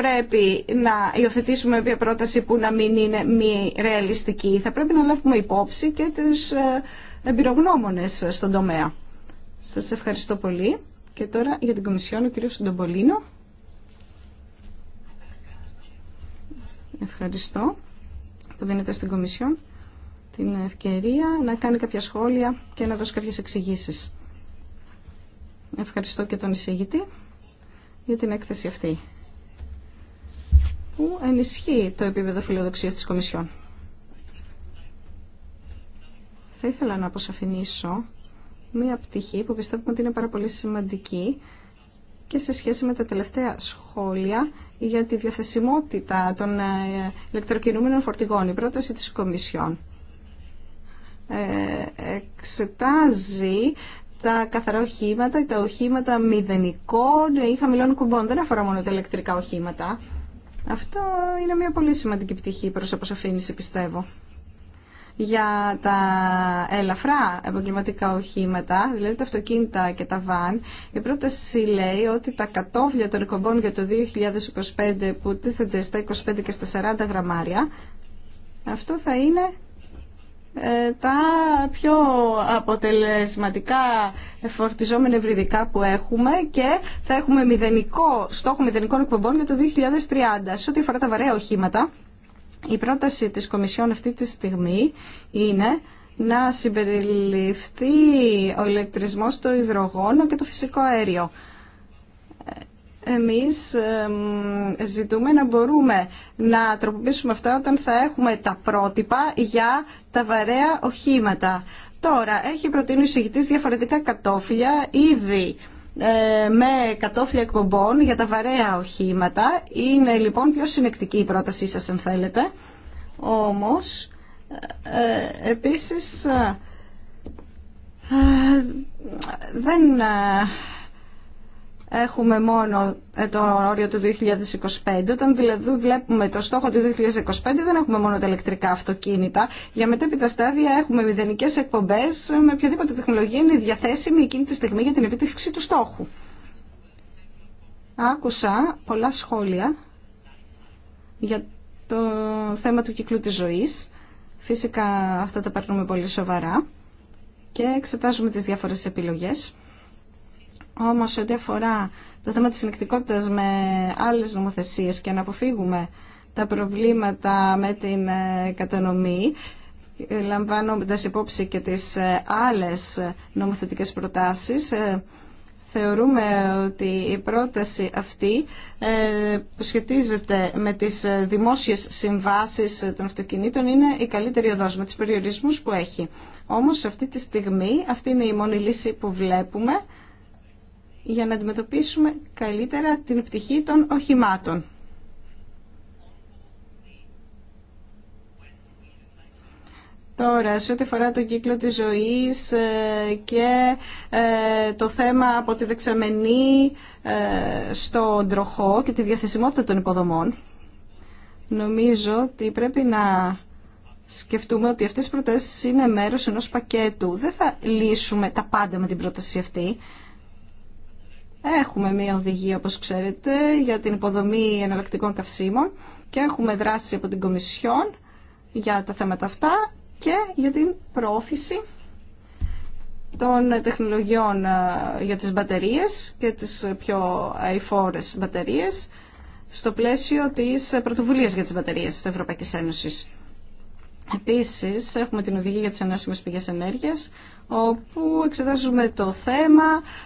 πρέπει να υιοθετήσουμε μια πρόταση που να μην είναι μη ρεαλιστική. Θα πρέπει να λάβουμε υπόψη και τις ε, εμπειρογνώμονες στον τομέα. Σας ευχαριστώ πολύ. Και τώρα για την Κομισιόν ο κύριος Σοντομπολίνο. Ευχαριστώ που δίνετε στην Κομισιόν την ευκαιρία να κάνει κάποια σχόλια και να δώσει κάποιες εξηγήσει. Ευχαριστώ και τον εισηγητή για την έκθεση αυτή που ενισχύει το επίπεδο φιλοδοξίας της Κομισιόν. Θα ήθελα να αποσαφηνίσω μία πτυχή που πιστεύουμε ότι είναι πάρα πολύ σημαντική και σε σχέση με τα τελευταία σχόλια για τη διαθεσιμότητα των ε, ηλεκτροκινούμενων φορτηγών, η πρόταση της Κομισιόν. Ε, εξετάζει τα καθαρά οχήματα, τα οχήματα μηδενικών ή χαμηλών κουμπών. Δεν αφορά μόνο τα ηλεκτρικά οχήματα. Αυτό είναι μια πολύ σημαντική πτυχή προς αποσαφήνιση, πιστεύω. Για τα ελαφρά επαγγελματικά οχήματα, δηλαδή τα αυτοκίνητα και τα βαν, η πρόταση λέει ότι τα κατόβλια των εκπομπών για το 2025 που τίθενται στα 25 και στα 40 γραμμάρια, αυτό θα είναι ε, τα πιο αποτελεσματικά φορτιζόμενα ευρυδικά που έχουμε και θα έχουμε μηδενικό, στόχο μηδενικών εκπομπών για το 2030. Σε ό,τι αφορά τα βαρέα οχήματα, η πρόταση της Κομισιόν αυτή τη στιγμή είναι να συμπεριληφθεί ο ηλεκτρισμός, το υδρογόνο και το φυσικό αέριο εμείς ζητούμε να μπορούμε να τροποποιήσουμε αυτά όταν θα έχουμε τα πρότυπα για τα βαρέα οχήματα. Τώρα, έχει προτείνει ο εισηγητής διαφορετικά κατόφλια ήδη ε, με κατόφλια εκπομπών για τα βαρέα οχήματα. Είναι λοιπόν πιο συνεκτική η πρότασή σας, αν θέλετε. Όμως, ε, ε, επίσης, δεν έχουμε μόνο ε, το όριο του 2025. Όταν δηλαδή βλέπουμε το στόχο του 2025 δεν έχουμε μόνο τα ηλεκτρικά αυτοκίνητα. Για μετέπειτα στάδια έχουμε μηδενικέ εκπομπές με οποιαδήποτε τεχνολογία είναι διαθέσιμη εκείνη τη στιγμή για την επίτευξη του στόχου. Άκουσα πολλά σχόλια για το θέμα του κύκλου της ζωής. Φυσικά αυτά τα παίρνουμε πολύ σοβαρά και εξετάζουμε τις διάφορες επιλογές. Όμως ό,τι αφορά το θέμα τη συνεκτικότητας με άλλες νομοθεσίες και να αποφύγουμε τα προβλήματα με την ε, κατανομή, ε, λαμβάνοντα υπόψη και τις ε, άλλες νομοθετικές προτάσεις, θεωρούμε ότι η πρόταση αυτή που σχετίζεται με τις δημόσιες συμβάσεις των αυτοκινήτων είναι η καλύτερη οδός με τις περιορισμούς που έχει. Όμως αυτή τη στιγμή αυτή είναι η μόνη λύση που βλέπουμε για να αντιμετωπίσουμε καλύτερα την πτυχή των οχημάτων. Τώρα, σε ό,τι αφορά τον κύκλο της ζωής ε, και ε, το θέμα από τη δεξαμενή ε, στον τροχό και τη διαθεσιμότητα των υποδομών, νομίζω ότι πρέπει να σκεφτούμε ότι αυτές οι προτάσεις είναι μέρος ενός πακέτου. Δεν θα λύσουμε τα πάντα με την πρόταση αυτή. Έχουμε μία οδηγία, όπως ξέρετε, για την υποδομή εναλλακτικών καυσίμων και έχουμε δράσει από την Κομισιόν για τα θέματα αυτά και για την προώθηση των τεχνολογιών ε, για τις μπαταρίες και τις πιο αηφόρες μπαταρίες στο πλαίσιο της πρωτοβουλίας για τις μπαταρίες της Ευρωπαϊκής Ένωσης. Επίση έχουμε την οδηγία για τις ανάσχημες πηγές ενέργειας, όπου εξετάζουμε το θέμα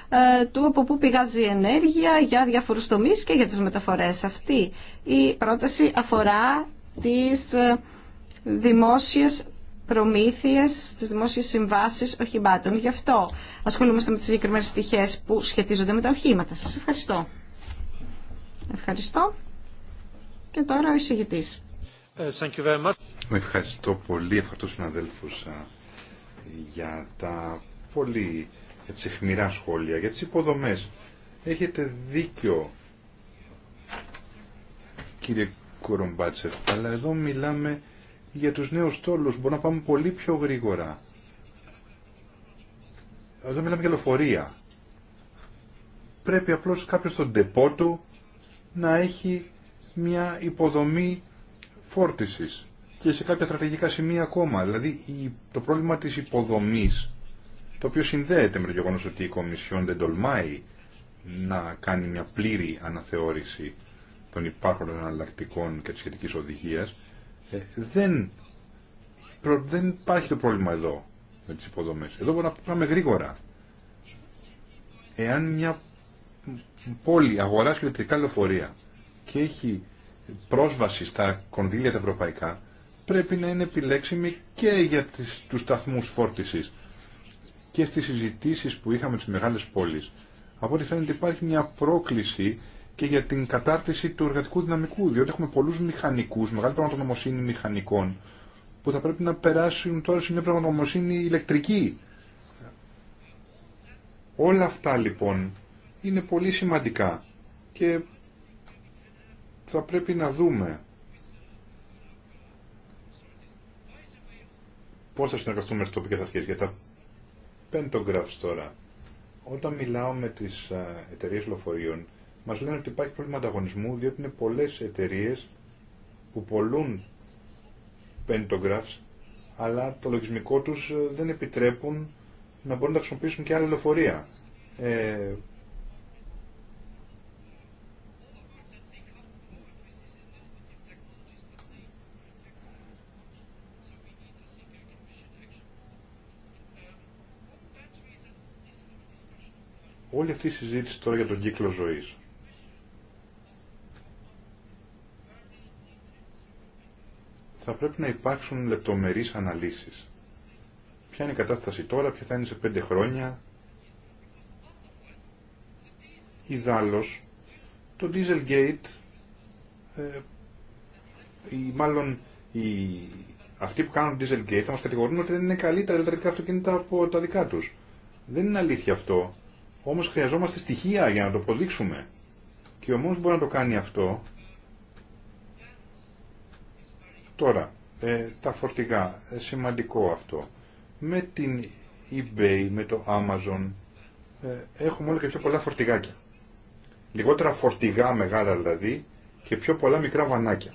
ε, του από πού πηγάζει η ενέργεια για διάφορου τομεί και για τις μεταφορές. Αυτή η πρόταση αφορά τις ε, δημόσιες προμήθειες, τις δημόσιες συμβάσεις οχημάτων. Γι' αυτό ασχολούμαστε με τις συγκεκριμένε πτυχέ που σχετίζονται με τα οχήματα. Σα ευχαριστώ. Ευχαριστώ. Και τώρα ο εισηγητής ευχαριστώ πολύ, ευχαριστώ συναδέλφους για τα πολύ ψυχμηρά σχόλια, για τις υποδομές. Έχετε δίκιο, κύριε Κορομπάτσεφ, αλλά εδώ μιλάμε για τους νέους τόλους. Μπορούμε να πάμε πολύ πιο γρήγορα. Εδώ μιλάμε για λεωφορεία. Πρέπει απλώς κάποιος στον τεπό του να έχει μια υποδομή φόρτισης και σε κάποια στρατηγικά σημεία ακόμα. Δηλαδή το πρόβλημα της υποδομής, το οποίο συνδέεται με το γεγονό ότι η Κομισιόν δεν τολμάει να κάνει μια πλήρη αναθεώρηση των υπάρχοντων εναλλακτικών και τη σχετική οδηγία, ε, δεν, δεν υπάρχει το πρόβλημα εδώ με τι υποδομέ Εδώ μπορούμε να πάμε γρήγορα. Εάν μια πόλη αγοράσει ηλεκτρικά λεωφορεία και έχει πρόσβαση στα κονδύλια τα ευρωπαϊκά πρέπει να είναι επιλέξιμη και για τις, τους σταθμούς φόρτισης και στις συζητήσεις που είχαμε στις μεγάλες πόλεις. Από ό,τι φαίνεται υπάρχει μια πρόκληση και για την κατάρτιση του εργατικού δυναμικού, διότι έχουμε πολλούς μηχανικούς, μεγάλη πραγματονομοσύνη μηχανικών, που θα πρέπει να περάσουν τώρα σε μια πραγματονομοσύνη ηλεκτρική. Όλα αυτά λοιπόν είναι πολύ σημαντικά και θα πρέπει να δούμε πώς θα συνεργαστούμε με τις τοπικές αρχές για τα pentographs τώρα. Όταν μιλάω με τις εταιρείε λοφορείων, μας λένε ότι υπάρχει πρόβλημα ανταγωνισμού, διότι είναι πολλές εταιρείε που πολλούν pentographs, αλλά το λογισμικό τους ε, δεν επιτρέπουν να μπορούν να χρησιμοποιήσουν και άλλα λεωφορεία. Ε, όλη αυτή η συζήτηση τώρα για τον κύκλο ζωής. Θα πρέπει να υπάρξουν λεπτομερείς αναλύσεις. Ποια είναι η κατάσταση τώρα, ποια θα είναι σε πέντε χρόνια. Ιδάλλως, το Dieselgate, ε, ή μάλλον αυτοί που κάνουν Dieselgate θα μας κατηγορούν ότι δεν είναι καλύτερα ηλεκτρικά αυτοκίνητα από τα δικά τους. Δεν είναι αλήθεια αυτό. Όμω χρειαζόμαστε στοιχεία για να το αποδείξουμε. Και ο μόνος μπορεί να το κάνει αυτό. Τώρα, ε, τα φορτηγά, ε, σημαντικό αυτό. Με την eBay, με το Amazon, ε, έχουμε όλο και πιο πολλά φορτηγάκια. Λιγότερα φορτηγά μεγάλα δηλαδή και πιο πολλά μικρά βανάκια.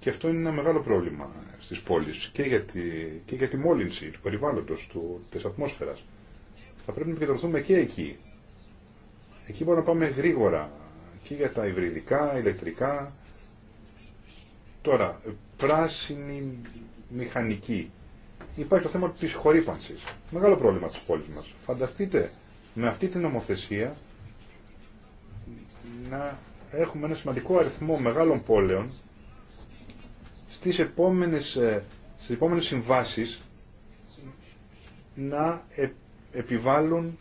Και αυτό είναι ένα μεγάλο πρόβλημα στις πόλεις και για τη, και για τη μόλυνση του περιβάλλοντος, τη της ατμόσφαιρας. Θα πρέπει να επικεντρωθούμε και εκεί. Εκεί μπορούμε να πάμε γρήγορα και για τα υβριδικά, ηλεκτρικά. Τώρα, πράσινη μηχανική. Υπάρχει το θέμα τη χορύπανση. Μεγάλο πρόβλημα τη πόλη μα. Φανταστείτε με αυτή την νομοθεσία να έχουμε ένα σημαντικό αριθμό μεγάλων πόλεων στις επόμενες, ε, στις επόμενες συμβάσεις να ε, επιβάλλουν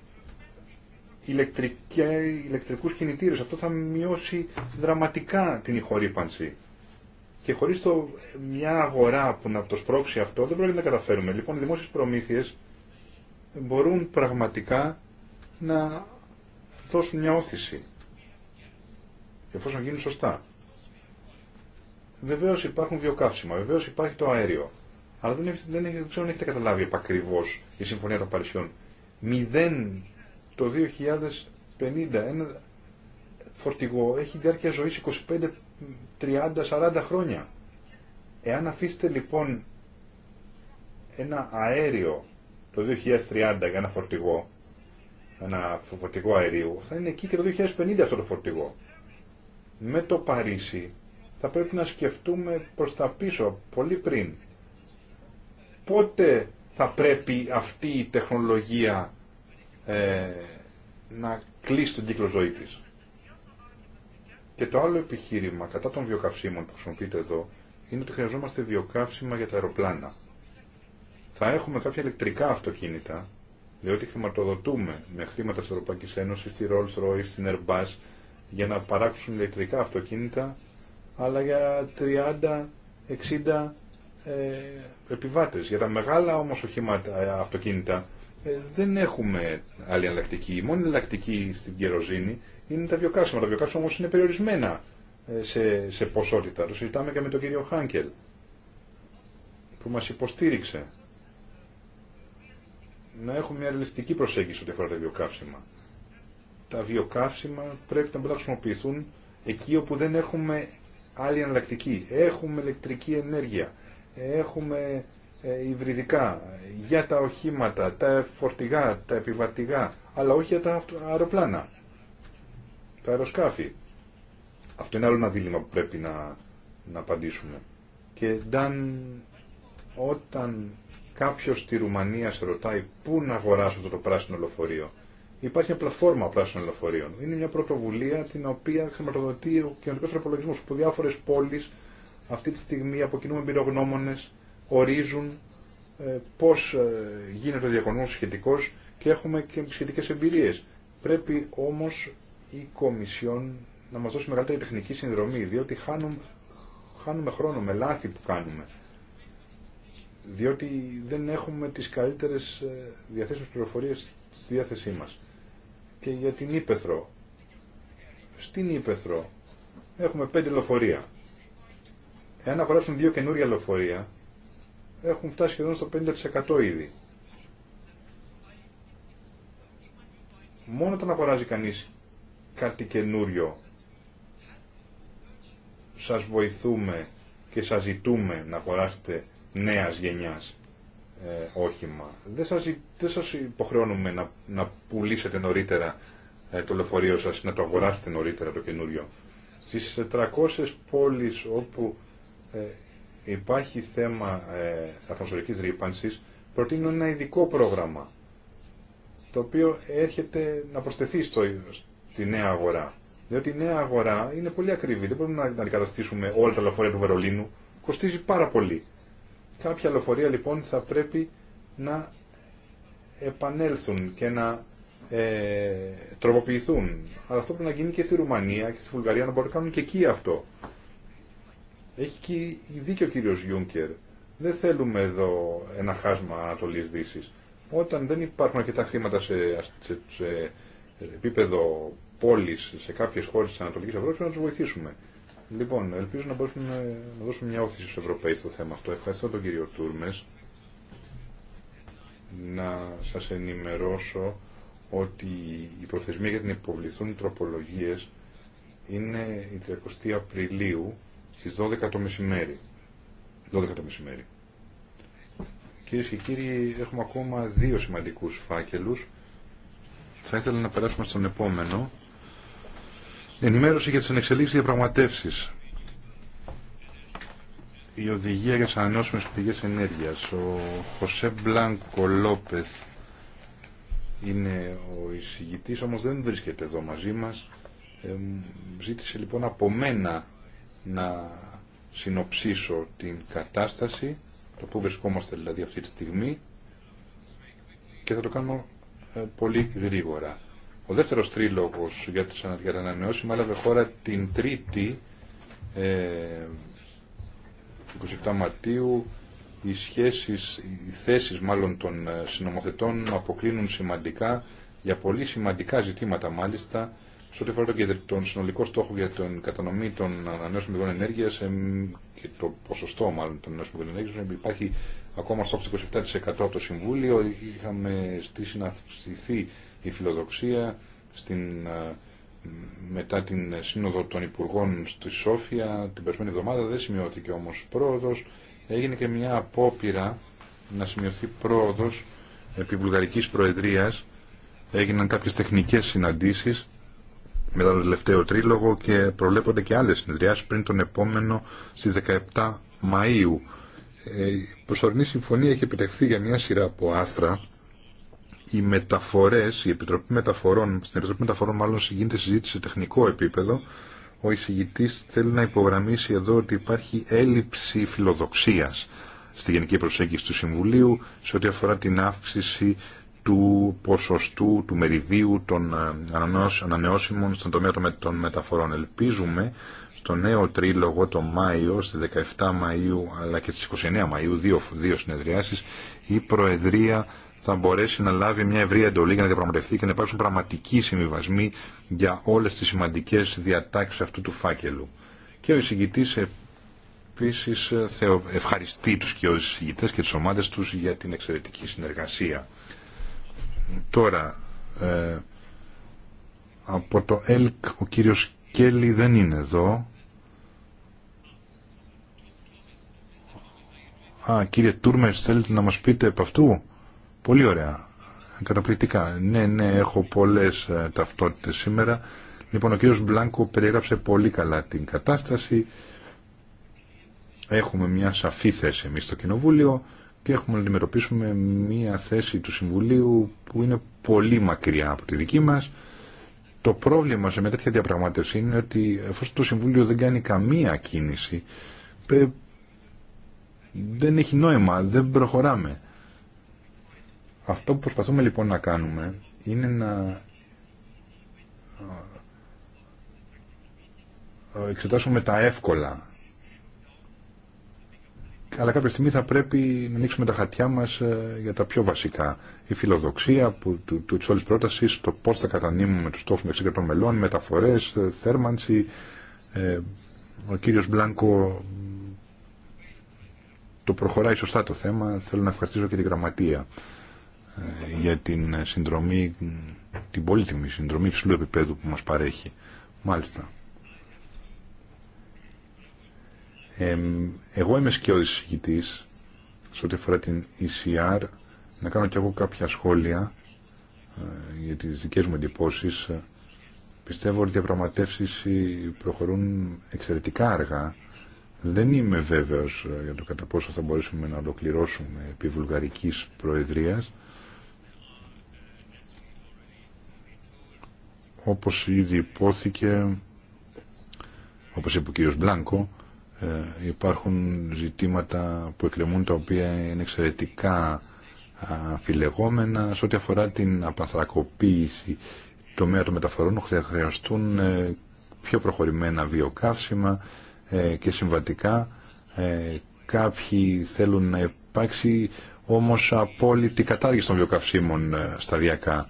ηλεκτρικούς κινητήρες. Αυτό θα μειώσει δραματικά την ηχορύπανση. Και χωρίς το, μια αγορά που να το σπρώξει αυτό δεν πρόκειται να καταφέρουμε. Λοιπόν, οι δημόσιες προμήθειες μπορούν πραγματικά να δώσουν μια όθηση. Εφόσον γίνουν σωστά. Βεβαίω υπάρχουν βιοκαύσιμα, βεβαίω υπάρχει το αέριο. Αλλά δεν, έχετε, δεν, έχετε, δεν ξέρω αν έχετε καταλάβει επακριβώ η Συμφωνία των Παρισιών. Μηδέν το 2050. Ένα φορτηγό έχει διάρκεια ζωή 25, 30, 40 χρόνια. Εάν αφήσετε λοιπόν ένα αέριο το 2030 για ένα φορτηγό, ένα φορτηγό αερίου, θα είναι εκεί και το 2050 αυτό το φορτηγό. Με το Παρίσι θα πρέπει να σκεφτούμε προς τα πίσω, πολύ πριν. Πότε θα πρέπει αυτή η τεχνολογία ε, να κλείσει τον κύκλο ζωής της. Και το άλλο επιχείρημα κατά των βιοκαυσίμων που χρησιμοποιείται εδώ είναι ότι χρειαζόμαστε βιοκαύσιμα για τα αεροπλάνα. Θα έχουμε κάποια ηλεκτρικά αυτοκίνητα, διότι χρηματοδοτούμε με χρήματα της Ευρωπαϊκής Ένωσης, στη Rolls Royce, στην Airbus, για να παράξουν ηλεκτρικά αυτοκίνητα αλλά για 30, 60 ε, επιβάτες. Για τα μεγάλα όμως οχήματα, ε, αυτοκίνητα ε, δεν έχουμε άλλη εναλλακτική. Η μόνη εναλλακτική στην κεροζίνη είναι τα βιοκάσιμα. Τα βιοκάσιμα όμως είναι περιορισμένα ε, σε, σε ποσότητα. Το συζητάμε και με τον κύριο Χάνκελ που μας υποστήριξε να έχουμε μια ρεαλιστική προσέγγιση ό,τι αφορά τα βιοκαύσιμα. Τα βιοκαύσιμα πρέπει να μπορούν να χρησιμοποιηθούν εκεί όπου δεν έχουμε άλλη εναλλακτική. Έχουμε ηλεκτρική ενέργεια, έχουμε ε, υβριδικά για τα οχήματα, τα φορτηγά, τα επιβατηγά, αλλά όχι για τα αεροπλάνα, τα αεροσκάφη. Αυτό είναι άλλο ένα δίλημα που πρέπει να, να απαντήσουμε. Και όταν κάποιος στη Ρουμανία σε ρωτάει πού να αγοράσω το πράσινο λεωφορείο, Υπάρχει μια πλατφόρμα πράσινων λεωφορείων. Είναι μια πρωτοβουλία την οποία χρηματοδοτεί ο κοινωνικό προπολογισμό που διάφορε πόλει αυτή τη στιγμή από κοινού εμπειρογνώμονε ορίζουν ε, πώ ε, γίνεται ο διακονισμό σχετικό και έχουμε και σχετικέ εμπειρίε. Πρέπει όμω η Κομισιόν να μα δώσει μεγαλύτερη τεχνική συνδρομή, διότι χάνουμε, χάνουμε χρόνο με λάθη που κάνουμε. Διότι δεν έχουμε τις καλύτερες ε, διαθέσιμες πληροφορίες στη διάθεσή μας και για την Ήπεθρο. Στην Ήπεθρο έχουμε πέντε λεωφορεία. Εάν αγοράσουν δύο καινούρια λεωφορεία, έχουν φτάσει σχεδόν στο 50% ήδη. Μόνο όταν αγοράζει κανείς κάτι καινούριο, σας βοηθούμε και σας ζητούμε να αγοράσετε νέας γενιάς ε, όχημα. Δεν σας, δεν σας υποχρεώνουμε να, να πουλήσετε νωρίτερα ε, το λεωφορείο σας, να το αγοράσετε νωρίτερα το καινούριο. Στις 400 πόλεις όπου ε, υπάρχει θέμα ε, αθμοσφαιρικής ρήπανσης, προτείνω ένα ειδικό πρόγραμμα, το οποίο έρχεται να προσθεθεί στο, στη νέα αγορά. Διότι η νέα αγορά είναι πολύ ακριβή. Δεν μπορούμε να αντικαταστήσουμε όλα τα λεωφορεία του Βερολίνου. Κοστίζει πάρα πολύ. Κάποια λεωφορεία λοιπόν θα πρέπει να επανέλθουν και να ε, τροποποιηθούν. Αλλά αυτό πρέπει να γίνει και στη Ρουμανία και στη Βουλγαρία να μπορούν να κάνουν και εκεί αυτό. Έχει και δίκιο ο κύριος Γιούνκερ. Δεν θέλουμε εδώ ένα χάσμα Ανατολής Δύσης. Όταν δεν υπάρχουν αρκετά χρήματα σε, σε, σε επίπεδο πόλης σε κάποιες χώρες της Ανατολικής Ευρώπης, να τους βοηθήσουμε. Λοιπόν, ελπίζω να μπορέσουμε να δώσουμε μια όθηση στους Ευρωπαίους στο θέμα αυτό. Ευχαριστώ τον κύριο Τούρμες να σας ενημερώσω ότι η προθεσμία για την υποβληθούν τροπολογίες είναι η 30 Απριλίου στις 12 το μεσημέρι. 12 το Κυρίε και κύριοι, έχουμε ακόμα δύο σημαντικούς φάκελους. Θα ήθελα να περάσουμε στον επόμενο. Ενημέρωση για τις ανεξελίξεις διαπραγματεύσει. Η οδηγία για τις πηγές ενέργειας. Ο Χωσέ Μπλάνκο Λόπεθ είναι ο εισηγητής, όμως δεν βρίσκεται εδώ μαζί μας. Ε, ζήτησε λοιπόν από μένα να συνοψίσω την κατάσταση, το που βρισκόμαστε δηλαδή αυτή τη στιγμή και θα το κάνω ε, πολύ γρήγορα. Ο δεύτερος τρίλογος για, τις, για τα ανανεώσιμα έλαβε χώρα την Τρίτη ε, 27 Μαρτίου. Οι, σχέσεις, οι θέσεις μάλλον των ε, συνομοθετών αποκλίνουν σημαντικά για πολύ σημαντικά ζητήματα μάλιστα σε ό,τι αφορά τον συνολικό στόχο για την κατανομή των ανανεώσιμων πηγών ενέργεια και το ποσοστό μάλλον των ανανεώσιμων πηγών ενέργεια, υπάρχει ακόμα στο 27% από το Συμβούλιο. Είχαμε στήσει να αυξηθεί η φιλοδοξία στην, ε, μετά την σύνοδο των Υπουργών στη Σόφια την περσμένη εβδομάδα δεν σημειώθηκε όμως πρόοδος έγινε και μια απόπειρα να σημειωθεί πρόοδος επί βουλγαρικής προεδρίας έγιναν κάποιες τεχνικές συναντήσεις με τον τελευταίο τρίλογο και προβλέπονται και άλλες συνεδριάσεις πριν τον επόμενο στις 17 Μαΐου. Ε, η προσωρινή συμφωνία έχει επιτευχθεί για μια σειρά από άστρα οι μεταφορές, η Επιτροπή Μεταφορών, στην Επιτροπή Μεταφορών μάλλον γίνεται συζήτηση σε τεχνικό επίπεδο, ο εισηγητής θέλει να υπογραμμίσει εδώ ότι υπάρχει έλλειψη φιλοδοξίας στη γενική προσέγγιση του Συμβουλίου σε ό,τι αφορά την αύξηση του ποσοστού, του μεριδίου των ε, ανανεώσιμων στον τομέα των μεταφορών. Ελπίζουμε στο νέο τρίλογο το Μάιο, στι 17 Μαΐου αλλά και στις 29 Μαΐου, δύο, δύο συνεδριάσεις, η Προεδρία θα μπορέσει να λάβει μια ευρία εντολή για να διαπραγματευτεί και να υπάρξουν πραγματικοί συμβιβασμοί για όλες τις σημαντικές διατάξεις αυτού του φάκελου. Και ο εισηγητής επίσης ε, ευχαριστεί τους και όλους εισηγητές και τις ομάδες τους για την εξαιρετική συνεργασία. Τώρα, ε, από το ΕΛΚ ο κύριος Κέλλη δεν είναι εδώ. Α, κύριε Τούρμες, θέλετε να μας πείτε από αυτού. Πολύ ωραία. Καταπληκτικά. Ναι, ναι, έχω πολλές ε, ταυτότητες σήμερα. Λοιπόν, ο κύριος Μπλάνκο περιέγραψε πολύ καλά την κατάσταση. Έχουμε μια σαφή θέση εμείς στο Κοινοβούλιο και έχουμε να αντιμετωπίσουμε μια θέση του Συμβουλίου που είναι πολύ μακριά από τη δική μας. Το πρόβλημα σε μια τέτοια διαπραγμάτευση είναι ότι εφόσον το Συμβούλιο δεν κάνει καμία κίνηση, δεν έχει νόημα, δεν προχωράμε. Αυτό που προσπαθούμε λοιπόν να κάνουμε είναι να ε, εξετάσουμε τα εύκολα. Αλλά κάποια στιγμή θα πρέπει να ανοίξουμε τα χατιά μας ε, για τα πιο βασικά. Η φιλοδοξία που, του, του, όλης πρότασης, το πώς θα κατανείμουμε τους στόχους και των μελών, μεταφορές, ε, θέρμανση. Ε, ο κύριος Μπλάνκο το προχωράει σωστά το θέμα. Θέλω να ευχαριστήσω και τη γραμματεία. Ε, για την συνδρομή, την πολύτιμη συνδρομή υψηλού επίπεδου που μας παρέχει. Μάλιστα. Ε, εγώ είμαι σκιώδης συγκητής σε ό,τι αφορά την ECR να κάνω κι εγώ κάποια σχόλια ε, για τις δικές μου εντυπώσεις. πιστεύω ότι οι διαπραγματεύσεις προχωρούν εξαιρετικά αργά. Δεν είμαι βέβαιος για το κατά πόσο θα μπορέσουμε να ολοκληρώσουμε επί βουλγαρικής προεδρίας. όπως ήδη υπόθηκε, όπως είπε ο κύριος Μπλάνκο, ε, υπάρχουν ζητήματα που εκκρεμούν τα οποία είναι εξαιρετικά αφιλεγόμενα σε ό,τι αφορά την απανθρακοποίηση τομέα των μεταφορών θα χρειαστούν ε, πιο προχωρημένα βιοκαύσιμα ε, και συμβατικά κάποιοι θέλουν να υπάρξει όμως απόλυτη κατάργηση των βιοκαυσίμων σταδιακά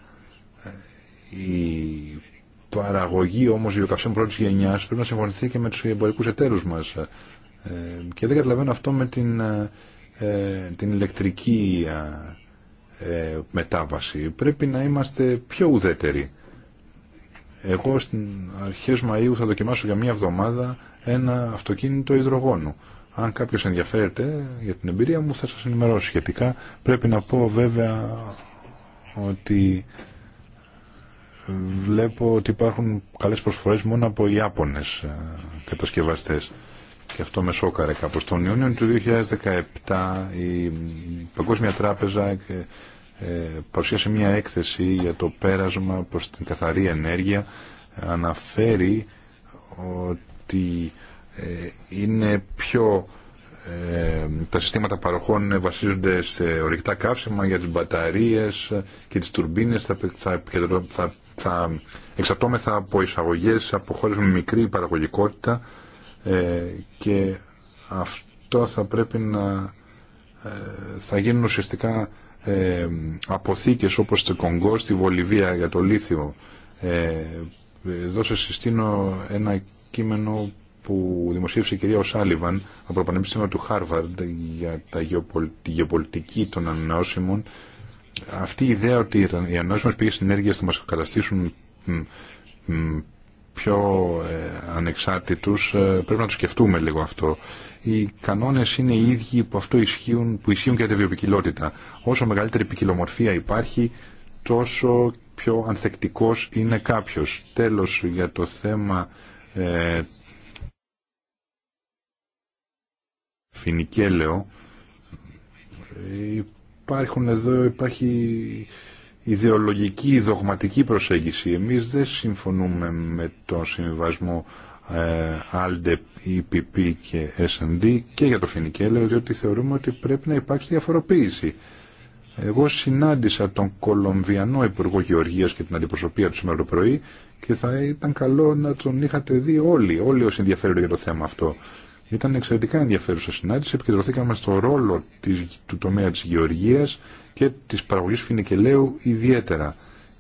η παραγωγή όμως βιοκαυσίμων πρώτης γενιάς πρέπει να συμφωνηθεί και με τους εμπορικούς εταίρους μας. Ε, και δεν καταλαβαίνω αυτό με την, ε, την ηλεκτρική ε, μετάβαση. Πρέπει να είμαστε πιο ουδέτεροι. Εγώ στην αρχές Μαΐου θα δοκιμάσω για μία εβδομάδα ένα αυτοκίνητο υδρογόνου. Αν κάποιος ενδιαφέρεται για την εμπειρία μου θα σας ενημερώσω σχετικά. Πρέπει να πω βέβαια ότι βλέπω ότι υπάρχουν καλές προσφορές μόνο από Ιάπωνες ε, κατασκευαστές και αυτό με σώκαρε κάπως. Τον Ιούνιο του 2017 η Παγκόσμια Τράπεζα ε, ε, παρουσίασε μια έκθεση για το πέρασμα προς την καθαρή ενέργεια αναφέρει ότι είναι πιο τα συστήματα παροχών βασίζονται σε ορυκτά καύσιμα για τις μπαταρίες και τις τουρμπίνες θα θα εξαρτώμεθα από εισαγωγές από χώρες με μικρή παραγωγικότητα ε, και αυτό θα πρέπει να ε, θα γίνουν ουσιαστικά ε, αποθήκες όπως στο Κονγκό, στη Βολιβία για το λίθιο. εδώ σας συστήνω ένα κείμενο που δημοσίευσε η κυρία Οσάλιβαν από το Πανεπιστήμιο του Χάρβαρντ για τα γεωπολιτική των ανανεώσιμων αυτή η ιδέα ότι οι ανώσιμες πηγές ενέργειας θα μας καταστήσουν πιο ε, ανεξάρτητους ε, πρέπει να το σκεφτούμε λίγο αυτό. Οι κανόνες είναι οι ίδιοι που, αυτό ισχύουν, που ισχύουν και για τη βιοπικιλότητα. Όσο μεγαλύτερη ποικιλομορφία υπάρχει τόσο πιο ανθεκτικός είναι κάποιος. Τέλος για το θέμα ε, υπάρχουν εδώ, υπάρχει ιδεολογική, δογματική προσέγγιση. Εμείς δεν συμφωνούμε με τον συμβασμό ALDE, ε, EPP και S&D και για το Φινικέλεο, διότι θεωρούμε ότι πρέπει να υπάρξει διαφοροποίηση. Εγώ συνάντησα τον Κολομβιανό Υπουργό Γεωργίας και την αντιπροσωπεία του σήμερα το πρωί και θα ήταν καλό να τον είχατε δει όλοι, όλοι όσοι ενδιαφέρονται για το θέμα αυτό. Ήταν εξαιρετικά ενδιαφέρουσα συνάντηση. Επικεντρωθήκαμε στο ρόλο της, του τομέα της γεωργίας και της παραγωγής φινικελαίου ιδιαίτερα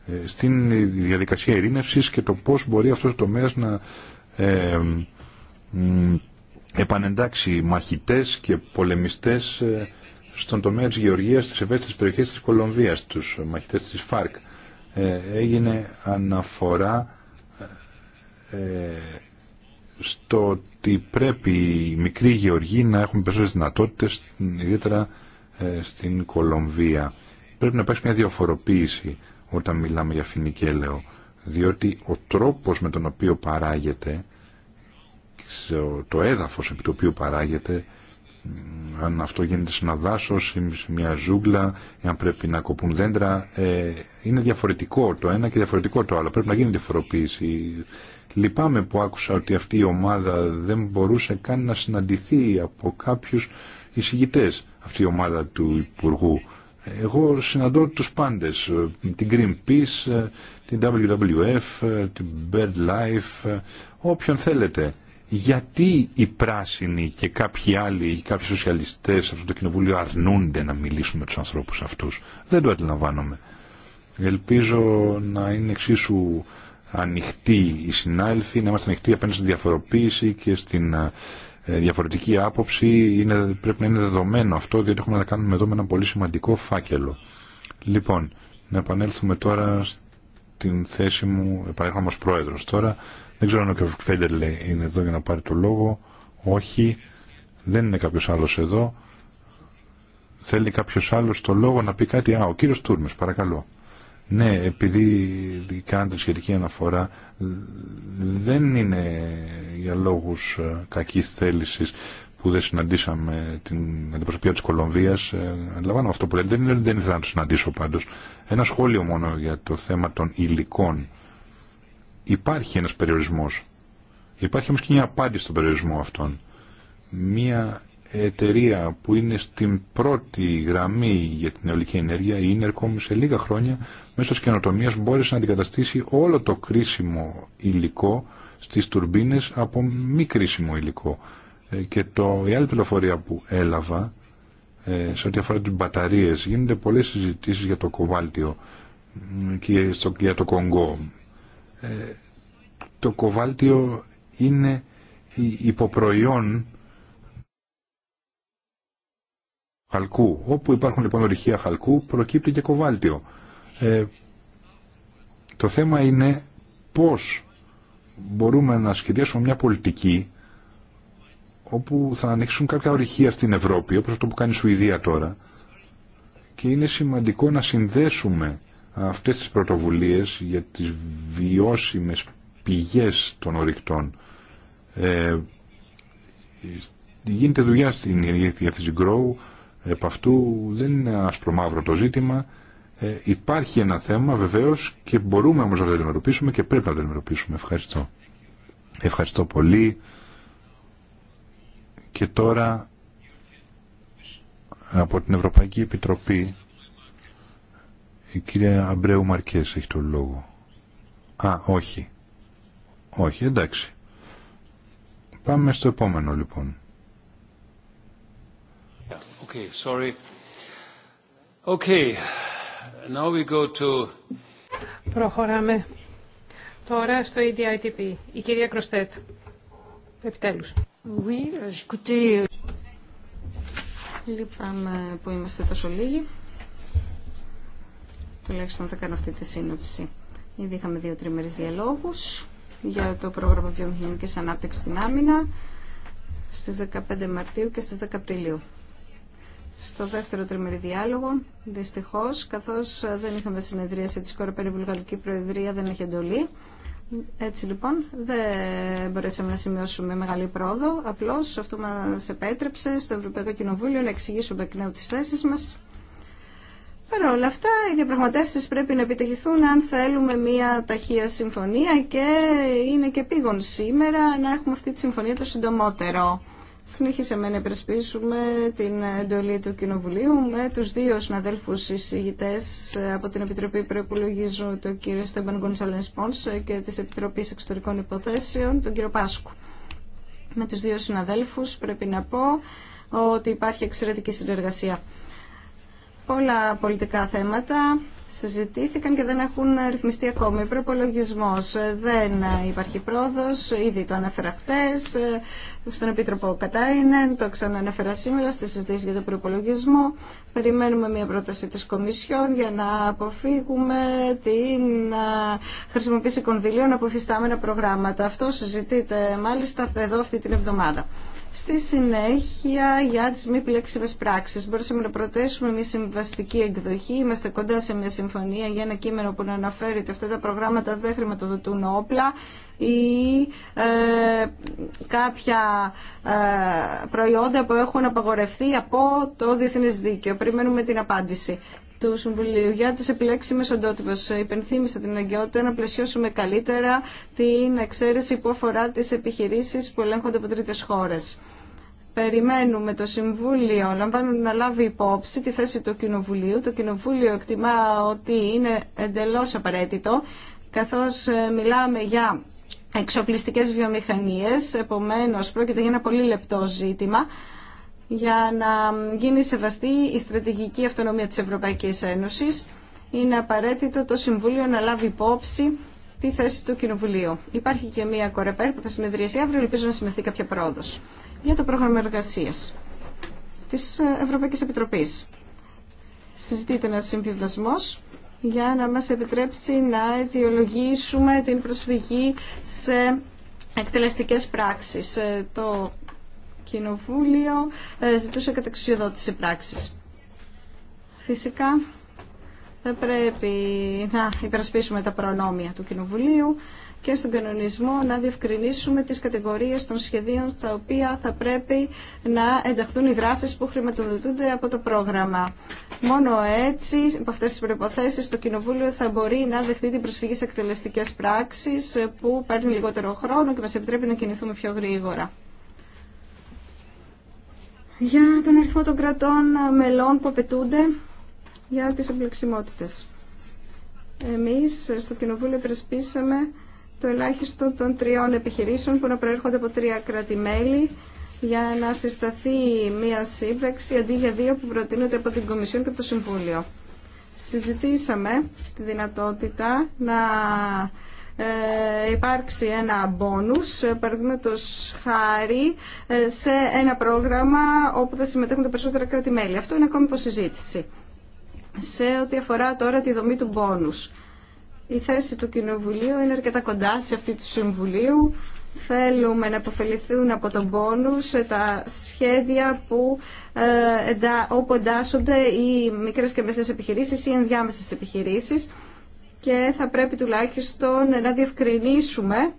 ε, στην διαδικασία ειρήνευσης και το πώς μπορεί αυτός ο τομέας να ε, επανεντάξει μαχητές και πολεμιστές ε, στον τομέα της γεωργίας στις ευαίσθητες περιοχές της Κολομβίας, τους μαχητές της ΦΑΡΚ. Ε, έγινε αναφορά στο ότι πρέπει οι μικροί γεωργοί να έχουν περισσότερες δυνατότητες, ιδιαίτερα ε, στην Κολομβία. Πρέπει να υπάρξει μια διαφοροποίηση όταν μιλάμε για φινικέλαιο, διότι ο τρόπος με τον οποίο παράγεται, το έδαφος επί το οποίο παράγεται, αν αυτό γίνεται σε ένα δάσο ή σε μια ζούγκλα, αν πρέπει να κοπούν δέντρα, ε, είναι διαφορετικό το ένα και διαφορετικό το άλλο. Πρέπει να γίνει διαφοροποίηση. Λυπάμαι που άκουσα ότι αυτή η ομάδα δεν μπορούσε καν να συναντηθεί από κάποιους εισηγητές αυτή η ομάδα του Υπουργού. Εγώ συναντώ τους πάντες, ε, την Greenpeace, ε, την WWF, ε, την BirdLife, όποιον θέλετε. Γιατί οι πράσινοι και κάποιοι άλλοι, ή κάποιοι σοσιαλιστές σε αυτό το κοινοβούλιο αρνούνται να μιλήσουν με τους ανθρώπους αυτούς. Δεν το αντιλαμβάνομαι. Ελπίζω να είναι εξίσου ανοιχτοί οι συνάδελφοι, να είμαστε ανοιχτοί απέναντι στη διαφοροποίηση και στην ε, διαφορετική άποψη. Είναι, πρέπει να είναι δεδομένο αυτό, διότι έχουμε να κάνουμε εδώ με ένα πολύ σημαντικό φάκελο. Λοιπόν, να επανέλθουμε τώρα στην θέση μου, επανέρχομαι ως πρόεδρος τώρα. Δεν ξέρω αν ο κ. Φέντερλε είναι εδώ για να πάρει το λόγο. Όχι, δεν είναι κάποιος άλλος εδώ. Θέλει κάποιος άλλο το λόγο να πει κάτι. Α, ο κύριος Τούρμες, παρακαλώ. Ναι, επειδή κάνετε σχετική αναφορά, δεν είναι για λόγους ε, κακής θέλησης που δεν συναντήσαμε την αντιπροσωπεία της Κολομβίας. Ε, Αντιλαμβάνω αυτό που λέτε, δεν, δεν ήθελα να το συναντήσω πάντως. Ένα σχόλιο μόνο για το θέμα των υλικών. Υπάρχει ένας περιορισμός. Υπάρχει όμως και μια απάντηση στον περιορισμό αυτόν. Μια εταιρεία που είναι στην πρώτη γραμμή για την αιωλική ενέργεια, η Ίνερκομ, σε λίγα χρόνια μέσω της καινοτομίας μπόρεσε να αντικαταστήσει όλο το κρίσιμο υλικό στις τουρμπίνες από μη κρίσιμο υλικό. Ε, και το, η άλλη πληροφορία που έλαβα ε, σε ό,τι αφορά τις μπαταρίες γίνονται πολλές συζητήσεις για το κοβάλτιο και στο, για το Κονγκό. Ε, το κοβάλτιο είναι υποπροϊόν χαλκού. Όπου υπάρχουν λοιπόν ορυχεία χαλκού προκύπτει και κοβάλτιο. Ε, το θέμα είναι πώς μπορούμε να σχεδιάσουμε μια πολιτική όπου θα ανοίξουν κάποια ορυχεία στην Ευρώπη, όπως αυτό που κάνει η Σουηδία τώρα. Και είναι σημαντικό να συνδέσουμε αυτές τις πρωτοβουλίες για τις βιώσιμες πηγές των ορυκτών. Ε, γίνεται δουλειά στην της Grow Επ' αυτού δεν είναι ασπρομαύρο το ζήτημα. Ε, υπάρχει ένα θέμα βεβαίως και μπορούμε όμως να το αντιμετωπίσουμε και πρέπει να το αντιμετωπίσουμε. Ευχαριστώ. Ευχαριστώ πολύ. Και τώρα από την Ευρωπαϊκή Επιτροπή η κυρία Αμπρέου Μαρκές έχει τον λόγο. Α, όχι. Όχι, εντάξει. Πάμε στο επόμενο λοιπόν. Προχωράμε τώρα στο EDITP. Η κυρία Κροστέτ. Επιτέλους. Oui, euh, Λυπάμαι που είμαστε τόσο λίγοι. Τουλάχιστον θα κάνω αυτή τη σύνοψη. Ήδη είχαμε δύο τριμερείς διαλόγους για το πρόγραμμα βιομηχανικής ανάπτυξης στην άμυνα στις 15 Μαρτίου και στις 10 Απριλίου στο δεύτερο τριμερή διάλογο. Δυστυχώ, καθώ ε, δεν είχαμε συνεδρίαση της η Βουλγαρική Προεδρία, δεν έχει εντολή. Έτσι λοιπόν, δεν μπορέσαμε να σημειώσουμε μεγάλη πρόοδο. Απλώ αυτό μα επέτρεψε στο Ευρωπαϊκό Κοινοβούλιο να εξηγήσουμε εκ νέου τις θέσεις μα. Παρ' όλα αυτά, οι διαπραγματεύσει πρέπει να επιτεχηθούν αν θέλουμε μια ταχεία συμφωνία και είναι και πήγον σήμερα να έχουμε αυτή τη συμφωνία το συντομότερο. Συνεχίσαμε να υπερασπίσουμε την εντολή του Κοινοβουλίου με τους δύο συναδέλφους εισηγητέ από την Επιτροπή Προπολογισμού, τον κύριο Στέμπαν Γκονσαλέν Πόνς και της Επιτροπής Εξωτερικών Υποθέσεων, τον κύριο Πάσκου. Με τους δύο συναδέλφους πρέπει να πω ότι υπάρχει εξαιρετική συνεργασία. Πολλά πολιτικά θέματα συζητήθηκαν και δεν έχουν ρυθμιστεί ακόμη. προπολογισμό ε, δεν υπάρχει πρόοδο, ήδη το ανέφερα χτε ε, στον Επίτροπο Κατάινεν, το ξανανέφερα σήμερα στη συζήτηση για τον προπολογισμό. Περιμένουμε μια πρόταση τη Κομισιόν για να αποφύγουμε την ε, χρησιμοποίηση κονδυλίων από φυστάμενα προγράμματα. Αυτό συζητείται μάλιστα εδώ αυτή την εβδομάδα. Στη συνέχεια για τι μη πλέξιμες πράξεις. Μπορούσαμε να προτείνουμε μια συμβαστική εκδοχή. Είμαστε κοντά σε μια συμφωνία για ένα κείμενο που να αναφέρει ότι αυτά τα προγράμματα δεν χρηματοδοτούν όπλα ή ε, κάποια ε, προϊόντα που έχουν απαγορευτεί από το Διεθνές Δίκαιο. Περιμένουμε την απάντηση του Συμβουλίου για τις επιλέξιμες οντότυπες. Υπενθύμησα την αγκαιότητα να πλαισιώσουμε καλύτερα την εξαίρεση που αφορά τι επιχειρήσει που ελέγχονται από τρίτε χώρε. Περιμένουμε το Συμβούλιο να λάβει υπόψη τη θέση του Κοινοβουλίου. Το Κοινοβούλιο εκτιμά ότι είναι εντελώς απαραίτητο, καθώς ε, μιλάμε για εξοπλιστικές βιομηχανίες, επομένως πρόκειται για ένα πολύ λεπτό ζήτημα για να γίνει σεβαστή η στρατηγική αυτονομία της Ευρωπαϊκής Ένωσης. Είναι απαραίτητο το Συμβούλιο να λάβει υπόψη τη θέση του Κοινοβουλίου. Υπάρχει και μία κορεπέρ που θα συνεδριάσει αύριο, ελπίζω να συμμεθεί κάποια πρόοδο. Για το πρόγραμμα εργασία τη Ευρωπαϊκή Επιτροπή. Συζητείται ένα συμβιβασμό για να μα επιτρέψει να αιτιολογήσουμε την προσφυγή σε εκτελεστικέ πράξει. Ε, το Κοινοβούλιο ε, ζητούσε καταξιοδότηση πράξης. Φυσικά θα πρέπει να υπερασπίσουμε τα προνόμια του Κοινοβουλίου και στον κανονισμό να διευκρινίσουμε τις κατηγορίες των σχεδίων τα οποία θα πρέπει να ενταχθούν οι δράσεις που χρηματοδοτούνται από το πρόγραμμα. Μόνο έτσι, από αυτές τις προϋποθέσεις, το Κοινοβούλιο θα μπορεί να δεχτεί την προσφυγή σε εκτελεστικές πράξεις που παίρνει λιγότερο χρόνο και μας επιτρέπει να κινηθούμε πιο γρήγορα για τον αριθμό των κρατών ε, μελών που απαιτούνται για τις εμπλεξιμότητες. Εμείς ε, στο Κοινοβούλιο περισπίσαμε το ελάχιστο των τριών επιχειρήσεων που να προέρχονται από τρία κράτη-μέλη για να συσταθεί μία σύμπραξη αντί για δύο που προτείνονται από την Κομισιόν και το Συμβούλιο. Συζητήσαμε τη δυνατότητα να ε, υπάρξει ένα μπόνους, παραδείγματος χάρη, ε, σε ένα πρόγραμμα όπου θα συμμετέχουν τα περισσότερα κράτη-μέλη. Αυτό είναι ακόμη υποσυζήτηση. Σε ό,τι αφορά τώρα τη δομή του μπόνους. Η θέση του Κοινοβουλίου είναι αρκετά κοντά σε αυτή του Συμβουλίου. Θέλουμε να αποφεληθούν από τον σε τα σχέδια που, ε, όπου εντάσσονται οι μικρές και μεσές επιχειρήσεις ή ενδιάμεσες επιχειρήσεις και θα πρέπει τουλάχιστον να διευκρινίσουμε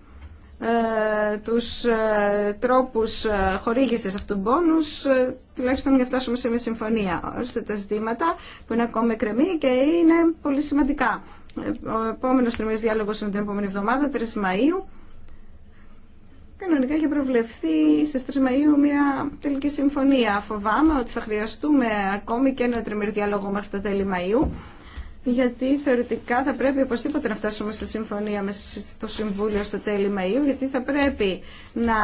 ε, τους ε, τρόπους ε, χορήγησης αυτού του μπόνους τουλάχιστον για φτάσουμε σε μια συμφωνία ώστε τα ζητήματα που είναι ακόμα κρεμή και είναι πολύ σημαντικά. Ο επόμενος τριμής διάλογος είναι την επόμενη εβδομάδα, 3 Μαΐου. Κανονικά είχε προβλεφθεί στις 3 Μαΐου μια τελική συμφωνία. Φοβάμαι ότι θα χρειαστούμε ακόμη και ένα τριμήρ διάλογο μέχρι τα τέλη Μαΐου γιατί θεωρητικά θα πρέπει οπωσδήποτε να φτάσουμε σε συμφωνία με το Συμβούλιο στο τέλη Μαΐου, γιατί θα πρέπει να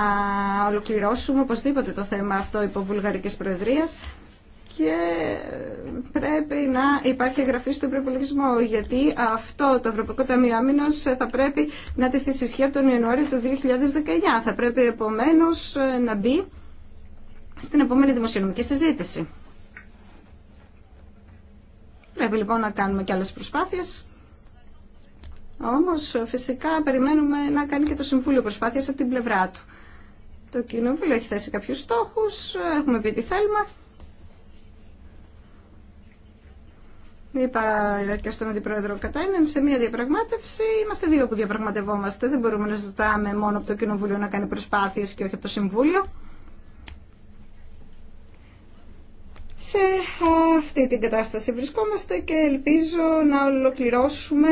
ολοκληρώσουμε οπωσδήποτε το θέμα αυτό υπό Βουλγαρικής Προεδρίας και πρέπει να υπάρχει εγγραφή στον προπολογισμό, γιατί αυτό το Ευρωπαϊκό Ταμείο Άμυνος θα πρέπει να τεθεί σε από τον Ιανουάριο του 2019. Θα πρέπει επομένως να μπει στην επόμενη δημοσιονομική συζήτηση. Πρέπει λοιπόν να κάνουμε και άλλες προσπάθειες. Όμως φυσικά περιμένουμε να κάνει και το Συμβούλιο προσπάθειες από την πλευρά του. Το Κοινοβούλιο έχει θέσει κάποιους στόχους, έχουμε πει τι θέλουμε. Είπα και στον Αντιπρόεδρο Κατάινεν, σε μια διαπραγμάτευση είμαστε δύο που διαπραγματευόμαστε. Δεν μπορούμε να ζητάμε μόνο από το Κοινοβούλιο να κάνει προσπάθειες και όχι από το Συμβούλιο. Σε αυτή την κατάσταση βρισκόμαστε και ελπίζω να ολοκληρώσουμε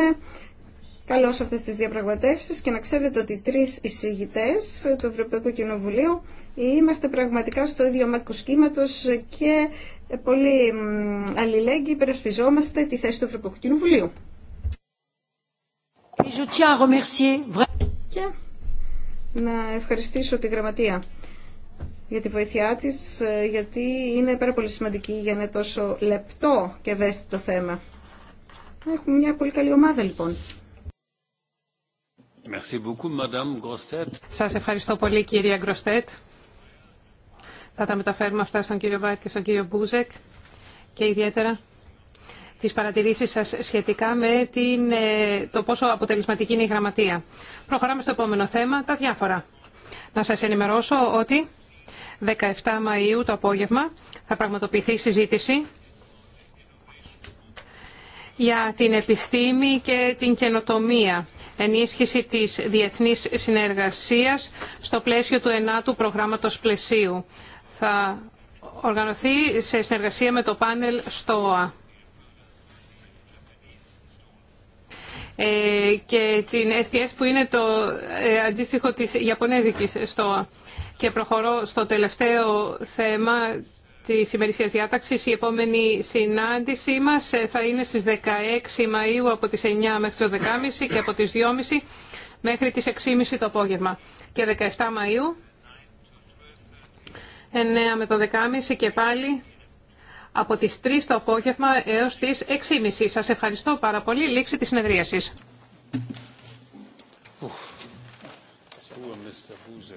καλώ αυτές τις διαπραγματεύσεις και να ξέρετε ότι τρεις εισηγητέ του Ευρωπαϊκού Κοινοβουλίου είμαστε πραγματικά στο ίδιο μήκος και πολύ αλληλέγγυοι υπερασπιζόμαστε τη θέση του Ευρωπαϊκού Κοινοβουλίου. Και να ευχαριστήσω τη Γραμματεία για τη βοήθειά της, ε, γιατί είναι πάρα πολύ σημαντική για ένα τόσο λεπτό και ευαίσθητο θέμα. Έχουμε μια πολύ καλή ομάδα λοιπόν. Σας ευχαριστώ πολύ κυρία Γκροστέτ. Θα τα μεταφέρουμε αυτά στον κύριο Βάρκ και στον κύριο Μπούζεκ και ιδιαίτερα τις παρατηρήσεις σας σχετικά με την, ε, το πόσο αποτελεσματική είναι η γραμματεία. Προχωράμε στο επόμενο θέμα, τα διάφορα. Να σας ενημερώσω ότι 17 Μαΐου το απόγευμα θα πραγματοποιηθεί συζήτηση για την επιστήμη και την καινοτομία, ενίσχυση της διεθνής συνεργασίας στο πλαίσιο του ενάτου προγράμματος πλαισίου. Θα οργανωθεί σε συνεργασία με το πάνελ ΣΤΟΑ. Ε, και την STS που είναι το ε, αντίστοιχο της Ιαπωνέζικης ΣΤΟΑ. Και προχωρώ στο τελευταίο θέμα της ημερησίας διάταξης. Η επόμενη συνάντησή μας ε, θα είναι στις 16 Μαΐου από τις 9 μέχρι τις 12.30 και από τις 2.30 μέχρι τις 6.30 το απόγευμα. Και 17 Μαΐου, 9 με το 10.30 και πάλι από τις 3 το απόγευμα έως τις 6.30. Σας ευχαριστώ πάρα πολύ. Λήξη της συνεδρίασης.